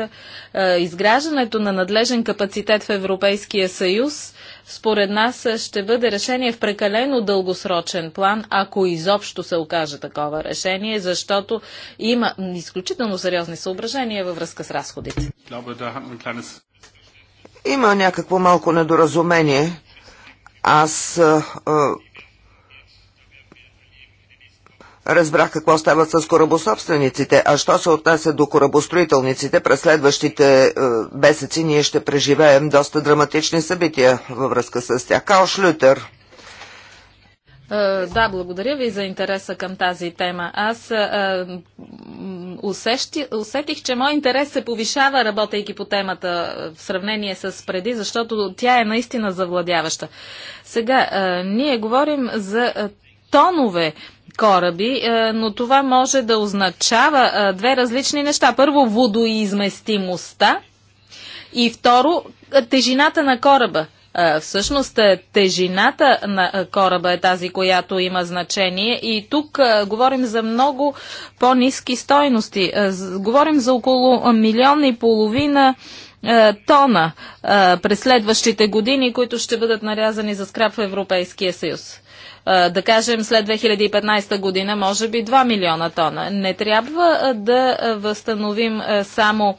изграждането на надлежен капацитет в Европейския съюз според нас ще бъде решение в прекалено дългосрочен план, ако изобщо се окаже такова решение, защото има изключително сериозни съображения във връзка с разходите. Има някакво малко недоразумение. Аз а, а, Разбрах какво става с корабособствениците, а що се отнася до корабостроителниците, през следващите а, месеци ние ще преживеем доста драматични събития във връзка с тях. Као Шлютер. Е, да, благодаря ви за интереса към тази тема. Аз а, е, усещи, усетих, че мой интерес се повишава, работейки по темата е, в сравнение с преди, защото тя е наистина завладяваща. Сега, а, е, ние говорим за а, е, тонове кораби, а, но това може да означава а, две различни неща. Първо, водоизместимостта и второ, тежината на кораба. Всъщност е, тежината на кораба е тази, която има значение и тук говорим за много по-низки стойности. говорим за около милион и половина тона през следващите години, които ще бъдат нарязани за скрап в Европейския съюз да кажем след 2015 година, може би 2 милиона тона. Не трябва да възстановим само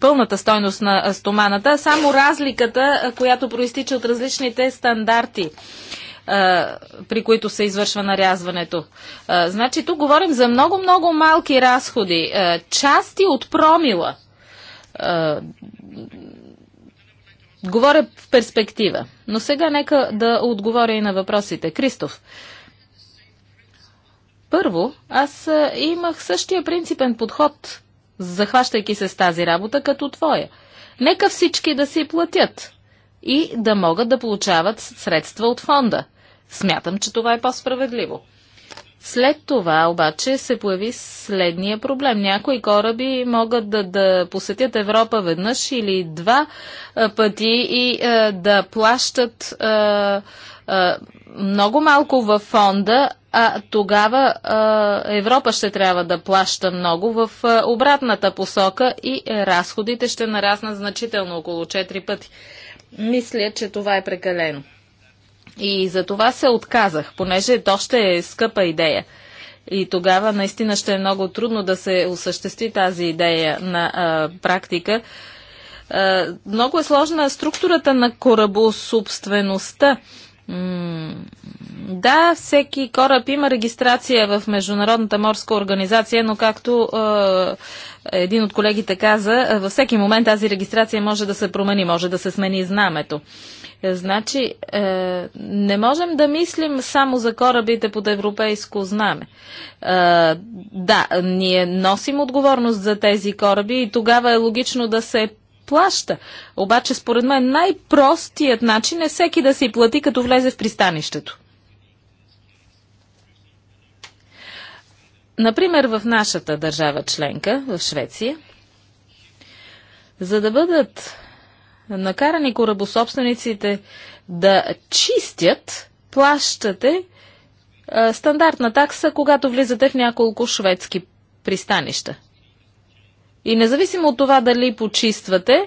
пълната стойност на стоманата, а само разликата, която проистича от различните стандарти при които се извършва нарязването. Значи тук говорим за много-много малки разходи. Части от промила. Говоря в перспектива. Но сега нека да отговоря и на въпросите. Кристоф, първо, аз имах същия принципен подход захващайки се с тази работа като твоя. Нека всички да си платят и да могат да получават средства от фонда. Смятам, че това е по-справедливо. След това обаче се появи следния проблем. Някои кораби могат да, да посетят Европа веднъж или два пъти и е, да плащат е, е, много малко във фонда, а тогава а, Европа ще трябва да плаща много в а, обратната посока и е, разходите ще нараснат значително около 4 пъти. Мисля, че това е прекалено. И за това се отказах, понеже то е ще е скъпа идея. И тогава наистина ще е много трудно да се осъществи тази идея на а, практика. А, много е сложна структурата на корабособствеността. собствеността да, всеки кораб има регистрация в Международната морска организация, но както е, един от колегите каза, във всеки момент тази регистрация може да се промени, може да се смени знамето. Е, значи, е, не можем да мислим само за корабите под европейско знаме. Е, да, ние носим отговорност за тези кораби и тогава е логично да се плаща. Обаче, според мен, най-простият начин е всеки да си плати, като влезе в пристанището. Например, в нашата държава членка, в Швеция, за да бъдат накарани корабособствениците да чистят, плащате стандартна такса, когато влизате в няколко шведски пристанища. И независимо от това дали почиствате,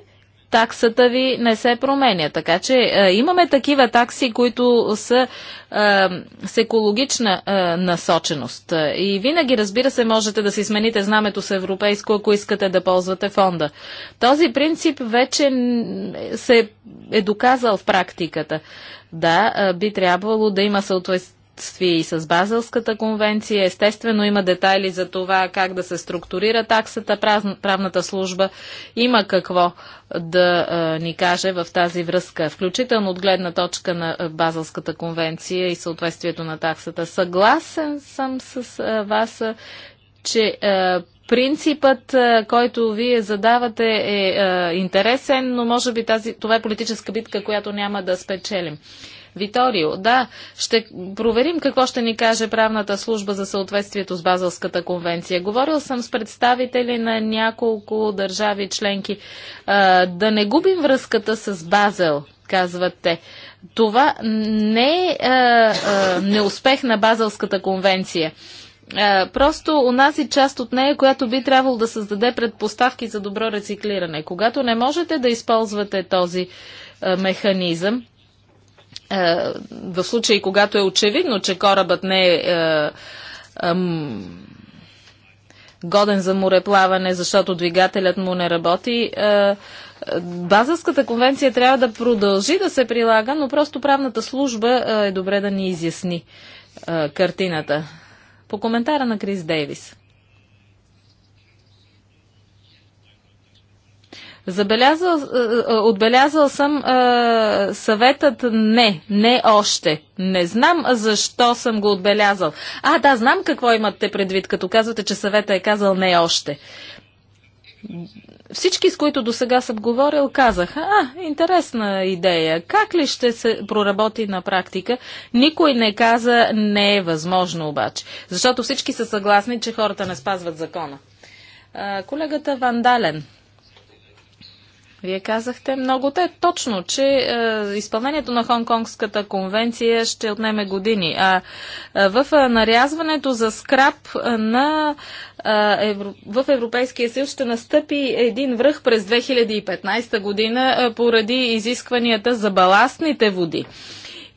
таксата ви не се променя. Така че е, имаме такива такси, които са е, с екологична е, насоченост. Е, и винаги, разбира се, можете да си смените знамето с европейско, ако искате да ползвате фонда. Този принцип вече се е доказал в практиката. Да, е, би трябвало да има съответствие съответствие и с Базелската конвенция. Естествено има детайли за това как да се структурира таксата. Правната служба има какво да ни каже в тази връзка, включително от гледна точка на Базелската конвенция и съответствието на таксата. Съгласен съм с вас, че принципът, който вие задавате е интересен, но може би тази, това е политическа битка, която няма да спечелим. Виторио, да, ще проверим какво ще ни каже правната служба за съответствието с Базълската конвенция. Говорил съм с представители на няколко държави членки. А, да не губим връзката с Базел, казват те. Това не е а, а, неуспех на Базалската конвенция. просто унази част от нея, която би трябвало да създаде предпоставки за добро рециклиране. Когато не можете да използвате този механизъм, е, в случай, когато е очевидно, че корабът не е, е годен за мореплаване, защото двигателят му не работи, е, Базълската конвенция трябва да продължи да се прилага, но просто правната служба е добре да ни изясни картината. По коментара на Крис Дейвис. Забелязал, е, е, отбелязал съм е, съветът не, не още. Не знам защо съм го отбелязал. А, да, знам какво имате предвид, като казвате, че съветът е казал не още. Всички, с които до сега съм говорил, казаха, а, интересна идея, как ли ще се проработи на практика? Никой не каза, не е възможно обаче, защото всички са съгласни, че хората не спазват закона. Колегата Вандален вие казахте много те точно, че е, изпълнението на Хонконгската конвенция ще отнеме години. А е, в е, нарязването за скрап е, на, е, в Европейския съюз ще настъпи един връх през 2015 година е, поради изискванията за баластните води.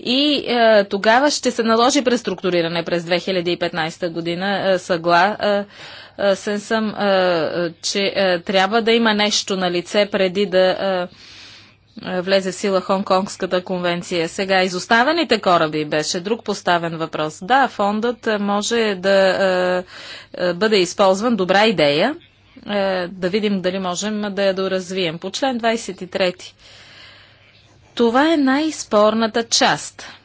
И е, тогава ще се наложи преструктуриране през 2015 година, е, съгла. Е, е, сен съм, е, че е, трябва да има нещо на лице преди да влезе в сила Хонконгската конвенция. Сега изоставените кораби беше друг поставен въпрос. Да, фондът може да бъде използван. Добра идея. Да видим дали можем да я доразвием. По член 23. Това е най-спорната част –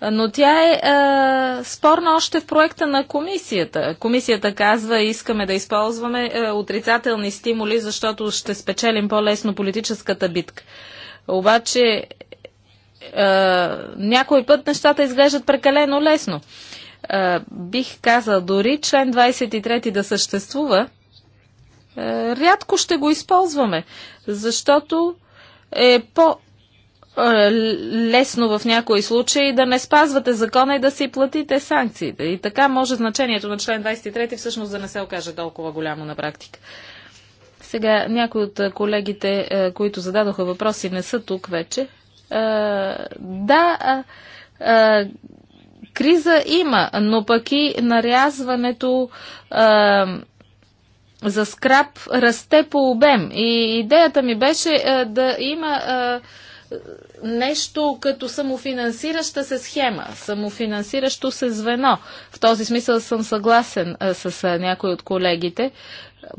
но тя е е спорна още в проекта на комисията. Комисията казва, искаме да използваме е, отрицателни стимули, защото ще спечелим по-лесно политическата битка. Обаче е, някой път нещата изглеждат прекалено лесно. Е, бих казал, дори член 23 да съществува, е, рядко ще го използваме, защото е по е, лесно в някои случаи да не спазвате закона и да си платите санкциите. И така може значението на член 23 всъщност да не се окаже толкова голямо на практика. Сега някои от е, колегите, е, които зададоха въпроси, не са тук вече. Да, криза има, но пък и нарязването за скрап расте по обем. И идеята ми беше да има нещо като самофинансираща се схема, самофинансиращо се звено. В този смисъл съм съгласен а, с а, някой от колегите.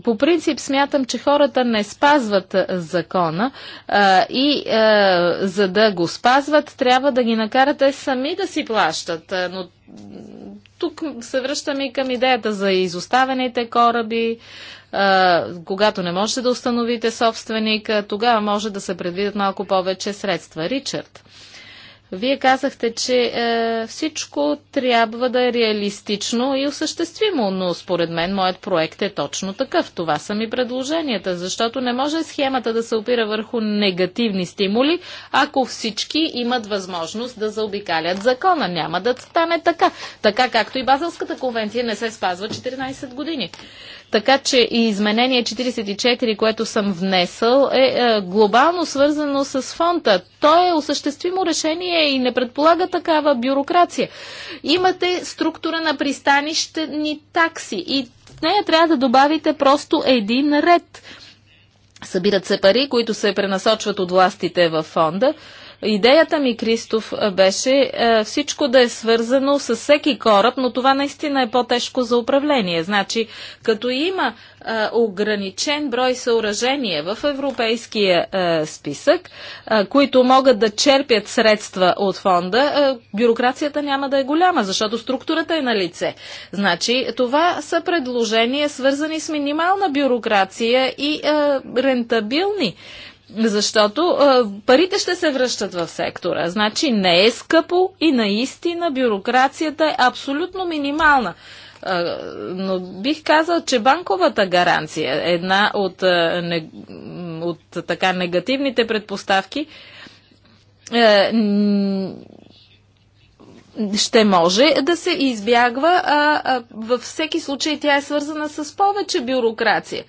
По принцип смятам, че хората не спазват закона а, и а, за да го спазват, трябва да ги накарате сами да си плащат. А, но тук се връщаме и към идеята за изоставените кораби, когато не можете да установите собственика, тогава може да се предвидят малко повече средства. Ричард. Вие казахте, че е, всичко трябва да е реалистично и осъществимо, но според мен моят проект е точно такъв. Това са ми предложенията, защото не може схемата да се опира върху негативни стимули, ако всички имат възможност да заобикалят закона. Няма да стане така. Така както и Базелската конвенция не се спазва 14 години. Така че и изменение 44, което съм внесъл, е, е, глобално свързано с фонда. То е осъществимо решение и не предполага такава бюрокрация. Имате структура на пристанищни такси и в нея трябва да добавите просто един ред. Събират се пари, които се пренасочват от властите във фонда Идеята ми, Кристоф, беше е, всичко да е свързано с всеки кораб, но това наистина е по-тежко за управление. Значи, като има е, ограничен брой съоръжения в европейския е, списък, които могат да черпят средства от фонда, бюрокрацията няма да е голяма, защото структурата е на лице. Значи, това са предложения, свързани с минимална бюрокрация и рентабилни защото а, парите ще се връщат в сектора. Значи не е скъпо и наистина бюрокрацията е абсолютно минимална. А, но бих казал, че банковата гаранция е една от, а, не, от така негативните предпоставки. Е, ще може да се избягва. А, а, във всеки случай тя е свързана с повече бюрокрация.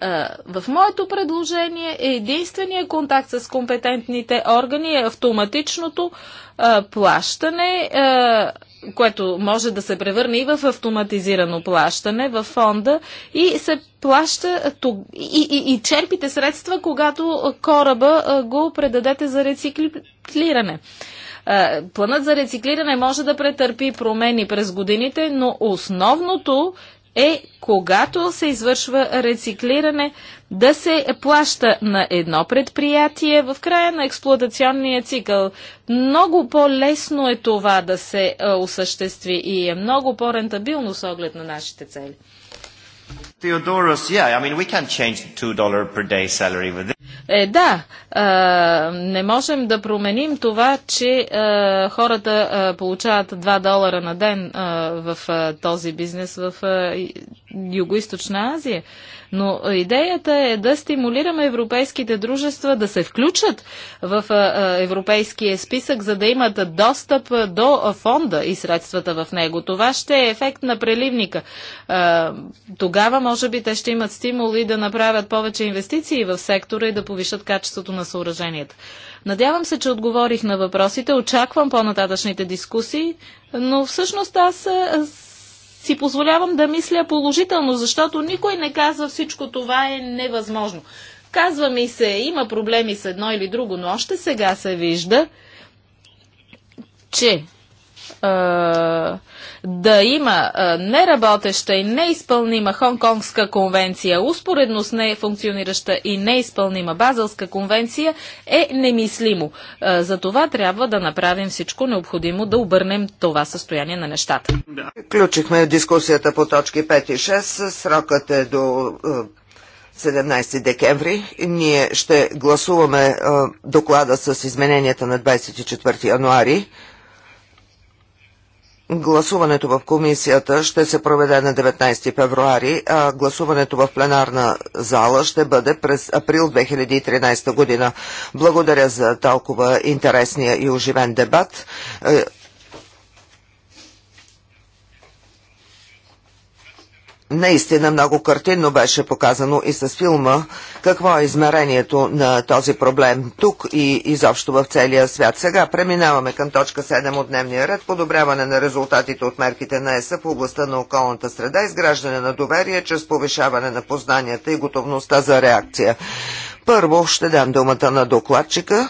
А, в моето предложение е единствения контакт с компетентните органи е автоматичното а, плащане. А, което може да се превърне и в автоматизирано плащане в фонда и се плаща и, и, и черпите средства, когато кораба го предадете за рециклиране. Е, планът за рециклиране може да претърпи промени през годините, но основното е когато се извършва рециклиране да се плаща на едно предприятие в края на експлуатационния цикъл. Много по-лесно е това да се е, осъществи и е много по-рентабилно с оглед на нашите цели. Theodoros, yeah, I mean, we can change $2 per day salary with Е, да, а, не можем да променим това, че а, хората а, получават 2 долара на ден а, в а, този бизнес в Юго-Источна Азия. Но идеята е да стимулираме европейските дружества да се включат в европейския списък, за да имат достъп до фонда и средствата в него. Това ще е ефект на преливника. Тогава, може би, те ще имат стимул и да направят повече инвестиции в сектора и да повишат качеството на съоръженията. Надявам се, че отговорих на въпросите. Очаквам по-нататъчните дискусии, но всъщност аз си позволявам да мисля положително, защото никой не казва всичко това е невъзможно. Казва ми се, има проблеми с едно или друго, но още сега се вижда, че да има неработеща и неизпълнима Хонконгска конвенция, успоредно с нефункционираща и неизпълнима Базълска конвенция, е немислимо. За това трябва да направим всичко необходимо да обърнем това състояние на нещата. Включихме дискусията по точки 5 и 6. Срокът е до 17 декември. Ние ще гласуваме доклада с измененията на 24 януари. Гласуването в комисията ще се проведе на 19 февруари, а гласуването в пленарна зала ще бъде през април 2013 година. Благодаря за толкова интересния и оживен дебат. Е, Наистина много картинно беше показано и с филма какво е измерението на този проблем тук и изобщо в целия свят. Сега преминаваме към точка 7 от дневния ред, подобряване на резултатите от мерките на ЕСА в областта на околната среда, изграждане на доверие чрез повишаване на познанията и готовността за реакция. Първо ще дам думата на докладчика.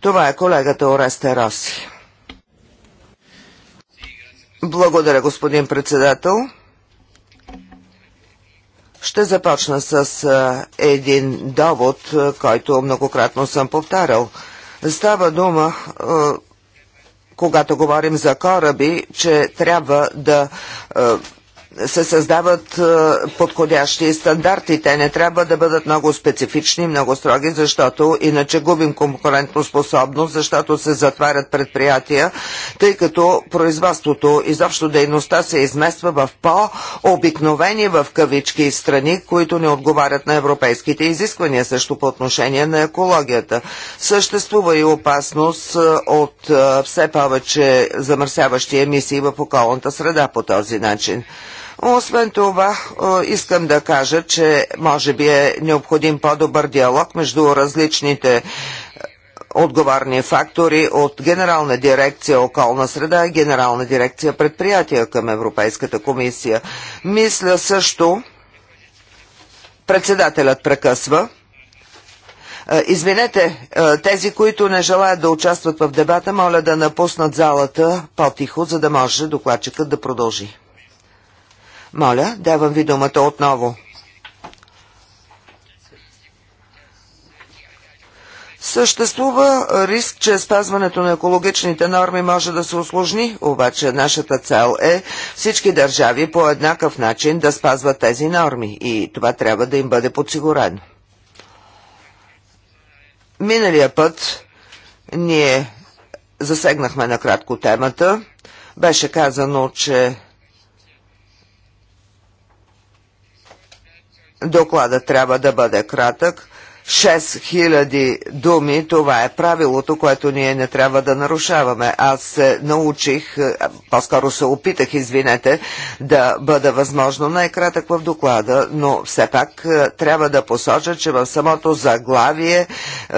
Това е колегата Оресте Роси. Благодаря, господин председател. Ще започна с един довод, който многократно съм повтарял. Става дума когато говорим за кораби, че трябва да се създават е, подходящи стандарти. Те не трябва да бъдат много специфични, много строги, защото иначе губим способност, защото се затварят предприятия, тъй като производството, изобщо дейността се измества в по-обикновени в кавички страни, които не отговарят на европейските изисквания също по отношение на екологията. Съществува и опасност е, от е, все повече замърсяващи емисии в околната среда по този начин. Освен това, е, искам да кажа, че може би е необходим по-добър диалог между различните е, отговорни фактори от Генерална дирекция околна среда и Генерална дирекция предприятия към Европейската комисия. Мисля също, председателят прекъсва. Е, извинете, тези, които не желаят да участват в дебата, моля да напуснат залата по-тихо, за да може докладчикът да продължи. Моля, давам ви думата отново. Съществува риск, че спазването на екологичните норми може да се усложни, обаче нашата цел е всички държави по еднакъв начин да спазват тези норми и това трябва да им бъде подсигурено. Миналия път ние засегнахме накратко темата. Беше казано, че Докладът трябва да бъде кратък. 6000 думи, това е правилото, което ние не трябва да нарушаваме. Аз се научих, е, по-скоро се опитах, извинете, да бъда възможно най-кратък в доклада, но все пак е, трябва да посоча, че в самото заглавие е,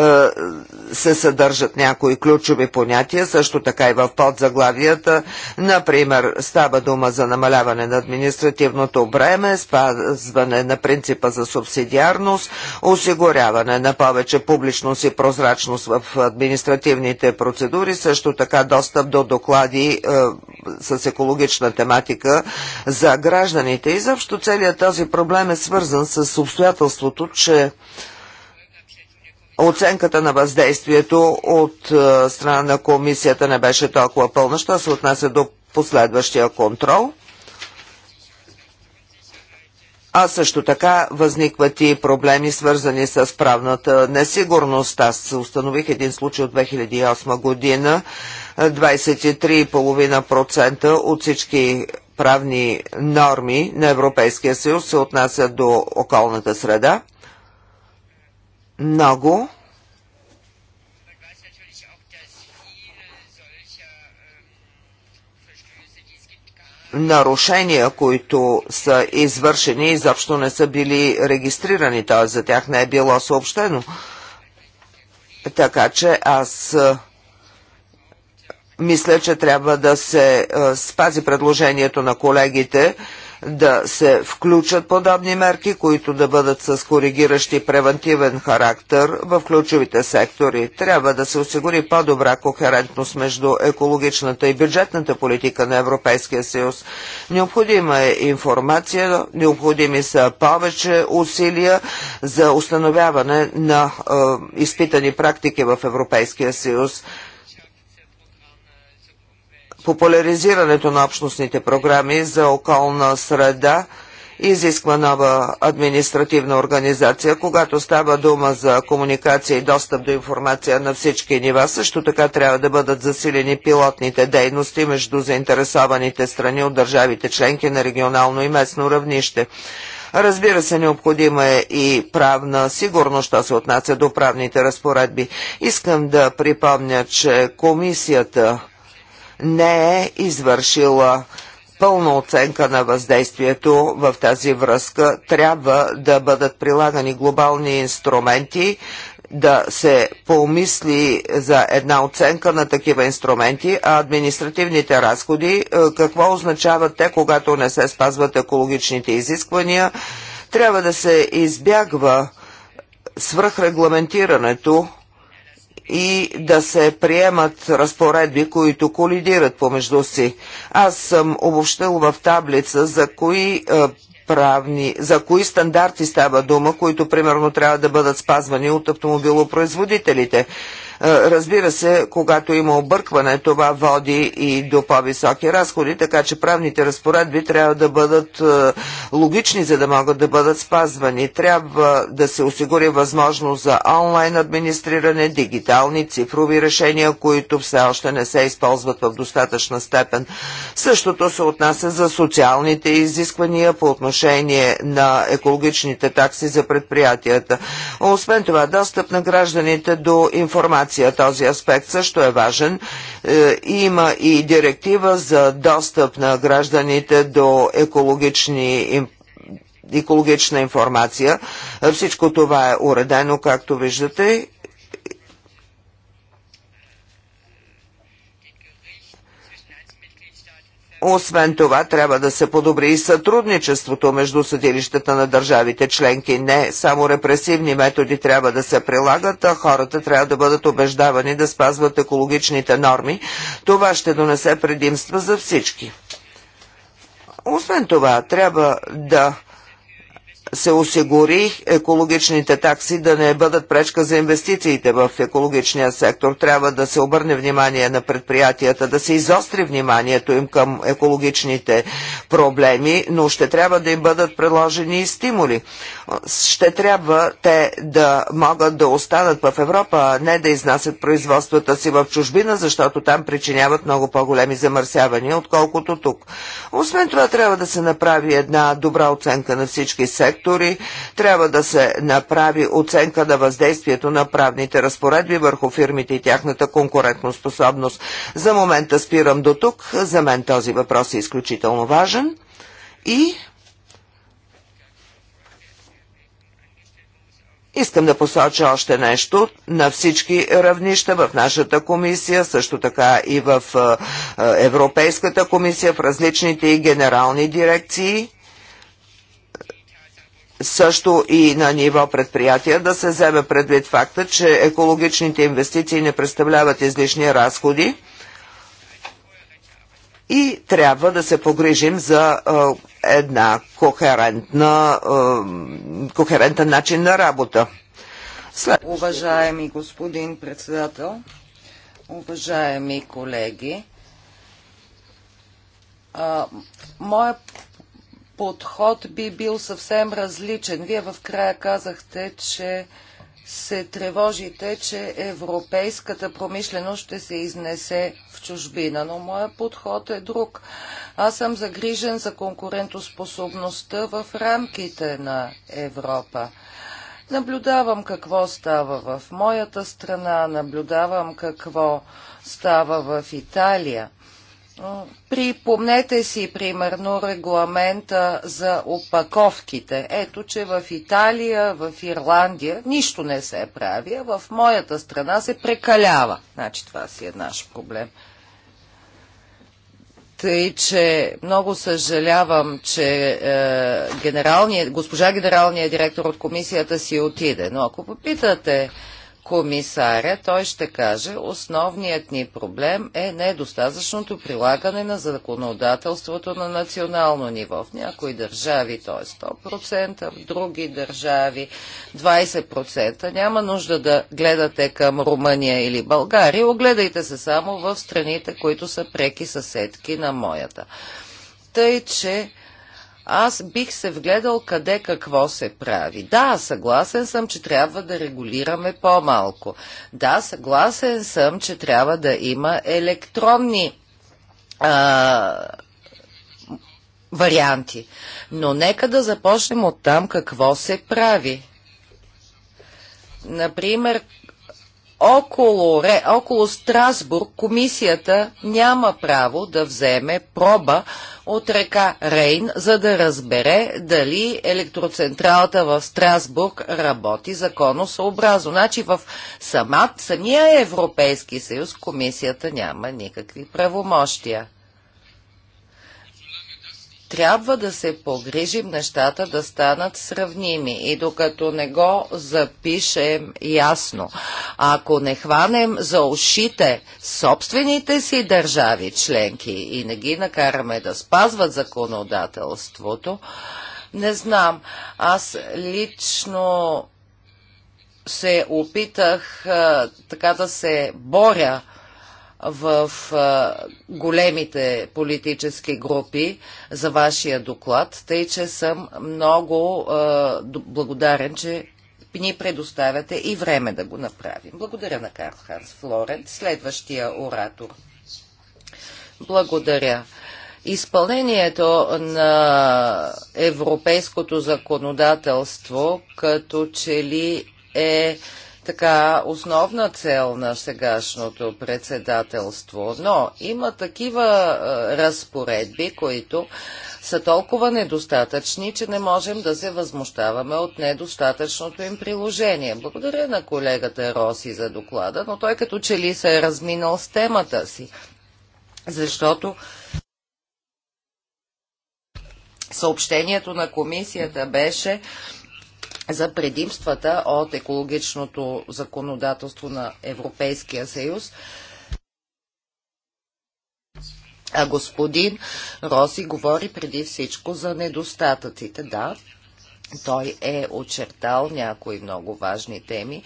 се съдържат някои ключови понятия, също така и в подзаглавията. Например, става дума за намаляване на административното бреме, спазване на принципа за субсидиарност, осигуряване осигуряване на повече публичност и прозрачност в административните процедури, също така достъп до доклади е, с екологична тематика за гражданите. И защо целият този проблем е свързан с обстоятелството, че оценката на въздействието от е, страна на комисията не беше толкова пълна, що се отнася до последващия контрол – а също така възникват и проблеми, свързани с правната несигурност. Аз установих един случай от 2008 година. 23,5% от всички правни норми на Европейския съюз се отнасят до околната среда. Много нарушения, които са извършени, изобщо не са били регистрирани, т.е. за тях не е било съобщено. Така че аз мисля, че трябва да се спази предложението на колегите да се включат подобни мерки, които да бъдат с коригиращи превентивен характер в ключовите сектори. Трябва да се осигури по-добра кохерентност между екологичната и бюджетната политика на Европейския съюз. Необходима е информация, необходими са повече усилия за установяване на е, изпитани практики в Европейския съюз популяризирането на общностните програми за околна среда изисква нова административна организация, когато става дума за комуникация и достъп до информация на всички нива. Също така трябва да бъдат засилени пилотните дейности между заинтересованите страни от държавите членки на регионално и местно равнище. Разбира се, необходима е и правна сигурност, що се отнася до правните разпоредби. Искам да припомня, че комисията не е извършила пълна оценка на въздействието в тази връзка. Трябва да бъдат прилагани глобални инструменти, да се помисли за една оценка на такива инструменти, а административните разходи, е, какво означават те, когато не се спазват екологичните изисквания, трябва да се избягва свръхрегламентирането и да се приемат разпоредби, които колидират помежду си. Аз съм обобщил в таблица за кои е, правни, за кои стандарти става дума, които примерно трябва да бъдат спазвани от автомобилопроизводителите. Е, разбира се, когато има объркване, това води и до по-високи разходи, така че правните разпоредби трябва да бъдат е, логични, за да могат да бъдат спазвани. Трябва да се осигури възможност за онлайн администриране, дигитални, цифрови решения, които все още не се използват в достатъчна степен. Същото се отнася за социалните изисквания по отношение на екологичните такси за предприятията. Освен това, достъп на гражданите до информация информация. Този аспект също е важен. Е, има и директива за достъп на гражданите до екологични екологична информация. Всичко това е уредено, както виждате, Освен това, трябва да се подобри и сътрудничеството между съдилищата на държавите членки. Не само репресивни методи трябва да се прилагат, а хората трябва да бъдат убеждавани да спазват екологичните норми. Това ще донесе предимства за всички. Освен това, трябва да се осигури екологичните такси да не бъдат пречка за инвестициите в екологичния сектор. Трябва да се обърне внимание на предприятията, да се изостри вниманието им към екологичните проблеми, но ще трябва да им бъдат предложени и стимули. Ще трябва те да могат да останат в Европа, а не да изнасят производствата си в чужбина, защото там причиняват много по-големи замърсявания, отколкото тук. Освен това трябва да се направи една добра оценка на всички сектори, сектори, трябва да се направи оценка на въздействието на правните разпоредби върху фирмите и тяхната конкурентоспособност. За момента спирам до тук. За мен този въпрос е изключително важен. И Искам да посоча още нещо на всички равнища в нашата комисия, също така и в е, е, Европейската комисия, в различните и генерални дирекции също и на ниво предприятия да се вземе предвид факта, че екологичните инвестиции не представляват излишни разходи и трябва да се погрижим за една кохерентна, кохерентен начин на работа. След... Уважаеми господин председател, уважаеми колеги, а, моя подход би бил съвсем различен. Вие в края казахте, че се тревожите, че европейската промишленост ще се изнесе в чужбина, но моят подход е друг. Аз съм загрижен за конкурентоспособността в рамките на Европа. Наблюдавам какво става в моята страна, наблюдавам какво става в Италия. Припомнете си, примерно, регламента за опаковките. Ето, че в Италия, в Ирландия нищо не се прави, а в моята страна се прекалява. Значи, това си е наш проблем. Тъй, че много съжалявам, че е, генералния, госпожа генералния директор от комисията си отиде. Но ако попитате комисаря, той ще каже, основният ни проблем е недостатъчното прилагане на законодателството на национално ниво. В някои държави то е 100%, в други държави 20%. Няма нужда да гледате към Румъния или България, огледайте се само в страните, които са преки съседки на моята. Тъй, че аз бих се вгледал къде какво се прави. Да, съгласен съм, че трябва да регулираме по-малко. Да, съгласен съм, че трябва да има електронни а, варианти. Но нека да започнем от там какво се прави. Например, около, около Страсбург комисията няма право да вземе проба от река Рейн, за да разбере дали електроцентралата в Страсбург работи законосъобразно. Значи в самат, самия Европейски съюз комисията няма никакви правомощия трябва да се погрижим нещата да станат сравними и докато не го запишем ясно, ако не хванем за ушите собствените си държави членки и не ги накараме да спазват законодателството, не знам, аз лично се опитах а, така да се боря в големите политически групи за вашия доклад, тъй че съм много благодарен, че ни предоставяте и време да го направим. Благодаря на Карл Ханс Флорент, следващия оратор. Благодаря. Изпълнението на европейското законодателство като че ли е така основна цел на сегашното председателство. Но има такива е, разпоредби, които са толкова недостатъчни, че не можем да се възмущаваме от недостатъчното им приложение. Благодаря на колегата Роси за доклада, но той като че ли се е разминал с темата си. Защото съобщението на комисията беше за предимствата от екологичното законодателство на Европейския съюз. А господин Роси говори преди всичко за недостатъците. Да, той е очертал някои много важни теми,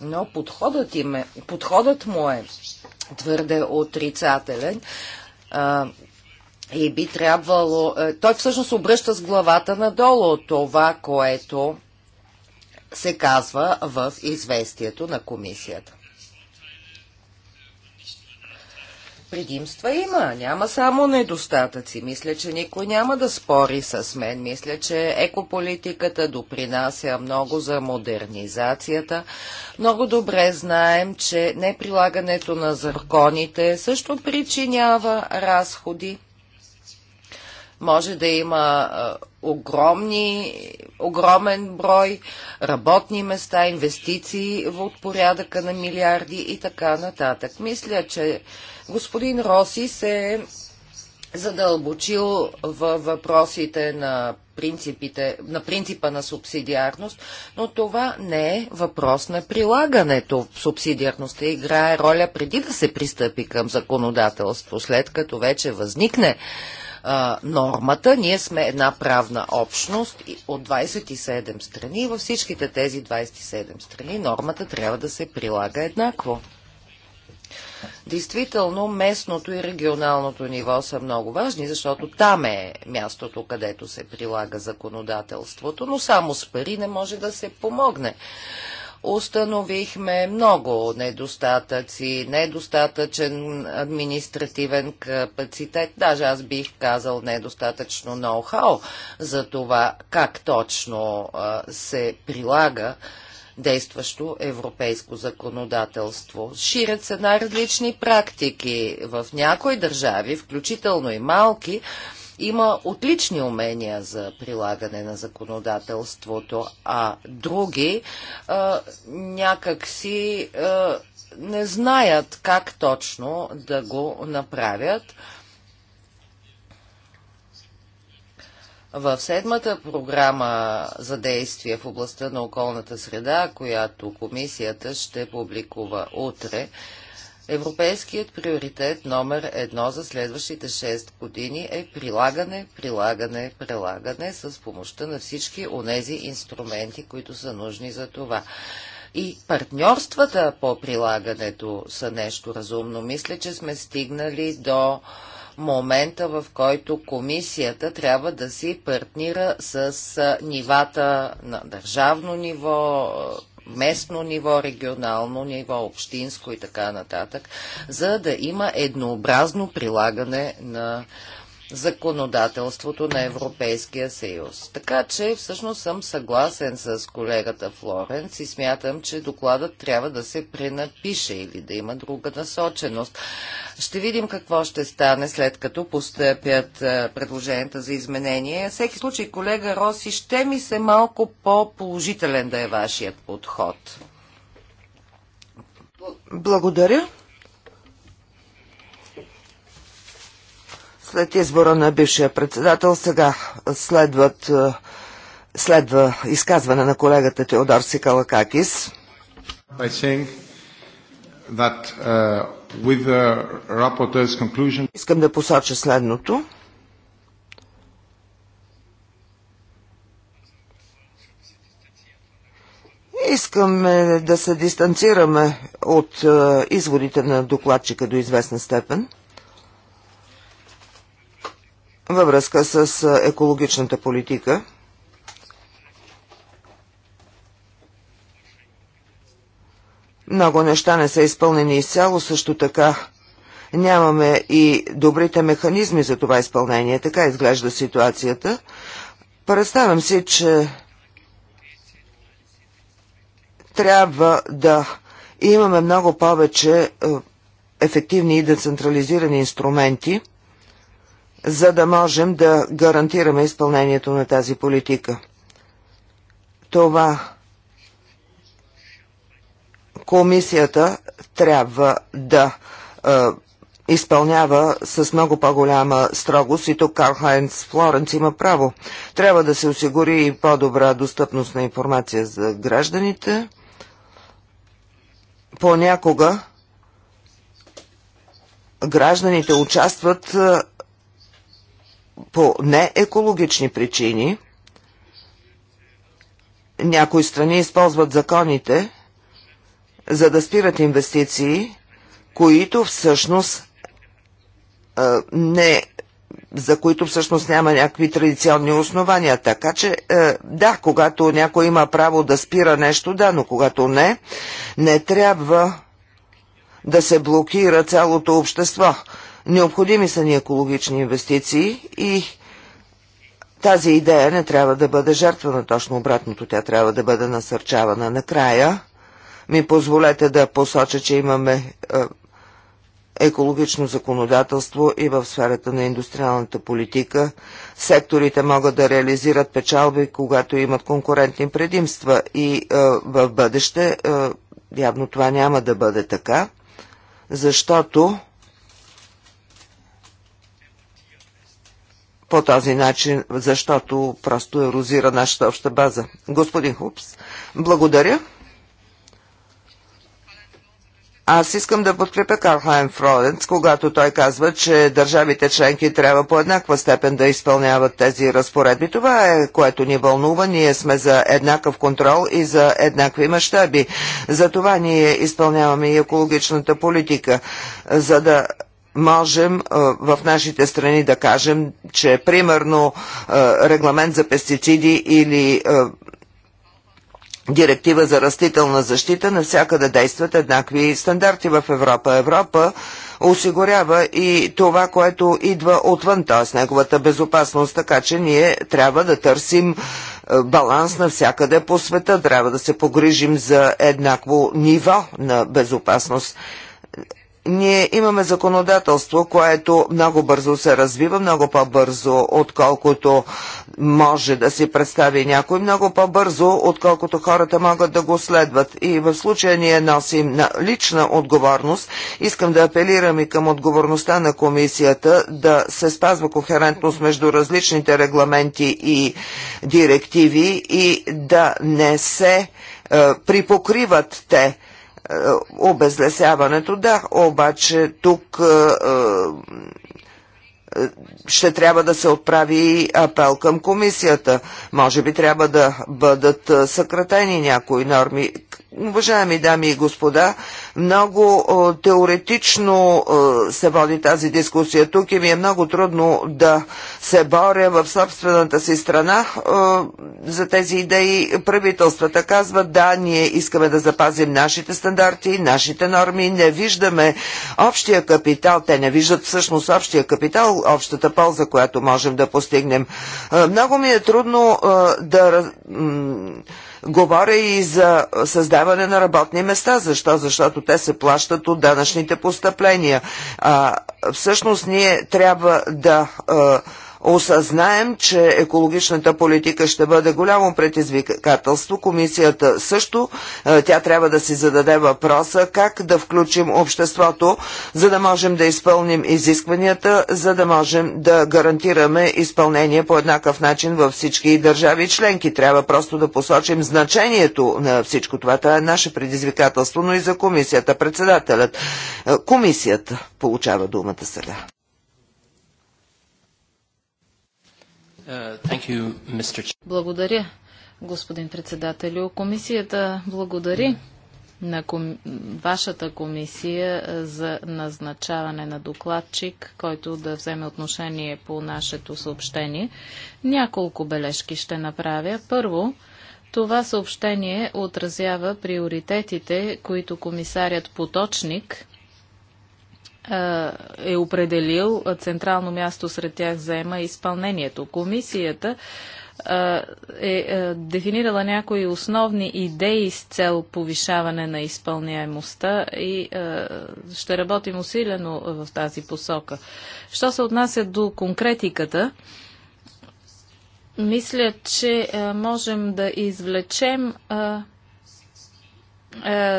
но подходът, им е, подходът му е твърде отрицателен. А, и би трябвало... Е, той всъщност обръща с главата надолу това, което се казва в известието на комисията. Предимства има, няма само недостатъци. Мисля, че никой няма да спори с мен. Мисля, че екополитиката допринася много за модернизацията. Много добре знаем, че неприлагането на законите също причинява разходи. Може да има огромни, огромен брой работни места, инвестиции в порядъка на милиарди и така нататък. Мисля, че господин Роси се е задълбочил в въпросите на, принципите, на принципа на субсидиарност, но това не е въпрос на прилагането. Субсидиарността играе роля преди да се пристъпи към законодателство, след като вече възникне а, нормата. Ние сме една правна общност от 27 страни и във всичките тези 27 страни нормата трябва да се прилага еднакво. Действително, местното и регионалното ниво са много важни, защото там е мястото, където се прилага законодателството, но само с пари не може да се помогне установихме много недостатъци, недостатъчен административен капацитет, даже аз бих казал недостатъчно ноу-хау за това как точно се прилага действащо европейско законодателство. Ширят се най-различни практики в някои държави, включително и малки, има отлични умения за прилагане на законодателството, а други а, някакси а, не знаят как точно да го направят. В седмата програма за действие в областта на околната среда, която комисията ще публикува утре, Европейският приоритет номер едно за следващите 6 години е прилагане, прилагане, прилагане с помощта на всички онези инструменти, които са нужни за това. И партньорствата по прилагането са нещо разумно. Мисля, че сме стигнали до момента, в който комисията трябва да си партнира с нивата на държавно ниво, местно ниво, регионално ниво, общинско и така нататък, за да има еднообразно прилагане на законодателството на Европейския съюз. Така че всъщност съм съгласен с колегата Флоренц и смятам, че докладът трябва да се пренапише или да има друга насоченост. Ще видим какво ще стане след като постъпят е, предложенията за изменение. Всеки случай, колега Роси, ще ми се малко по-положителен да е вашият подход. Благодаря. След избора на бившия председател сега следват, е, следва изказване на колегата Теодор Сикалакакис. That, uh, conclusion... Искам да посоча следното. Искаме да се дистанцираме от е, изводите на докладчика до известна степен във връзка с екологичната политика. Много неща не са изпълнени изцяло, също така нямаме и добрите механизми за това изпълнение. Така изглежда ситуацията. Представям си, че трябва да имаме много повече ефективни и децентрализирани инструменти, за да можем да гарантираме изпълнението на тази политика. Това комисията трябва да е, изпълнява с много по-голяма строгост и тук Карл Хайнц Флоренц има право. Трябва да се осигури и по-добра достъпност на информация за гражданите. Понякога гражданите участват по неекологични причини. Някои страни използват законите, за да спират инвестиции, които всъщност не за които всъщност няма някакви традиционни основания. Така че, е, да, когато някой има право да спира нещо, да, но когато не, не трябва да се блокира цялото общество. Необходими са ни екологични инвестиции и тази идея не трябва да бъде жертвана, точно обратното, тя трябва да бъде насърчавана. Накрая ми позволете да посоча, че имаме е, екологично законодателство и в сферата на индустриалната политика. Секторите могат да реализират печалби, когато имат конкурентни предимства и е, в бъдеще е, явно това няма да бъде така, защото по този начин, защото просто ерозира нашата обща база. Господин Хупс, благодаря. Аз искам да подкрепя Кархайн Фроденц, когато той казва, че държавите членки трябва по еднаква степен да изпълняват тези разпоредби. Това е, което ни вълнува. Ние сме за еднакъв контрол и за еднакви мащаби. За това ние изпълняваме и екологичната политика, за да можем в нашите страни да кажем, че примерно регламент за пестициди или директива за растителна защита навсякъде действат еднакви стандарти в Европа. Европа осигурява и това, което идва отвън, т.е. неговата безопасност, така че ние трябва да търсим баланс навсякъде по света. Трябва да се погрижим за еднакво ниво на безопасност ние имаме законодателство, което много бързо се развива, много по-бързо, отколкото може да си представи някой, много по-бързо, отколкото хората могат да го следват. И в случая ние носим на лична отговорност. Искам да апелирам и към отговорността на комисията да се спазва кохерентност между различните регламенти и директиви и да не се е, припокриват те е, обезлесяването, да, обаче тук е, е, ще трябва да се отправи апел към комисията. Може би трябва да бъдат съкратени някои норми. Уважаеми дами и господа, много теоретично се води тази дискусия тук и ми е много трудно да се боря в собствената си страна за тези идеи. Правителствата казват, да, ние искаме да запазим нашите стандарти, нашите норми, не виждаме общия капитал, те не виждат всъщност общия капитал, общата полза, която можем да постигнем. Много ми е трудно да Говоря и за създаване на работни места. Защо? Защото те се плащат от данъчните постъпления. А, всъщност ние трябва да а, осъзнаем, че екологичната политика ще бъде голямо предизвикателство. Комисията също, е, тя трябва да си зададе въпроса как да включим обществото, за да можем да изпълним изискванията, за да можем да гарантираме изпълнение по еднакъв начин във всички държави членки. Трябва просто да посочим значението на всичко това. Това е наше предизвикателство, но и за комисията. Председателят. Е, комисията получава думата сега. благодаря, господин председателю. Комисията благодари на ком... вашата комисия за назначаване на докладчик, който да вземе отношение по нашето съобщение. Няколко бележки ще направя. Първо, това съобщение отразява приоритетите, които комисарят Поточник – е, е определил е, централно място сред тях заема изпълнението. Комисията е, е дефинирала някои основни идеи с цел повишаване на изпълняемостта и ще работим усилено в тази посока. Що се отнася до конкретиката, мисля, че можем да извлечем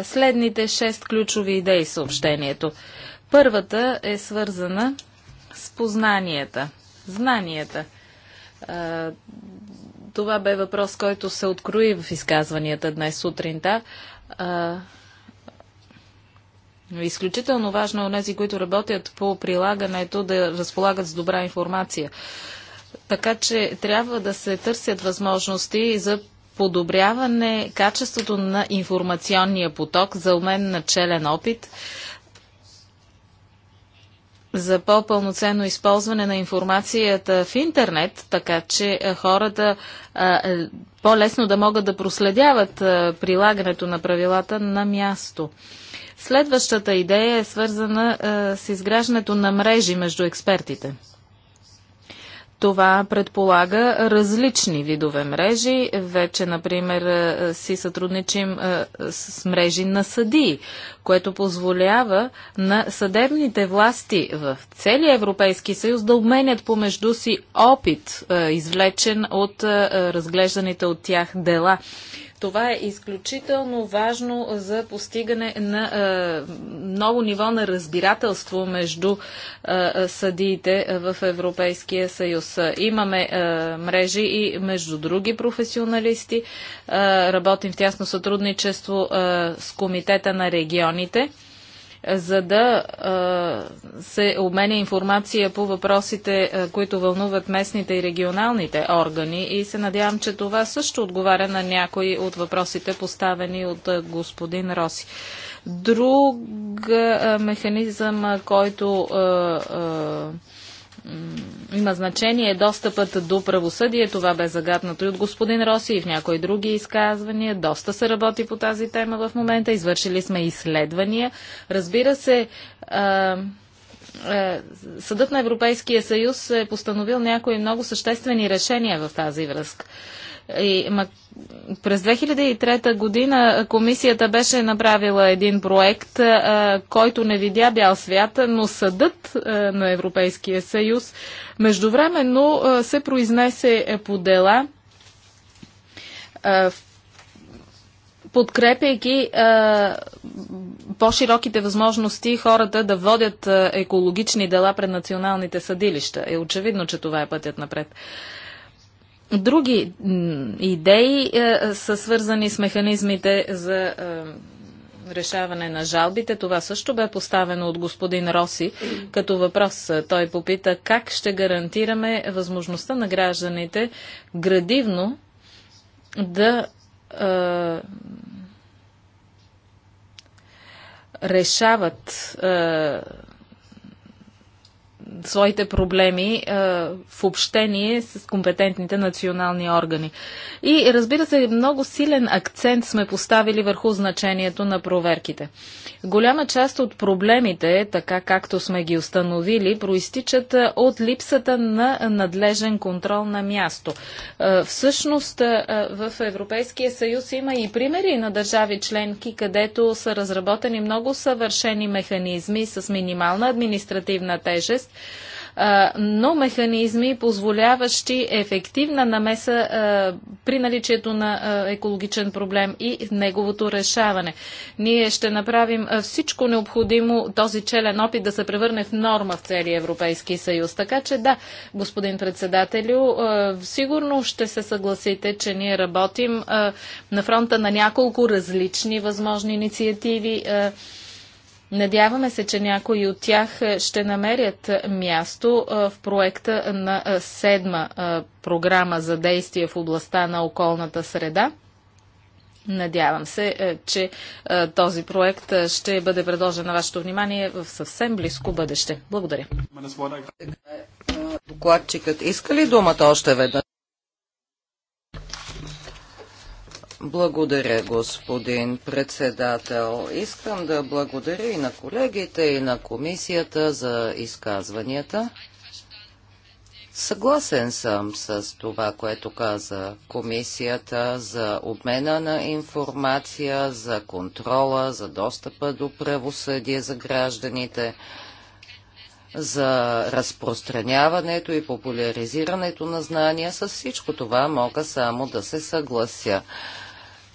следните шест ключови идеи съобщението. Първата е свързана с познанията, знанията. Това бе въпрос, който се открои в изказванията днес сутринта. Изключително важно е тези, които работят по прилагането, да разполагат с добра информация. Така че трябва да се търсят възможности за подобряване качеството на информационния поток, за умен челен опит за по-пълноценно използване на информацията в интернет, така че е, хората е, по-лесно да могат да проследяват е, прилагането на правилата на място. Следващата идея е свързана с изграждането на мрежи между експертите. Това предполага различни видове мрежи. Вече, например, е, си сътрудничим е, с мрежи на съдии, което позволява на съдебните власти в целия Европейски съюз да обменят помежду си опит, е, извлечен от разглежданите от тях дела това е изключително важно за постигане на а, е, ново ниво на разбирателство между а, е, съдиите е, в Европейския съюз. Имаме а, мрежи и между други професионалисти. А, работим в тясно сътрудничество а, с Комитета на регионите за да се обменя информация по въпросите, които вълнуват местните и регионалните органи и се надявам, че това също отговаря на някои от въпросите поставени от господин Роси. Друг механизъм, който има значение достъпът до правосъдие. Това бе загаднато и от господин Роси и в някои други изказвания. Доста се работи по тази тема в момента. Извършили сме изследвания. Разбира се, а, а, Съдът на Европейския съюз е постановил някои много съществени решения в тази връзка. И, ма, през 2003 година комисията беше направила един проект, а, който не видя бял свят, но съдът а, на Европейския съюз междувременно а, се произнесе по дела в подкрепяйки по-широките възможности хората да водят екологични дела пред националните съдилища. Е очевидно, че това е пътят напред. Други идеи е, са свързани с механизмите за е, решаване на жалбите. Това също бе поставено от господин Роси като въпрос. Той попита как ще гарантираме възможността на гражданите градивно да е, решават е, своите проблеми а, е, в общение с компетентните национални органи. И разбира се, много силен акцент сме поставили върху значението на проверките. Голяма част от проблемите, така както сме ги установили, проистичат е, от липсата на надлежен контрол на място. А, е, всъщност а, в Европейския съюз има и примери на държави членки, където са разработени много съвършени механизми с минимална административна тежест, но механизми, позволяващи ефективна намеса при наличието на екологичен проблем и неговото решаване. Ние ще направим всичко необходимо този челен опит да се превърне в норма в целия Европейски съюз. Така че да, господин председателю, сигурно ще се съгласите, че ние работим на фронта на няколко различни възможни инициативи. Надяваме се, че някои от тях е, ще намерят е, място е, в проекта на седма програма за действие в областта на околната среда. Надявам се, че този проект ще бъде предложен на вашето внимание в съвсем близко бъдеще. Благодаря. Докладчикът иска ли думата още веднъж? Благодаря, господин председател. Искам да благодаря и на колегите, и на комисията за изказванията. Съгласен съм с това, което каза комисията за обмена на информация, за контрола, за достъпа до правосъдие за гражданите, за разпространяването и популяризирането на знания. С всичко това мога само да се съглася.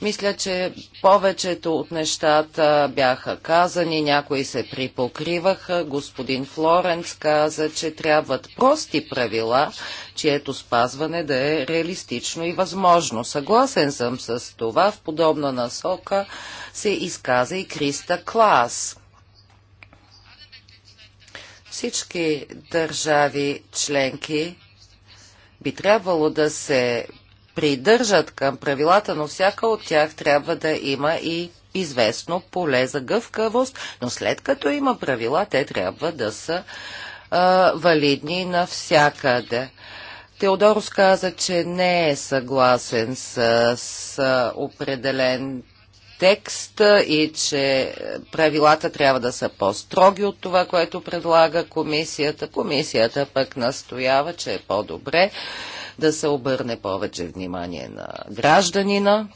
Мисля, че повечето от нещата бяха казани, някои се припокриваха. Господин Флоренц каза, че трябват прости правила, чието спазване да е реалистично и възможно. Съгласен съм с това. В подобна насока се изказа и Криста Клас. Всички държави членки би трябвало да се придържат към правилата, но всяка от тях трябва да има и известно поле за гъвкавост, но след като има правила, те трябва да са а, валидни навсякъде. Теодорус каза, че не е съгласен с, с определен текст и че правилата трябва да са по-строги от това, което предлага комисията. Комисията пък настоява, че е по-добре да се обърне повече внимание на гражданина.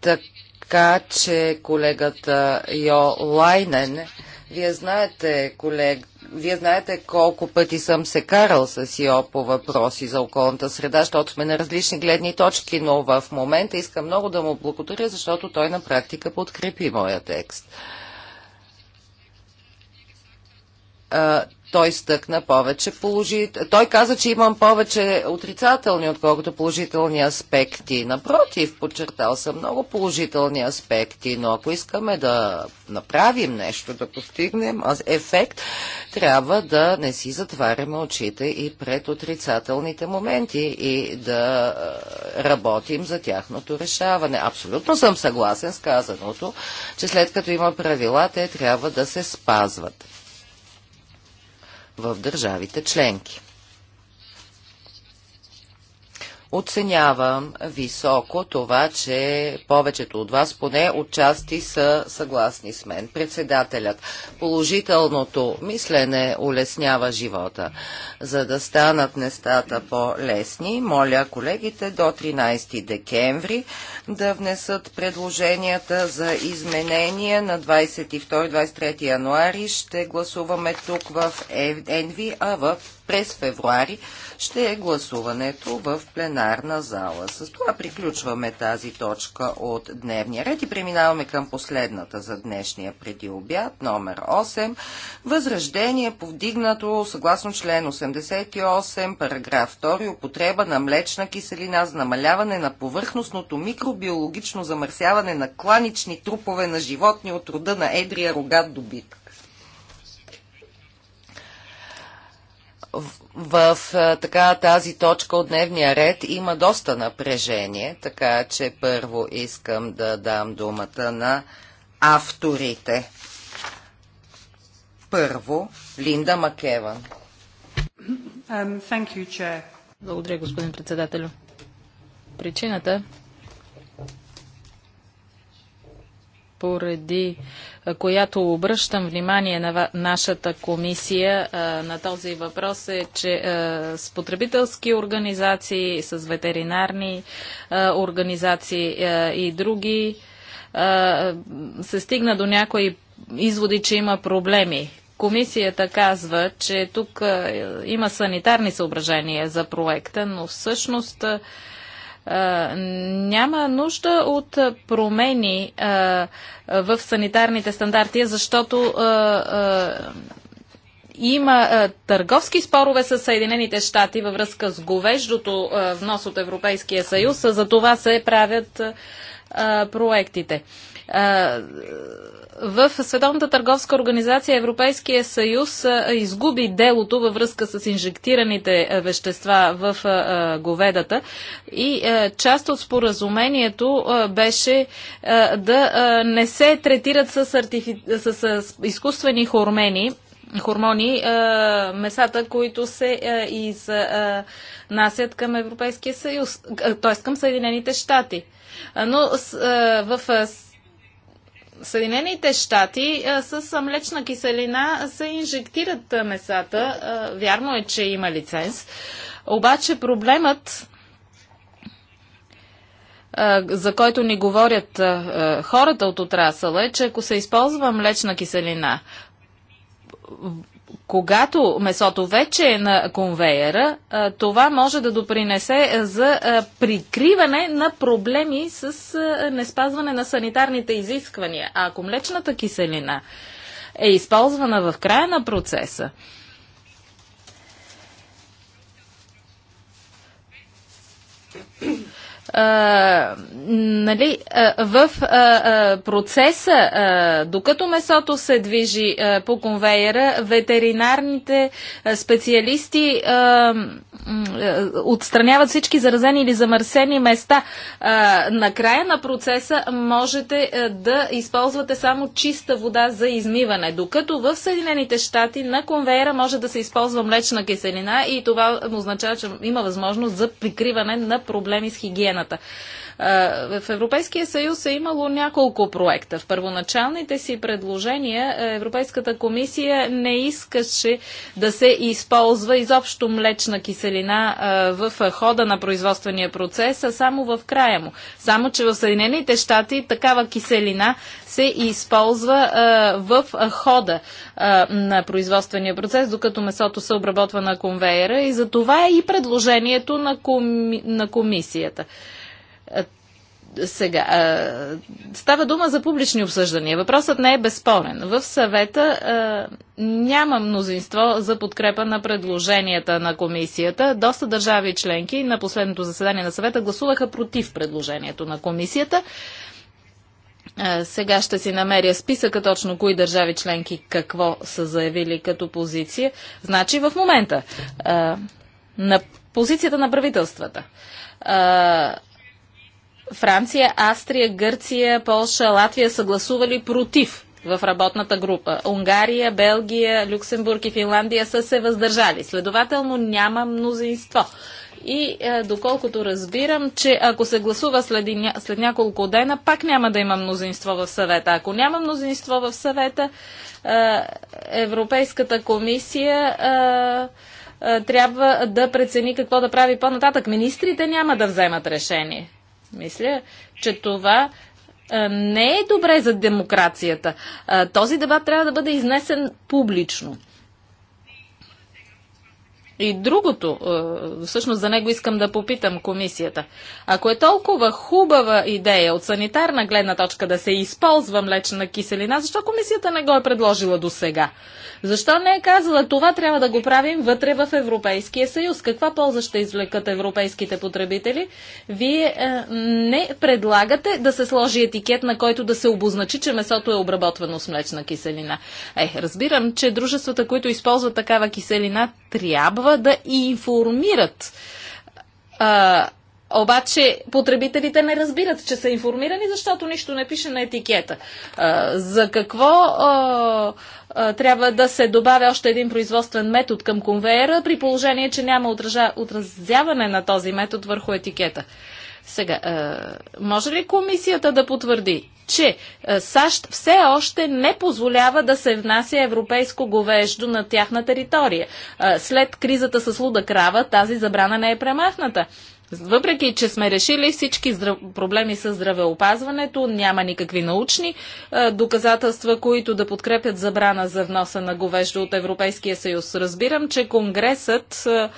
Така че колегата Йо Лайнен, вие знаете, колег, вие знаете колко пъти съм се карал с Йо по въпроси за околната среда, защото сме на различни гледни точки, но в момента искам много да му благодаря, защото той на практика подкрепи моя текст. той стъкна повече положителни. Той каза, че имам повече отрицателни, отколкото положителни аспекти. Напротив, подчертал съм много положителни аспекти, но ако искаме да направим нещо, да постигнем ефект, трябва да не си затваряме очите и пред отрицателните моменти и да работим за тяхното решаване. Абсолютно съм съгласен с казаното, че след като има правила, те трябва да се спазват в държавите членки. Оценявам високо това, че повечето от вас поне отчасти са съгласни с мен. Председателят, положителното мислене улеснява живота. За да станат нестата по-лесни, моля колегите до 13 декември да внесат предложенията за изменения на 22-23 януари. Ще гласуваме тук в ЕНВИ, а в през февруари ще е гласуването в пленарна зала. С това приключваме тази точка от дневния ред и преминаваме към последната за днешния преди обяд, номер 8. Възраждение повдигнато съгласно член 88, параграф 2, употреба на млечна киселина за намаляване на повърхностното микробиологично замърсяване на кланични трупове на животни от рода на едрия рогат добитък. в така тази точка от дневния ред има доста напрежение, така че първо искам да дам думата на авторите. Първо, Линда Макеван. Um, you, Благодаря, господин председател. Причината, поради която обръщам внимание на нашата комисия на този въпрос е, че с потребителски организации, с ветеринарни организации и други се стигна до някои изводи, че има проблеми. Комисията казва, че тук има санитарни съображения за проекта, но всъщност няма нужда от промени в санитарните стандарти, защото има търговски спорове с Съединените щати във връзка с говеждото внос от Европейския съюз. за това се правят проектите в Световната търговска организация Европейския съюз изгуби делото във връзка с инжектираните вещества в говедата и част от споразумението беше да не се третират с, артифи... с изкуствени хормени хормони, месата, които се изнасят към Европейския съюз, т.е. към Съединените щати. Но в Съединените щати с млечна киселина се инжектират месата. Вярно е, че има лиценз. Обаче проблемът за който ни говорят хората от отрасъла е, че ако се използва млечна киселина когато месото вече е на конвейера, това може да допринесе за прикриване на проблеми с неспазване на санитарните изисквания. А ако млечната киселина е използвана в края на процеса, а, нали, а, в а, процеса, докато месото се движи по конвейера, ветеринарните специалисти отстраняват всички заразени или замърсени места. На края на процеса можете да използвате само чиста вода за измиване, докато в Съединените щати на конвейера може да се използва млечна киселина и това означава, че има възможност за прикриване на проблеми с хигиена страната. В Европейския съюз е имало няколко проекта. В първоначалните си предложения Европейската комисия не искаше да се използва изобщо млечна киселина в хода на производствения процес, а само в края му. Само, че в Съединените щати такава киселина се използва в хода на производствения процес, докато месото се обработва на конвейера и за това е и предложението на, на комисията. Сега, става дума за публични обсъждания. Въпросът не е безспорен. В съвета няма мнозинство за подкрепа на предложенията на комисията. Доста държави членки на последното заседание на съвета гласуваха против предложението на комисията. Сега ще си намеря списъка точно кои държави членки какво са заявили като позиция. Значи в момента на позицията на правителствата Франция, Австрия, Гърция, Полша, Латвия са гласували против в работната група. Унгария, Белгия, Люксембург и Финландия са се въздържали. Следователно няма мнозинство. И е, доколкото разбирам, че ако се гласува след, ня... след няколко дена, пак няма да има мнозинство в съвета. Ако няма мнозинство в съвета, е, Европейската комисия. Е, е трябва да прецени какво да прави по-нататък. Министрите няма да вземат решение. Мисля, че това не е добре за демокрацията. Този дебат трябва да бъде изнесен публично. И другото, е, всъщност за него искам да попитам комисията. Ако е толкова хубава идея от санитарна гледна точка да се използва млечна киселина, защо комисията не го е предложила до сега? Защо не е казала това трябва да го правим вътре в Европейския съюз? Каква полза ще извлекат европейските потребители? Вие е, не предлагате да се сложи етикет, на който да се обозначи, че месото е обработвано с млечна киселина. Е, разбирам, че дружествата, които използват такава киселина, трябва трябва да информират. А, обаче потребителите не разбират, че са информирани, защото нищо не пише на етикета. А, за какво а, а, трябва да се добавя още един производствен метод към конвейера, при положение, че няма отража, отразяване на този метод върху етикета? Сега, а, може ли комисията да потвърди, че е, САЩ все още не позволява да се внася европейско говеждо на тяхна територия. Е, след кризата с луда крава тази забрана не е премахната. Въпреки, че сме решили всички здрав... проблеми с здравеопазването, няма никакви научни е, доказателства, които да подкрепят забрана за вноса на говеждо от Европейския съюз. Разбирам, че Конгресът е,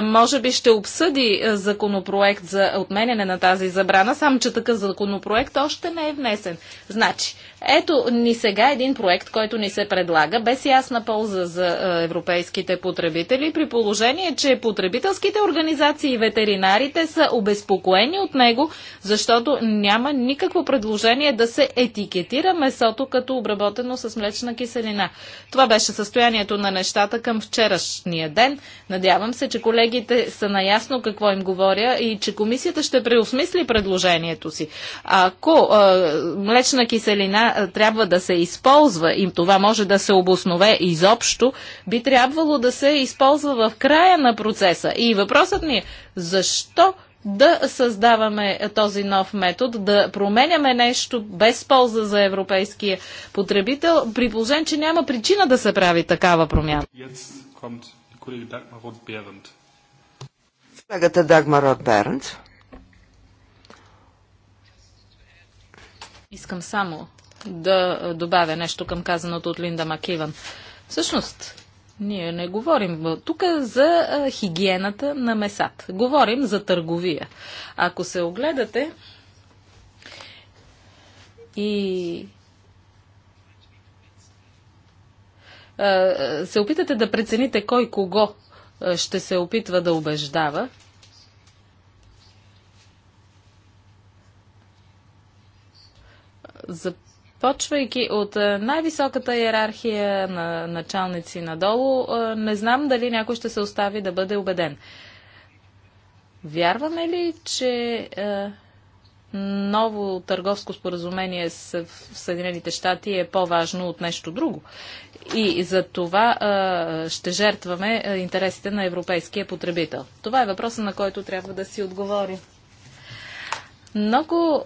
може би ще обсъди законопроект за отменяне на тази забрана, само че такъв законопроект още не е внесен. Значи, ето ни сега един проект, който ни се предлага, без ясна полза за е, европейските потребители, при положение, че потребителските организации и ветеринарите са обезпокоени от него, защото няма никакво предложение да се етикетира месото като обработено с млечна киселина. Това беше състоянието на нещата към вчерашния ден. Надявам се, че колегите са наясно какво им говоря и че комисията ще преосмисли предложението си. Ако а, е, млечна киселина е, трябва да се използва, и това може да се обоснове изобщо, би трябвало да се използва в края на процеса. И въпросът ми е, защо да създаваме този нов метод, да променяме нещо без полза за европейския потребител, при положен, че няма причина да се прави такава промяна. Колегата Дагмар от Берент. Искам само да добавя нещо към казаното от Линда Макиван. Всъщност, ние не говорим тук е за хигиената на месат. Говорим за търговия. Ако се огледате и се опитате да прецените кой кого ще се опитва да убеждава, за Почвайки от е, най-високата иерархия на началници надолу, е, не знам дали някой ще се остави да бъде убеден. Вярваме ли, че е, ново търговско споразумение с Съединените щати е по-важно от нещо друго? И за това ще жертваме интересите на европейския потребител. Това е въпросът, на който трябва да си отговорим. Много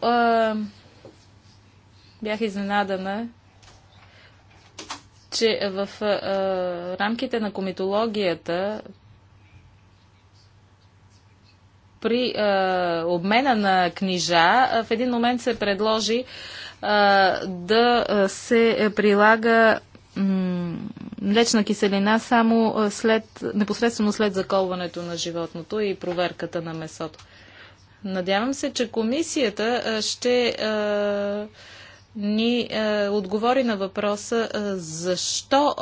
бях изненадана, че в а, рамките на комитологията при а, обмена на книжа в един момент се предложи а, да се прилага млечна киселина само след, непосредствено след заколването на животното и проверката на месото. Надявам се, че комисията ще а, ни е, отговори на въпроса е, защо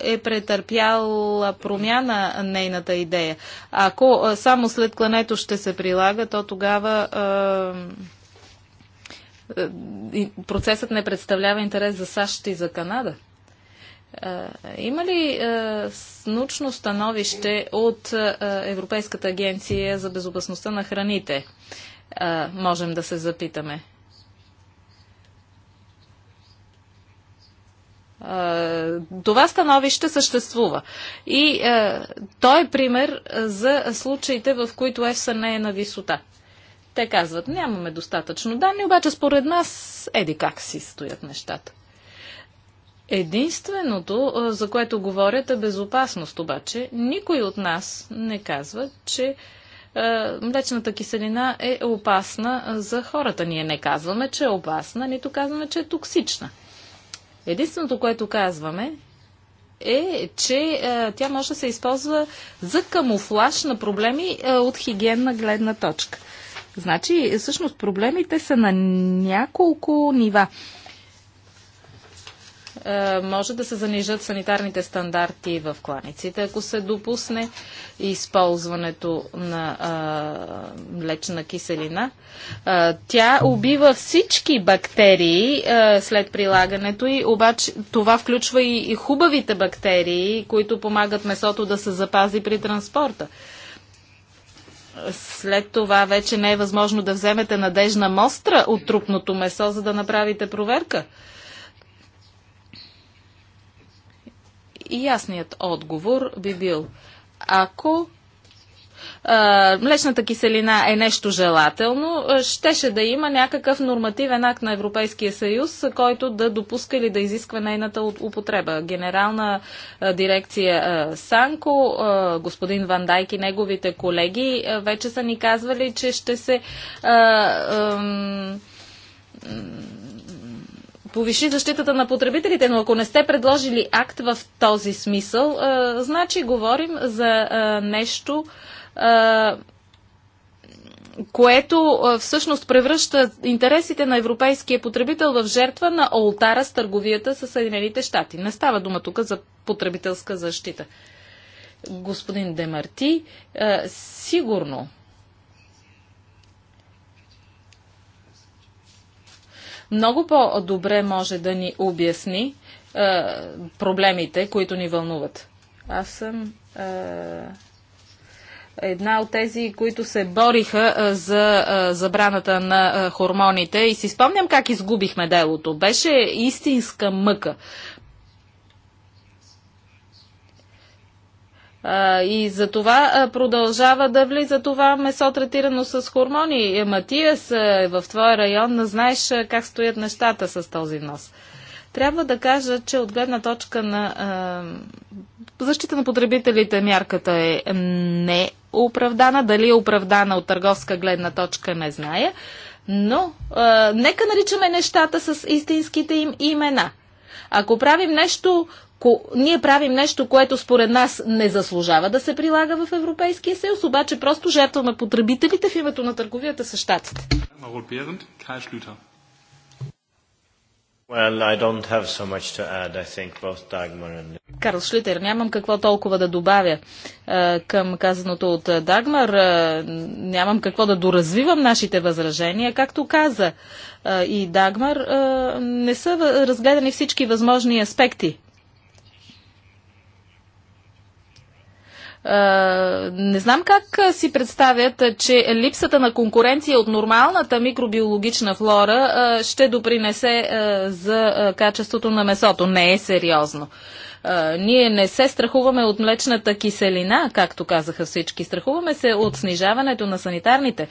е, е претърпяла промяна нейната идея. Ако е, само след клането ще се прилага, то тогава е, е, процесът не представлява интерес за САЩ и за Канада. Е, има ли е, научно становище от е, Европейската агенция за безопасността на храните? Е, можем да се запитаме. Това становище съществува. И е, той е пример за случаите, в които ЕФСА не е на висота. Те казват, нямаме достатъчно данни, обаче според нас, еди как си стоят нещата. Единственото, за което говорят, е безопасност. Обаче никой от нас не казва, че е, млечната киселина е опасна за хората. Ние не казваме, че е опасна, нито казваме, че е токсична. Единственото, което казваме, е, че е, тя може да се използва за камуфлаж на проблеми е, от хигиенна гледна точка. Значи, всъщност проблемите са на няколко нива. Е, може да се занижат санитарните стандарти в кланиците, ако се допусне използването на млечна е, киселина. Е, тя убива всички бактерии след прилагането и обаче това включва и, и хубавите бактерии, които помагат месото да се запази при транспорта след това вече не е възможно да вземете надежна мостра от трупното месо, за да направите проверка. И ясният отговор би бил, ако а, млечната киселина е нещо желателно, щеше да има някакъв нормативен акт на Европейския съюз, който да допуска или да изисква нейната употреба. Генерална а, дирекция а, Санко, а, господин Ван Дайк и неговите колеги а, вече са ни казвали, че ще се. А, а, повиши защитата на потребителите, но ако не сте предложили акт в този смисъл, а, значи говорим за а, нещо, а, което а, всъщност превръща интересите на европейския потребител в жертва на олтара с търговията с Съединените щати. Не става дума тук за потребителска защита. Господин Демарти, а, сигурно много по-добре може да ни обясни е, проблемите, които ни вълнуват. Аз съм е, една от тези, които се бориха е, за е, забраната на е, хормоните и си спомням как изгубихме делото. Беше истинска мъка. и за това продължава да влиза това месо третирано с хормони. Е, Матиас, е, в твоя район знаеш е, как стоят нещата с този нос. Трябва да кажа, че от гледна точка на а, защита на потребителите мярката е неоправдана. Дали е оправдана от търговска гледна точка, не зная. Но а, нека наричаме нещата с истинските им имена. Ако правим нещо ние правим нещо, което според нас не заслужава да се прилага в Европейския съюз, обаче просто жертваме потребителите в името на търговията с щатите. Well, I don't have so much to add, I think, both Dagmar and... Карл Шлитер, нямам какво толкова да добавя към казаното от Дагмар. нямам какво да доразвивам нашите възражения. Както каза и Дагмар, не са разгледани всички възможни аспекти не знам как си представят, че липсата на конкуренция от нормалната микробиологична флора ще допринесе за качеството на месото. Не е сериозно. Ние не се страхуваме от млечната киселина, както казаха всички. Страхуваме се от снижаването на санитарните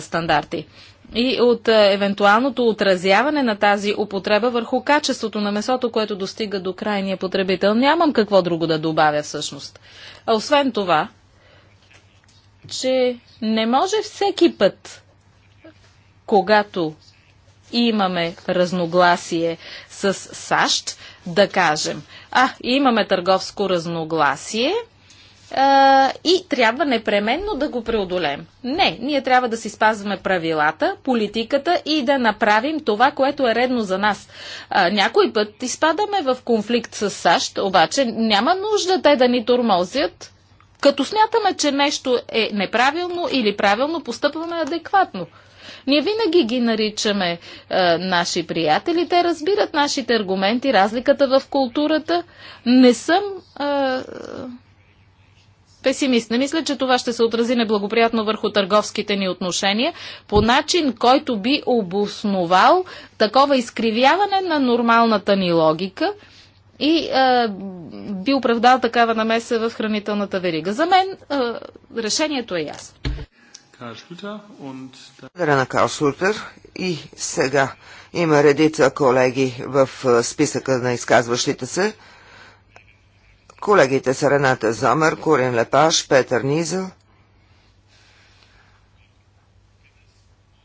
стандарти и от е, евентуалното отразяване на тази употреба върху качеството на месото, което достига до крайния потребител. Нямам какво друго да добавя всъщност. А освен това, че не може всеки път, когато имаме разногласие с САЩ, да кажем, а, имаме търговско разногласие – и трябва непременно да го преодолеем. Не, ние трябва да си спазваме правилата, политиката и да направим това, което е редно за нас. А, някой път изпадаме в конфликт с САЩ, обаче няма нужда те да ни тормозят. Като смятаме, че нещо е неправилно или правилно, постъпваме адекватно. Ние винаги ги наричаме е, наши приятели. Те разбират нашите аргументи, разликата в културата. Не съм. Е, песимист. Не мисля, че това ще се отрази неблагоприятно върху търговските ни отношения по начин, който би обосновал такова изкривяване на нормалната ни логика и е, би оправдал такава намеса в хранителната верига. За мен е, решението е ясно. Благодаря на Карл Шутер. И сега има редица колеги в е, списъка на изказващите се. Колегите са Рената Зомер, Корин Лепаш, Петър Низъл,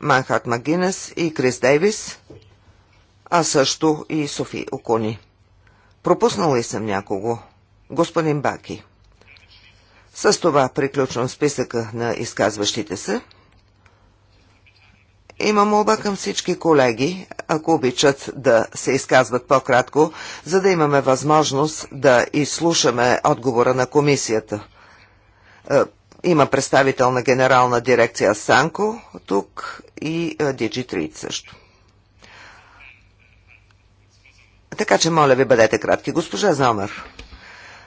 Манхат Магинес и Крис Дейвис, а също и Софи Окони. Пропуснал ли съм някого? Господин Баки. С това приключвам списъка на изказващите се. Имам молба към всички колеги, ако обичат да се изказват по-кратко, за да имаме възможност да изслушаме отговора на комисията. Е, има представител на генерална дирекция Санко тук и е, Диджи Трид също. Така че, моля ви, бъдете кратки. Госпожа Зомер.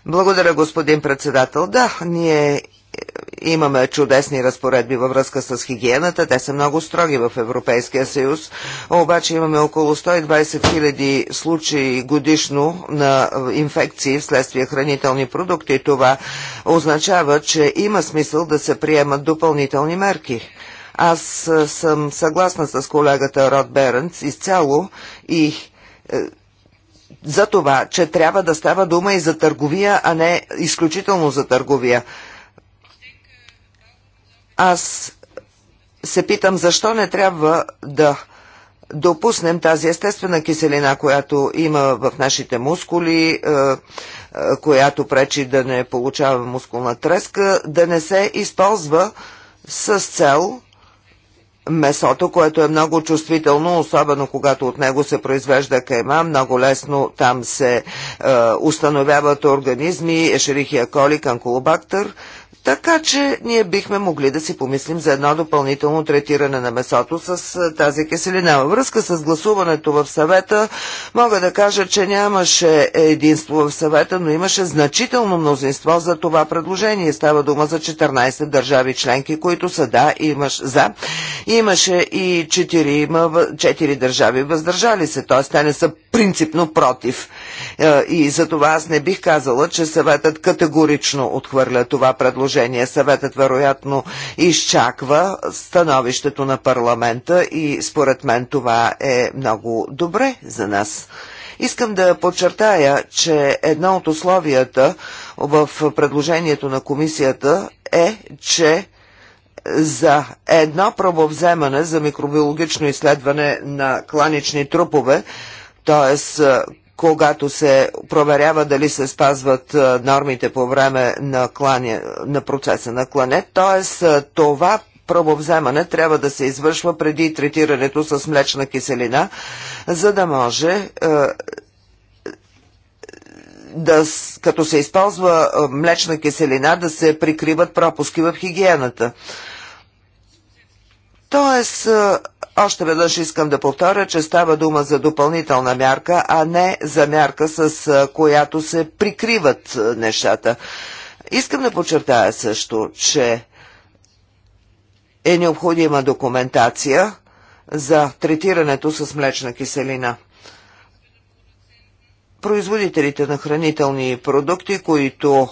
Благодаря, господин председател. Да, ние имаме чудесни разпоредби във връзка с хигиената, те са много строги в Европейския съюз, обаче имаме около 120 хиляди случаи годишно на инфекции вследствие хранителни продукти. Това означава, че има смисъл да се приемат допълнителни мерки. Аз съм съгласна с колегата Род Беренц изцяло и е, за това, че трябва да става дума и за търговия, а не изключително за търговия. Аз се питам защо не трябва да допуснем тази естествена киселина, която има в нашите мускули, е, е, която пречи да не получава мускулна треска, да не се използва с цел месото, което е много чувствително, особено когато от него се произвежда кайма, много лесно там се е, установяват организми, ешерихия коли, канкулобактер, така че ние бихме могли да си помислим за едно допълнително третиране на месото с тази киселина. Във връзка с гласуването в съвета, мога да кажа, че нямаше единство в съвета, но имаше значително мнозинство за това предложение. Става дума за 14 държави членки, които са да, имаш за. Имаше и 4, има, 4 държави въздържали се, т.е. те не са принципно против. Е, и за това аз не бих казала, че съветът категорично отхвърля това предложение. Съветът вероятно изчаква становището на парламента и според мен това е много добре за нас. Искам да подчертая, че едно от условията в предложението на комисията е, че за едно пробовземане за микробиологично изследване на кланични трупове, т.е когато се проверява дали се спазват нормите по време на, клане, на процеса на клане. Т.е. това пробовземане трябва да се извършва преди третирането с млечна киселина, за да може да, като се използва млечна киселина, да се прикриват пропуски в хигиената. Тоест, още веднъж искам да повторя, че става дума за допълнителна мярка, а не за мярка, с която се прикриват нещата. Искам да подчертая също, че е необходима документация за третирането с млечна киселина. Производителите на хранителни продукти, които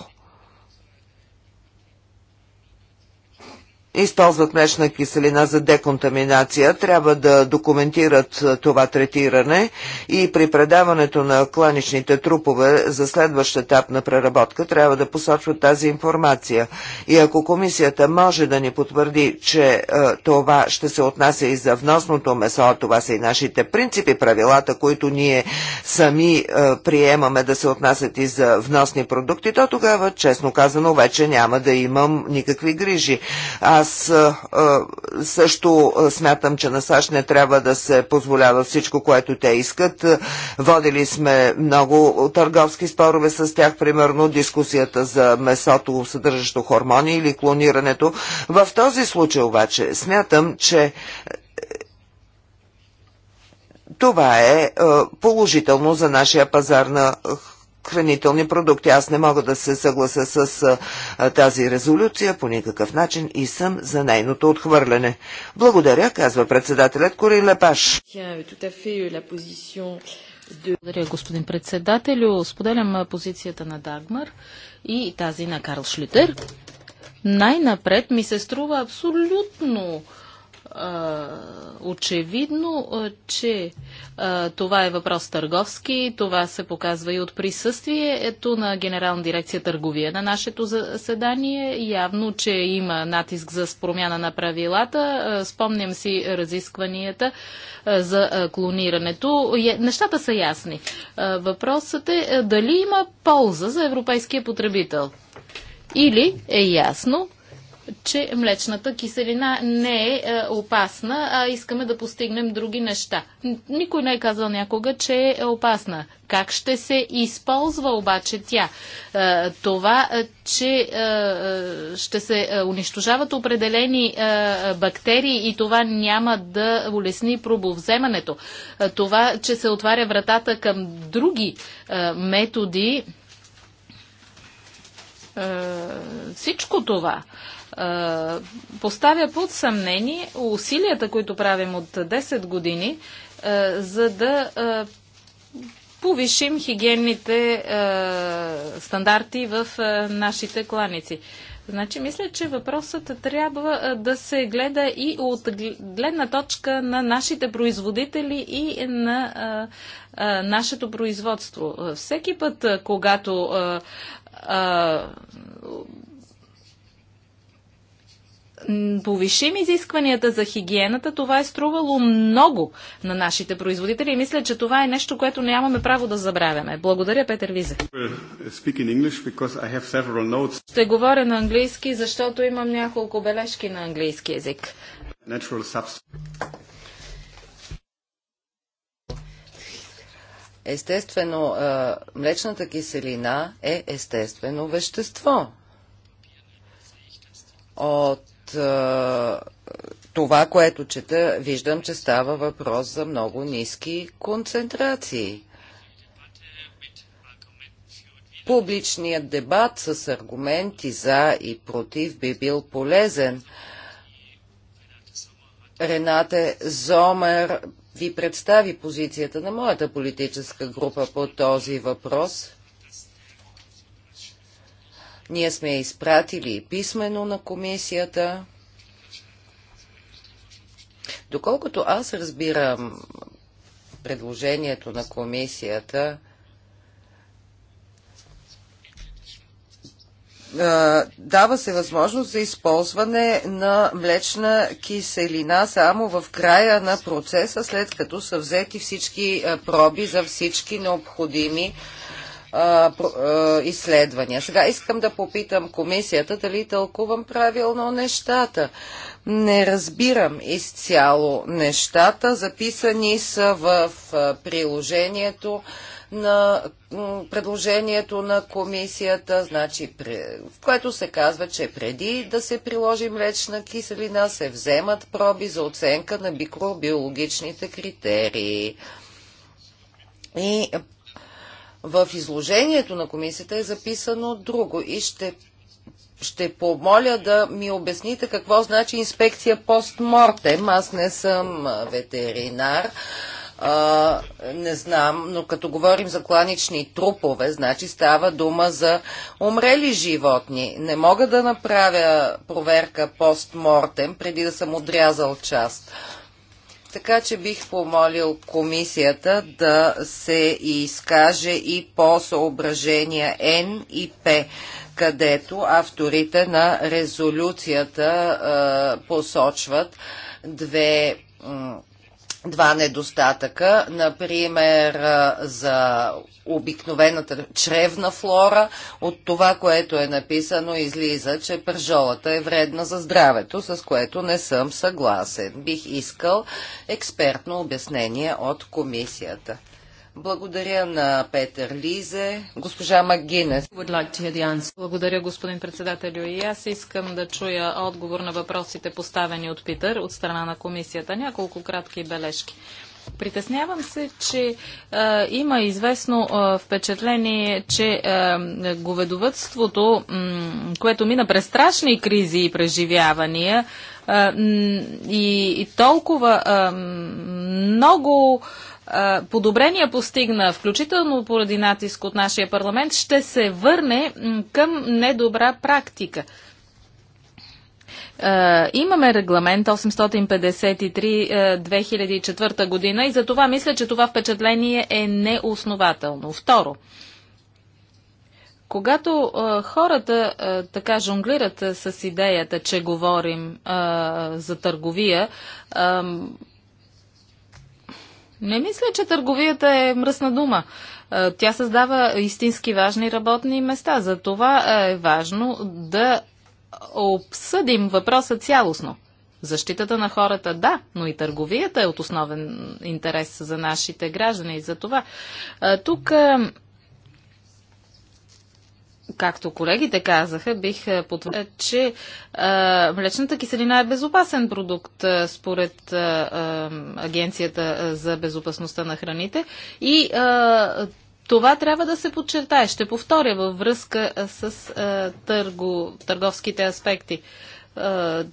използват млечна киселина за деконтаминация, трябва да документират това третиране и при предаването на кланичните трупове за следващ етап на преработка трябва да посочват тази информация. И ако комисията може да ни потвърди, че е, това ще се отнася и за вносното месо, това са и нашите принципи, правилата, които ние сами е, приемаме да се отнасят и за вносни продукти, то тогава, честно казано, вече няма да имам никакви грижи. Аз също смятам, че на САЩ не трябва да се позволява всичко, което те искат. Водили сме много търговски спорове с тях, примерно дискусията за месото, съдържащо хормони или клонирането. В този случай обаче смятам, че е, това е, е положително за нашия пазар на хранителни продукти. Аз не мога да се съгласа с а, тази резолюция по никакъв начин и съм за нейното отхвърляне. Благодаря, казва председателят Кори Лепаш. Благодаря, господин председателю. Споделям позицията на Дагмар и тази на Карл Шлютер. Най-напред ми се струва абсолютно а, очевидно, а, че това е въпрос търговски, това се показва и от присъствието на Генерална дирекция търговия на нашето заседание. Явно, че има натиск за спромяна на правилата. Спомням си разискванията за клонирането. Е, нещата са ясни. Въпросът е дали има полза за европейския потребител. Или е ясно, че млечната киселина не е, е опасна, а искаме да постигнем други неща. Никой не е казал някога, че е опасна. Как ще се използва обаче тя? Е, това, е, че ще се унищожават определени бактерии и това няма да улесни пробовземането. Това, че се отваря вратата към други методи, всичко това поставя под съмнение усилията, които правим от 10 години, за да повишим хигиенните стандарти в нашите кланици. Значи, мисля, че въпросът трябва да се гледа и от гледна точка на нашите производители и на а, а, нашето производство. Всеки път, когато а, повишим изискванията за хигиената, това е струвало много на нашите производители и мисля, че това е нещо, което нямаме право да забравяме. Благодаря, Петър Визе. Ще говоря на английски, защото имам няколко бележки на английски язик. Естествено, млечната киселина е естествено вещество. От е, това, което чета, виждам, че става въпрос за много ниски концентрации. Публичният дебат с аргументи за и против би бил полезен. Ренате Зомер ви представи позицията на моята политическа група по този въпрос. Ние сме изпратили и писмено на комисията. Доколкото аз разбирам предложението на комисията, дава се възможност за използване на млечна киселина само в края на процеса, след като са взети всички проби за всички необходими изследвания. Сега искам да попитам комисията дали тълкувам правилно нещата. Не разбирам изцяло нещата. Записани са в приложението на предложението на комисията, значи, в което се казва, че преди да се приложи млечна киселина се вземат проби за оценка на микробиологичните критерии. И в изложението на комисията е записано друго и ще, ще помоля да ми обясните какво значи инспекция постмортем. Аз не съм ветеринар. А, не знам, но като говорим за кланични трупове, значи става дума за умрели животни. Не мога да направя проверка постмортем, преди да съм отрязал част. А, така че бих помолил комисията да се изкаже и по съображения Н и П, където авторите на резолюцията е, посочват две два недостатъка, например за обикновената чревна флора, от това, което е написано, излиза, че пържолата е вредна за здравето, с което не съм съгласен. Бих искал експертно обяснение от комисията. Благодаря на Петър Лизе. Госпожа Магинес. Благодаря, господин председателю. И аз искам да чуя отговор на въпросите поставени от Питър от страна на комисията. Няколко кратки бележки. Притеснявам се, че а, има известно а, впечатление, че а, говедовътството, което мина през страшни кризи и преживявания, а, и, и толкова а, много а, подобрения постигна, включително поради натиск от нашия парламент, ще се върне към недобра практика. Имаме регламент 853-2004 година и за това мисля, че това впечатление е неоснователно. Второ, когато хората така жонглират с идеята, че говорим за търговия, не мисля, че търговията е мръсна дума. Е, тя създава истински важни работни места. За това е важно да обсъдим въпроса цялостно. Защитата на хората, да, но и търговията е от основен интерес за нашите граждани. И за това е, тук е, както колегите казаха, бих е, потвърдила, че а, млечната киселина е безопасен продукт а, според а, Агенцията за безопасността на храните и това трябва да се подчертае. Ще повторя във връзка с търго, търговските аспекти.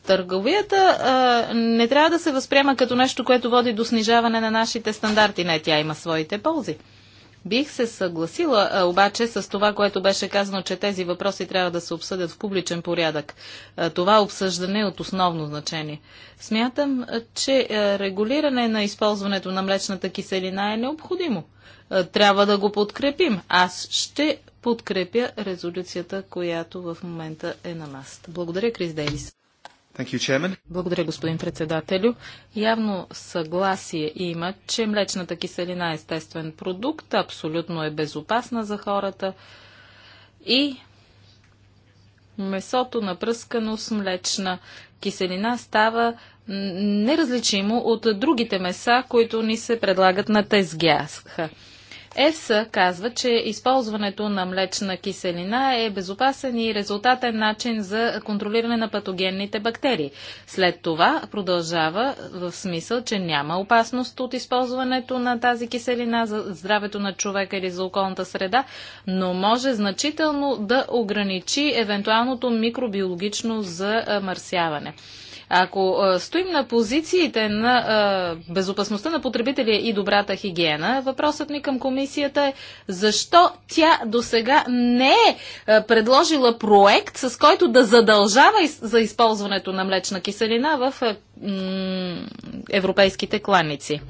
Търговията не трябва да се възприема като нещо, което води до снижаване на нашите стандарти. Не, тя има своите ползи. Бих се съгласила а, обаче с това, което беше казано, че тези въпроси трябва да се обсъдят в публичен порядък. А, това обсъждане е от основно значение. Смятам, а, че регулиране на използването на млечната киселина е необходимо. Трябва да го подкрепим. Аз ще подкрепя резолюцията, която в момента е на маста. Благодаря, Крис Дейвис. You, Благодаря, господин председателю. Явно съгласие има, че млечната киселина е естествен продукт, абсолютно е безопасна за хората и месото напръскано с млечна киселина става неразличимо от другите меса, които ни се предлагат на тезгяска. ЕС казва, че използването на млечна киселина е безопасен и резултатен начин за контролиране на патогенните бактерии. След това продължава в смисъл, че няма опасност от използването на тази киселина за здравето на човека или за околната среда, но може значително да ограничи евентуалното микробиологично замърсяване. Ако стоим на позициите на безопасността на потребителя и добрата хигиена, въпросът ми към комисията е защо тя до сега не е предложила проект, с който да задължава за използването на млечна киселина в европейските кланици.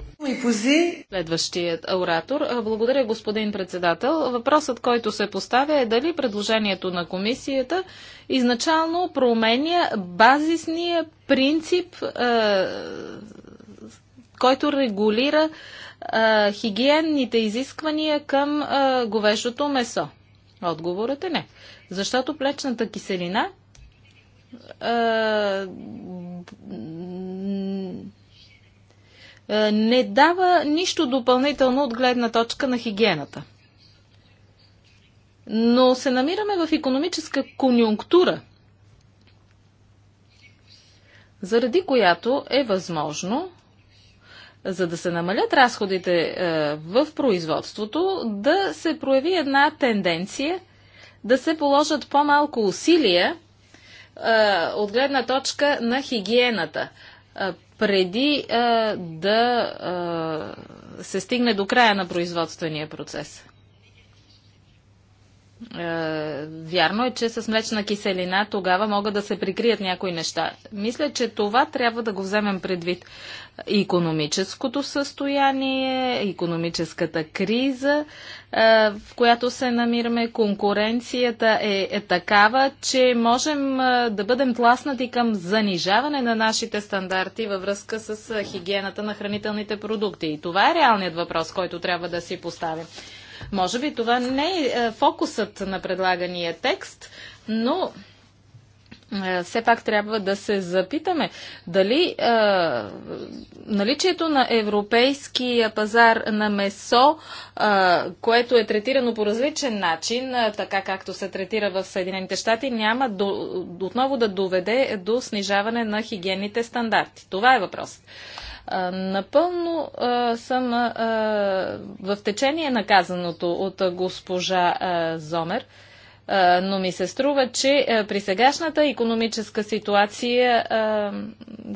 Следващият оратор. Благодаря, господин председател. Въпросът, който се поставя е дали предложението на комисията изначално променя базисния принцип, който регулира хигиенните изисквания към говеждото месо. Отговорът е не. Защото плечната киселина не дава нищо допълнително от гледна точка на хигиената. Но се намираме в економическа конюнктура, заради която е възможно, за да се намалят разходите е, в производството, да се прояви една тенденция да се положат по-малко усилия от гледна точка на хигиената. Преди да се стигне до края на производствения процес. Вярно е, че с млечна киселина тогава могат да се прикрият някои неща. Мисля, че това трябва да го вземем предвид економическото състояние, економическата криза, е, в която се намираме. Конкуренцията е, е такава, че можем е, да бъдем тласнати към занижаване на нашите стандарти във връзка с е, хигиената на хранителните продукти. И това е реалният въпрос, който трябва да си поставим. Може би това не е фокусът на предлагания текст, но е, все пак трябва да се запитаме дали а, е, наличието на европейския пазар на месо, а, е, което е третирано по различен начин, а, така както се третира в Съединените щати, няма до, отново да доведе до снижаване на хигиенните стандарти. Това е въпросът. Напълно а, съм а, в течение на казаното от а, госпожа Зомер но ми се струва, че при сегашната економическа ситуация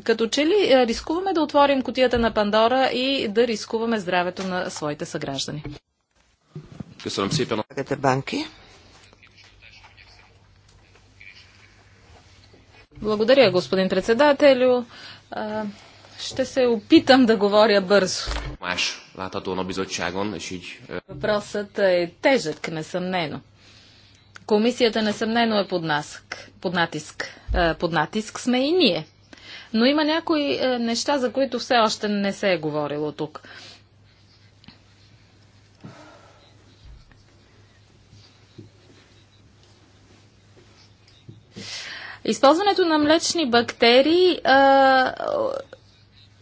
като че ли рискуваме да отворим котията на Пандора и да рискуваме здравето на своите съграждани. Банки. Благодаря, господин председателю. Ще се опитам да говоря бързо. Въпросът е тежък, несъмнено. Комисията несъмнено е под, наск, под натиск. Под натиск сме и ние. Но има някои неща, за които все още не се е говорило тук. Използването на млечни бактерии а,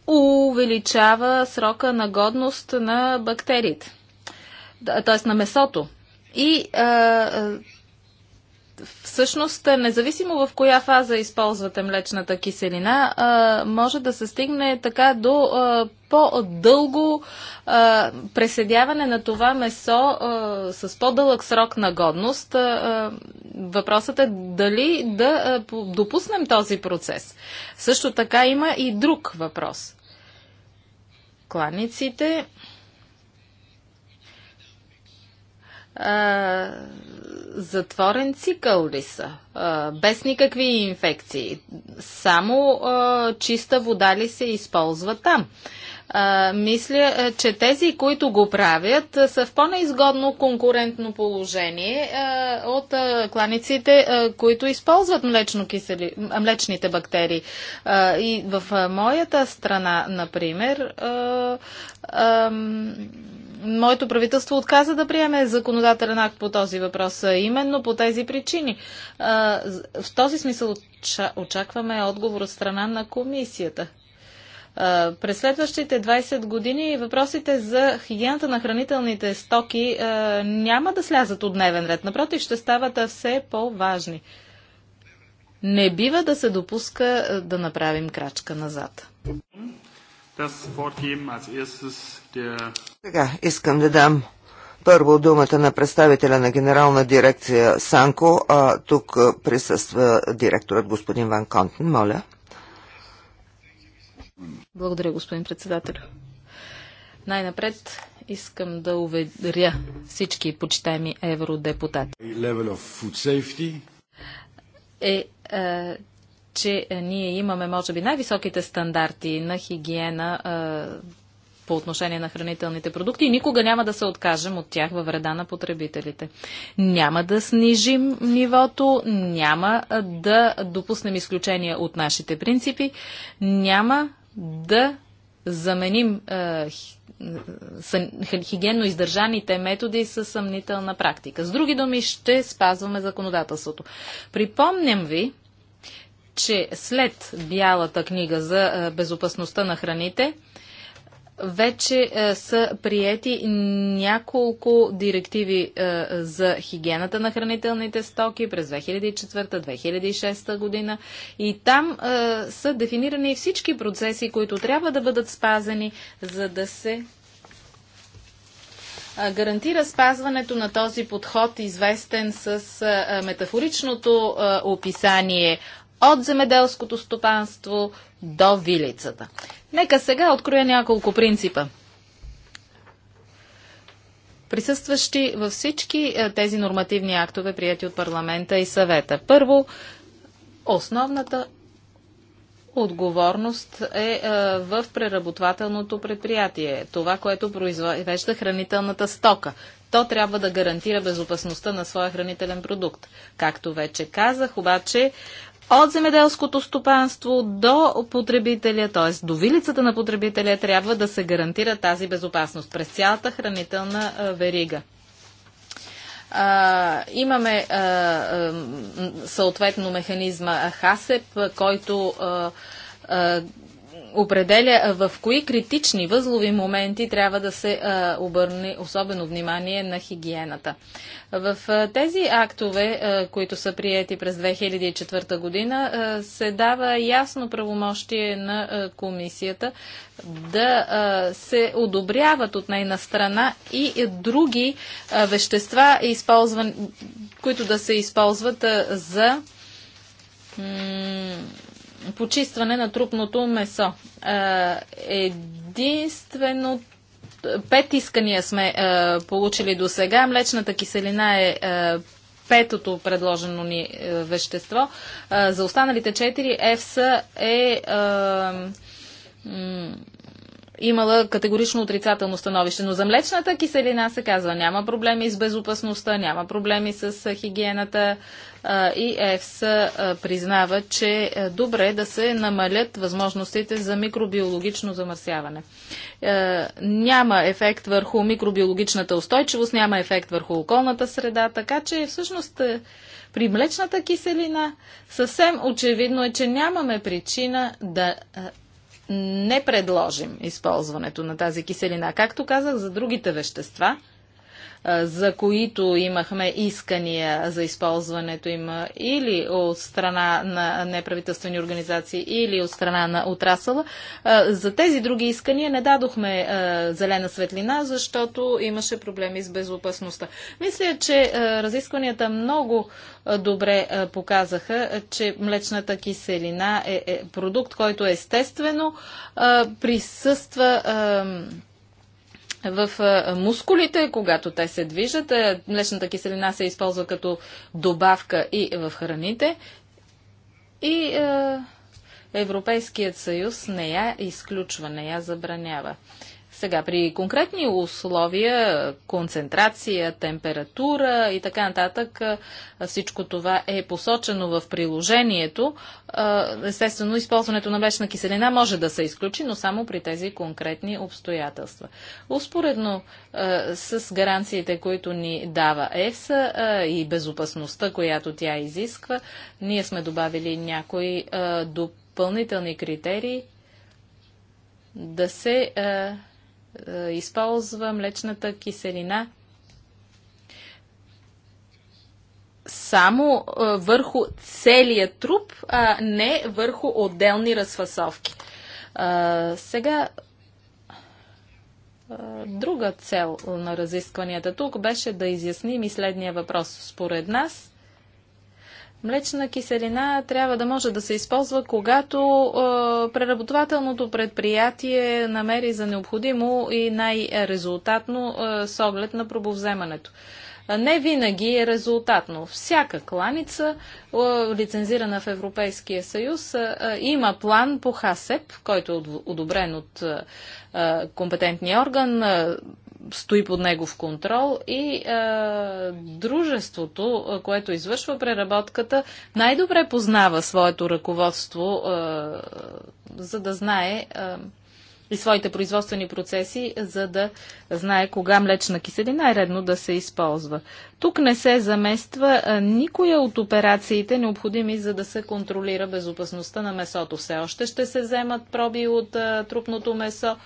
увеличава срока на годност на бактериите, т.е. на месото. И а, всъщност, е, независимо в коя фаза използвате млечната киселина, а, може да се стигне така до по-дълго преседяване на това месо а, с по-дълъг срок на годност. А, въпросът е дали да допуснем този процес. Също така има и друг въпрос. Кланиците затворен цикъл ли са? Без никакви инфекции. Само чиста вода ли се използва там? Мисля, че тези, които го правят, са в по-неизгодно конкурентно положение от кланиците, които използват млечните бактерии. И в моята страна, например, моето правителство отказа да приеме законодателен акт по този въпрос, именно по тези причини. В този смисъл очакваме отговор от страна на комисията. През следващите 20 години въпросите за хигиената на хранителните стоки няма да слязат от дневен ред. Напротив, ще стават все по-важни. Не бива да се допуска да направим крачка назад. Сега искам да дам първо думата на представителя на генерална дирекция Санко, а тук присъства директорът господин Ван Контен. Моля. Благодаря, господин председател. Най-напред искам да уверя всички почитаеми евродепутати. Е, е, че е, ние имаме, може би, най-високите стандарти на хигиена е, по отношение на хранителните продукти и никога няма да се откажем от тях във вреда на потребителите. Няма да снижим нивото, няма е, да допуснем изключения от нашите принципи, няма да заменим е, хигиенно издържаните методи с съмнителна практика. С други думи, ще спазваме законодателството. Припомням ви, че след Бялата книга за е, безопасността на храните, вече е, са приети няколко директиви е, за хигиената на хранителните стоки през 2004-2006 година и там са дефинирани всички процеси, които трябва да бъдат спазени, за да се гарантира спазването на този подход, известен с метафоричното описание от земеделското стопанство до вилицата. Нека сега откроя няколко принципа. Присъстващи във всички е, тези нормативни актове, прияти от парламента и съвета. Първо, основната отговорност е, е в преработвателното предприятие, това, което произвежда хранителната стока. То трябва да гарантира безопасността на своя хранителен продукт. Както вече казах, обаче от земеделското стопанство до потребителя, т.е. до вилицата на потребителя трябва да се гарантира тази безопасност през цялата хранителна верига. А, имаме а, съответно механизма ХАСЕП, който а, определя в кои критични възлови моменти трябва да се а, обърне особено внимание на хигиената. В а, тези актове, а, които са приети през 2004 година, а, се дава ясно правомощие на а, комисията да а, се одобряват от нейна страна и, други а, вещества, използван, които да се използват а, за почистване на трупното месо. Е, единствено пет искания сме е, получили до сега. Млечната киселина е, е петото предложено ни вещество. За останалите четири ЕФСА е имала категорично отрицателно становище. Но за млечната киселина се казва, няма проблеми с безопасността, няма проблеми с хигиената и ЕФС признава, че е добре да се намалят възможностите за микробиологично замърсяване. Няма ефект върху микробиологичната устойчивост, няма ефект върху околната среда, така че всъщност при млечната киселина съвсем очевидно е, че нямаме причина да не предложим използването на тази киселина. Както казах, за другите вещества – за които имахме искания за използването им или от страна на неправителствени организации, или от страна на отрасъла. За тези други искания не дадохме зелена светлина, защото имаше проблеми с безопасността. Мисля, че разискванията много добре показаха, че млечната киселина е, е продукт, който естествено присъства в мускулите, когато те се движат. Млечната киселина се използва като добавка и в храните. И Европейският съюз не я изключва, не я забранява. Сега, при конкретни условия, концентрация, температура и така нататък, всичко това е посочено в приложението. Естествено, използването на вечна киселина може да се изключи, но само при тези конкретни обстоятелства. Успоредно с гаранциите, които ни дава ЕСА и безопасността, която тя изисква, ние сме добавили някои допълнителни критерии да се е, използва млечната киселина само е, върху целия труп, а не върху отделни разфасовки. Е, сега друга цел на разискванията тук беше да изясним и следния въпрос. Според нас Млечна киселина трябва да може да се използва, когато е, преработвателното предприятие намери за необходимо и най-резултатно е, с оглед на пробовземането. Не винаги е резултатно. Всяка кланица, е, лицензирана в Европейския съюз, е, има план по ХАСЕП, който е одобрен от е, компетентния орган стои под негов контрол и е, дружеството, е, което извършва преработката, най-добре познава своето ръководство, е, за да знае е, и своите производствени процеси, за да знае кога млечна киселина е редно да се използва. Тук не се замества е, никоя от операциите, необходими за да се контролира безопасността на месото. Все още ще се вземат проби от е, трупното месо,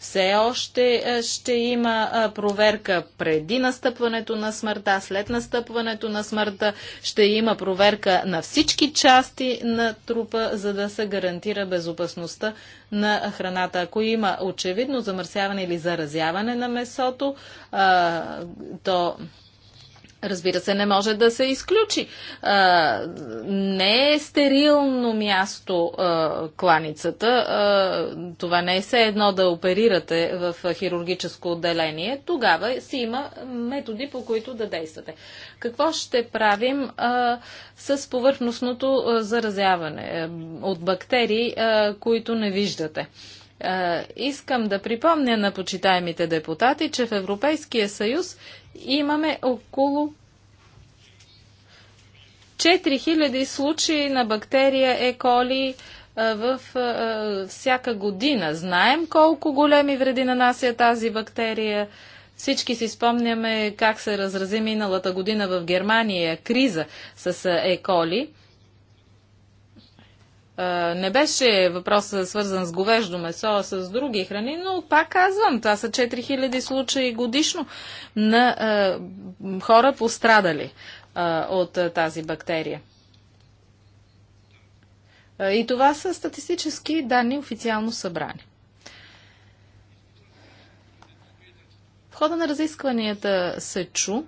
все още е, ще има е, проверка преди настъпването на смъртта, след настъпването на смъртта. Ще има проверка на всички части на трупа, за да се гарантира безопасността на храната. Ако има очевидно замърсяване или заразяване на месото, е, то Разбира се, не може да се изключи. А, не е стерилно място а, кланицата. А, това не е все едно да оперирате в хирургическо отделение. Тогава си има методи, по които да действате. Какво ще правим а, с повърхностното заразяване от бактерии, а, които не виждате? А, е, искам да припомня на почитаемите депутати, че в Европейския съюз имаме около 4000 случаи на бактерия Е. коли е, в е, всяка година. Знаем колко големи вреди нанася тази бактерия. Всички си спомняме как се разрази миналата година в Германия криза с еколи. Е, не беше въпросът свързан с говеждо месо, а с други храни, но пак казвам, това са 4000 случаи годишно на а, е, хора пострадали а, е, от а, тази бактерия. И това са статистически данни официално събрани. В хода на разискванията се чу,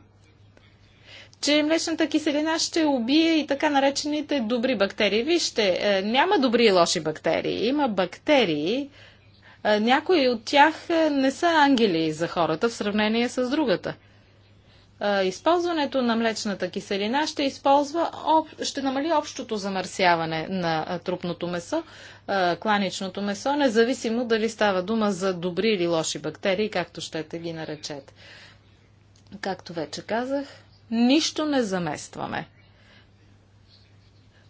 че млечната киселина ще убие и така наречените добри бактерии. Вижте, е, няма добри и лоши бактерии. Има бактерии. Е, някои от тях е, не са ангели за хората в сравнение с другата. Използването на млечната киселина ще, използва, ще намали общото замърсяване на трупното месо, кланичното месо, независимо дали става дума за добри или лоши бактерии, както щете ги наречете. Както вече казах, Нищо не заместваме.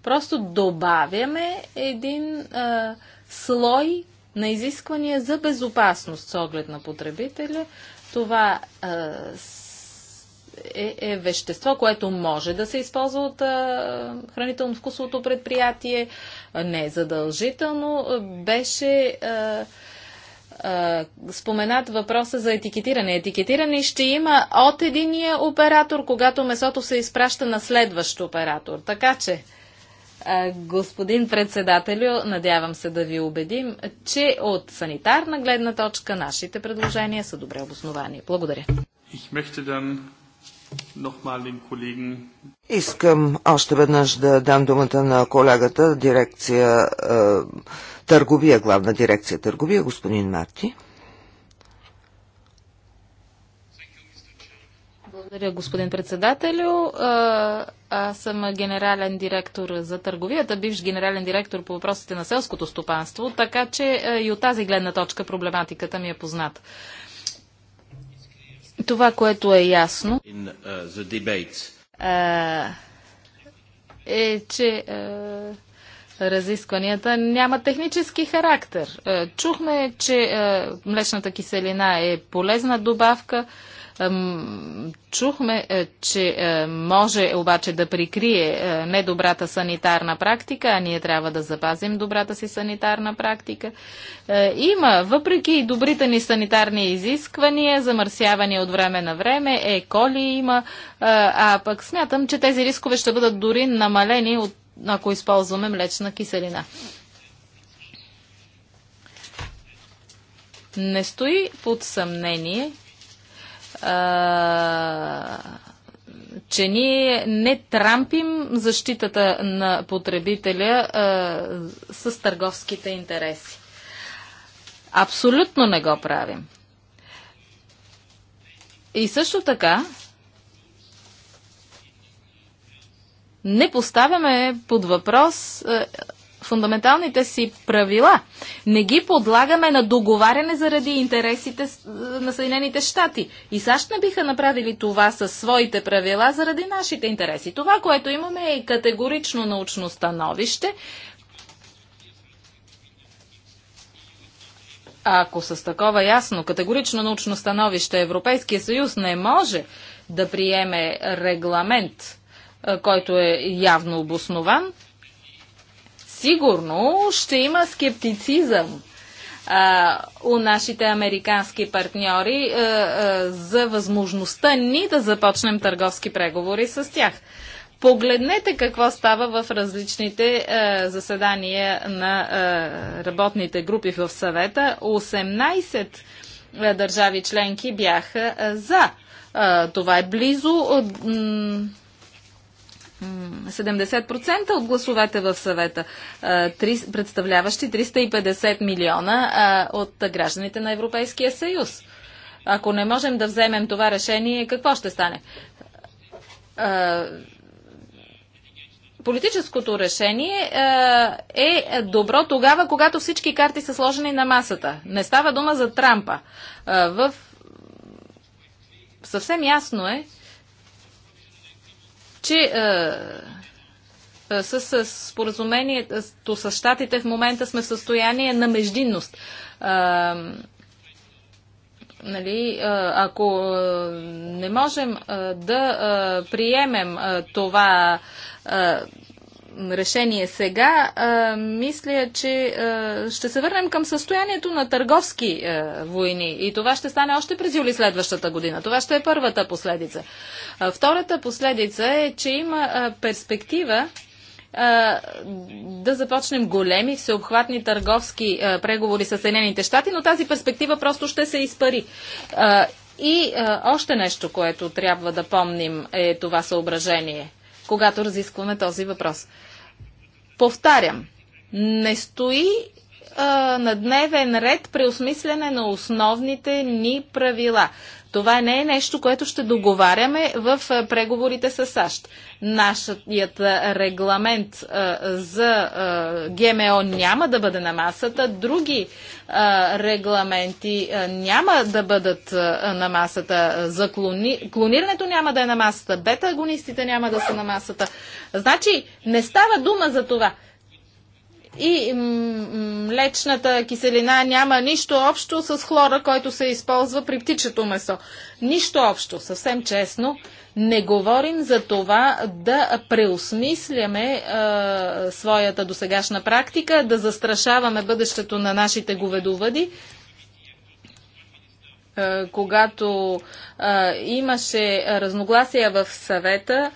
Просто добавяме един а, слой на изисквания за безопасност с оглед на потребителя. Това а, е, е вещество, което може да се използва от хранително-вкусовото предприятие, не е задължително. Беше а, споменат въпроса за етикетиране. Етикетиране ще има от единия оператор, когато месото се изпраща на следващ оператор. Така че, а, господин председателю, надявам се да ви убедим, че от санитарна гледна точка нашите предложения са добре обосновани. Благодаря. Ich möchte dann Искам още веднъж да дам думата на колегата, дирекция е, Търговия, главна дирекция Търговия, господин Марти. Благодаря, господин председателю. Е, аз съм генерален директор за търговията, бивш генерален директор по въпросите на селското стопанство, така че е, и от тази гледна точка проблематиката ми е позната. Това, което е ясно, uh, е, че разискванията няма технически характер. чухме, че млечната киселина е полезна добавка. Чухме, е, че е, може обаче да прикрие е, недобрата санитарна практика, а ние трябва да запазим добрата си санитарна практика. Има, въпреки добрите ни санитарни изисквания, замърсявания от време на време, е коли има, а пък смятам, че тези рискове ще бъдат дори намалени, ако използваме млечна киселина. Не стои под съмнение, а, че ние не трампим защитата на потребителя а, с търговските интереси. Абсолютно не го правим. И също така не поставяме под въпрос а, фундаменталните си правила. Не ги подлагаме на договаряне заради интересите на Съединените щати. И САЩ не биха направили това със своите правила заради нашите интереси. Това, което имаме е категорично научно становище, А ако с такова ясно, категорично научно становище Европейския съюз не може да приеме регламент, който е явно обоснован, сигурно ще има скептицизъм а, у нашите американски партньори а, а, за възможността ни да започнем търговски преговори с тях. Погледнете какво става в различните е, заседания на е, работните групи в съвета. 18 е, държави членки бяха е, за. Е, това е близо от, 70% от гласовете в съвета, представляващи 350 милиона от гражданите на Европейския съюз. Ако не можем да вземем това решение, какво ще стане? политическото решение е добро тогава, когато всички карти са сложени на масата. Не става дума за Трампа. В... Съвсем ясно е, че а, е, е, с, с споразумението с щатите в момента сме в състояние на междинност. А, е, нали, ако не можем да приемем това решение сега, а, мисля, че а, ще се върнем към състоянието на търговски а, войни. И това ще стане още през юли следващата година. Това ще е първата последица. А, втората последица е, че има а, перспектива да започнем големи, всеобхватни търговски преговори с Съединените щати, но тази перспектива просто ще се изпари. и още нещо, което трябва да помним е това съображение когато разискваме този въпрос. Повтарям, не стои а, на дневен ред преосмислене на основните ни правила. Това не е нещо, което ще договаряме в преговорите с САЩ. Нашият регламент за ГМО няма да бъде на масата, други регламенти няма да бъдат на масата, за клони... клонирането няма да е на масата, бета-агонистите няма да са на масата. Значи не става дума за това. И млечната киселина няма нищо общо с хлора, който се използва при птичето месо. Нищо общо, съвсем честно. Не говорим за това да преосмисляме е, своята досегашна практика, да застрашаваме бъдещето на нашите говедовъди е, когато е, имаше разногласия в съвета,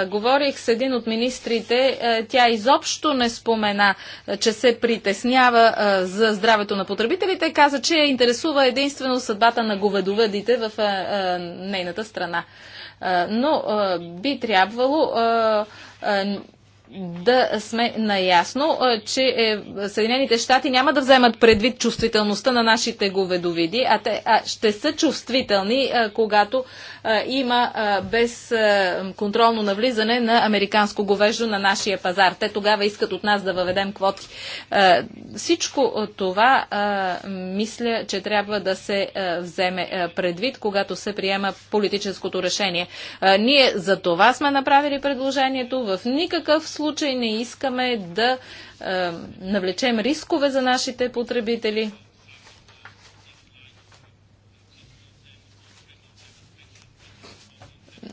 е, говорих с един от министрите, тя изобщо не спомена, че се притеснява за здравето на потребителите, каза, че я интересува единствено съдбата на говедоведите в нейната страна. Но би трябвало да сме наясно, че е, Съединените щати няма да вземат предвид чувствителността на нашите говедовиди, а те ще са чувствителни, когато има безконтролно навлизане на американско говеждо на нашия пазар. Те тогава искат от нас да въведем квоти. Всичко това мисля, че трябва да се вземе предвид, когато се приема политическото решение. Ние за това сме направили предложението. В никакъв случай не искаме да навлечем рискове за нашите потребители.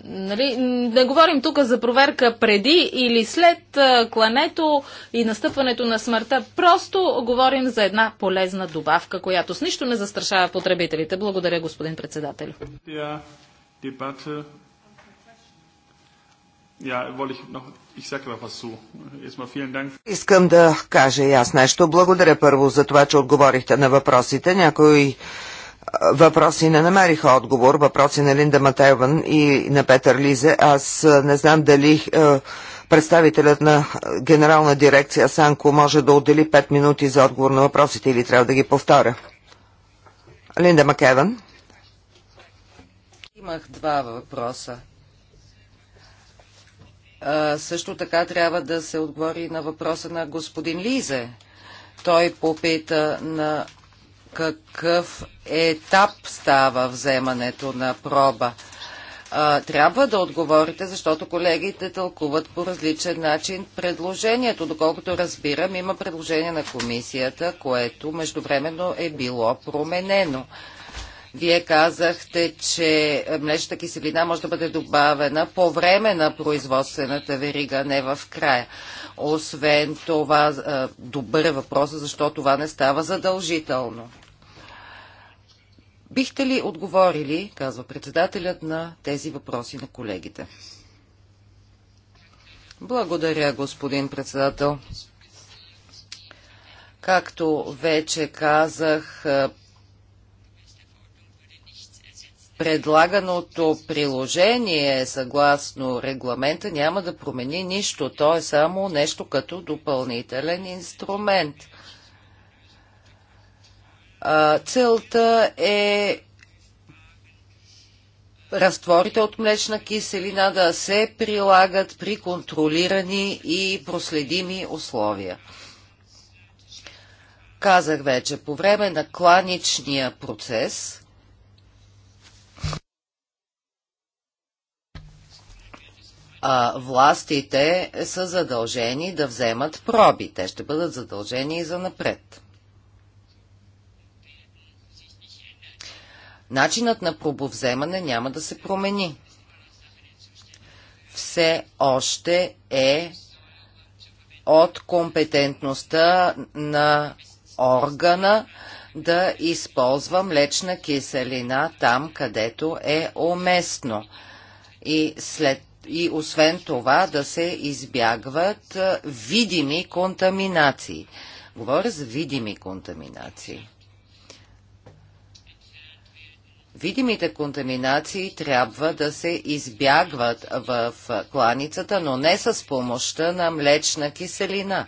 нали, не говорим тук за проверка преди или след клането и настъпването на смъртта. Просто говорим за една полезна добавка, която с нищо не застрашава потребителите. Благодаря, господин председател. Искам да кажа и аз нещо. Благодаря първо за това, че отговорихте на въпросите. Някои въпроси не намериха отговор, въпроси на Линда Матеван и на Петър Лизе. Аз не знам дали представителят на генерална дирекция Санко може да отдели 5 минути за отговор на въпросите или трябва да ги повторя. Линда Макеван. Имах два въпроса. А, също така трябва да се отговори на въпроса на господин Лизе. Той попита на какъв етап става вземането на проба. трябва да отговорите, защото колегите тълкуват по различен начин предложението. Доколкото разбирам, има предложение на комисията, което междувременно е било променено. Вие казахте, че млечната киселина може да бъде добавена по време на производствената верига, не в края. Освен това, добър е въпрос, защо това не става задължително. Бихте ли отговорили, казва председателят, на тези въпроси на колегите? Благодаря, господин председател. Както вече казах, е, предлаганото приложение съгласно регламента няма да промени нищо. То е само нещо като допълнителен инструмент – Целта е разтворите от млечна киселина да се прилагат при контролирани и проследими условия. Казах вече, по време на кланичния процес а, властите са задължени да вземат проби. Те ще бъдат задължени и за напред. начинът на пробовземане няма да се промени. Все още е от компетентността на органа да използва млечна киселина там, където е уместно. И след и освен това да се избягват видими контаминации. Говоря за видими контаминации. Видимите контаминации трябва да се избягват в кланицата, но не с помощта на млечна киселина.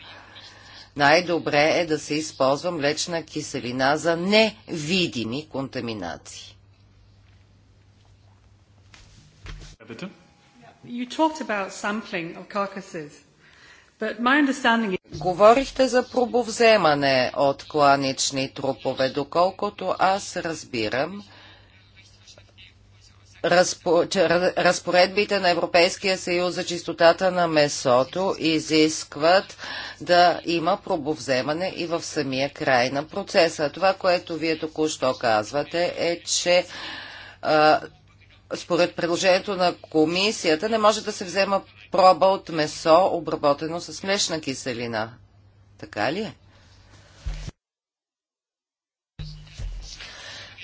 Най-добре е да се използва млечна киселина за невидими контаминации. Understanding... Говорихте за пробовземане от кланични трупове. Доколкото аз разбирам, разпоредбите на Европейския съюз за чистотата на месото изискват да има пробовземане и в самия край на процеса. Това, което вие току-що казвате е, че а, според предложението на комисията не може да се взема проба от месо, обработено с млечна киселина. Така ли е?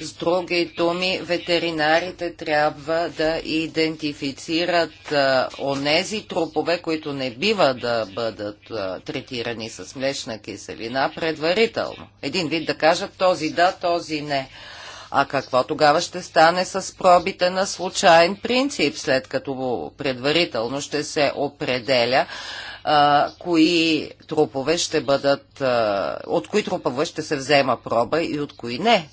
С други думи, ветеринарите трябва да идентифицират онези трупове, които не бива да бъдат третирани с млечна киселина предварително. Един вид да кажат този да, този не. А какво тогава ще стане с пробите на случайен принцип, след като предварително ще се определя а, кои трупове ще бъдат, а, от кои трупове ще се взема проба и от кои не?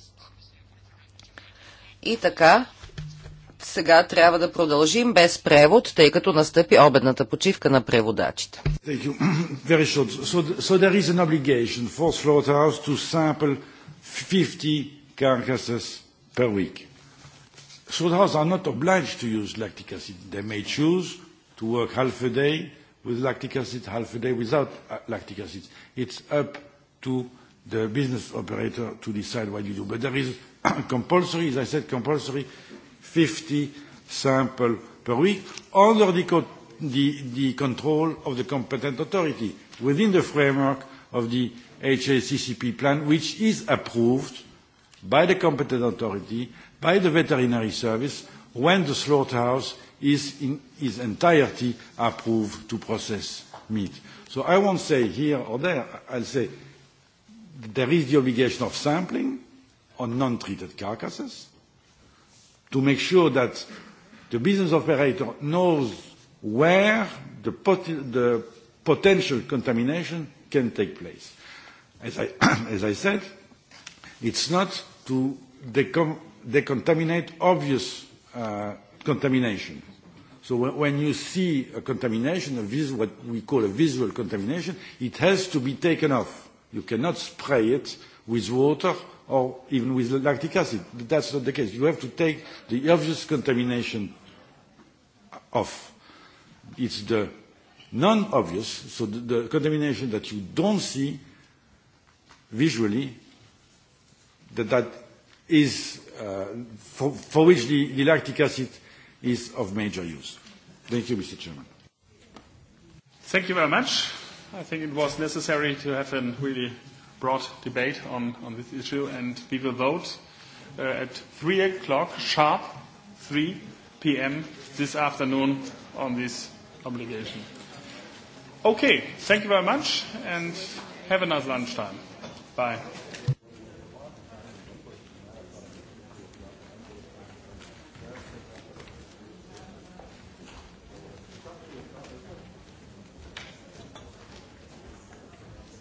И така, сега трябва да продължим без превод, тъй като настъпи обедната почивка на преводачите. Slaughterhouses are not obliged to use lactic acid. They may choose to work half a day with lactic acid, half a day without lactic acid. It's up to the business operator to decide what you do. But there is compulsory, as I said, compulsory 50 sample per week under the, the, the control of the competent authority within the framework of the HACCP plan, which is approved by the competent authority, by the veterinary service, when the slaughterhouse is in its entirety approved to process meat. So I won't say here or there, I'll say there is the obligation of sampling, on non-treated carcasses to make sure that the business operator knows where the, pot- the potential contamination can take place. As I, as I said, it's not to decom- decontaminate obvious uh, contamination. So when you see a contamination, a vis- what we call a visual contamination, it has to be taken off. You cannot spray it with water or even with lactic acid. But that's not the case. You have to take the obvious contamination off. It's the non-obvious, so the, the contamination that you don't see visually, that that is uh, for, for which the, the lactic acid is of major use. Thank you, Mr. Chairman. Thank you very much. I think it was necessary to have a really broad debate on, on this issue, and we will vote uh, at 3 o'clock sharp, 3 p.m. this afternoon on this obligation. Okay, thank you very much, and have a nice lunchtime. Bye.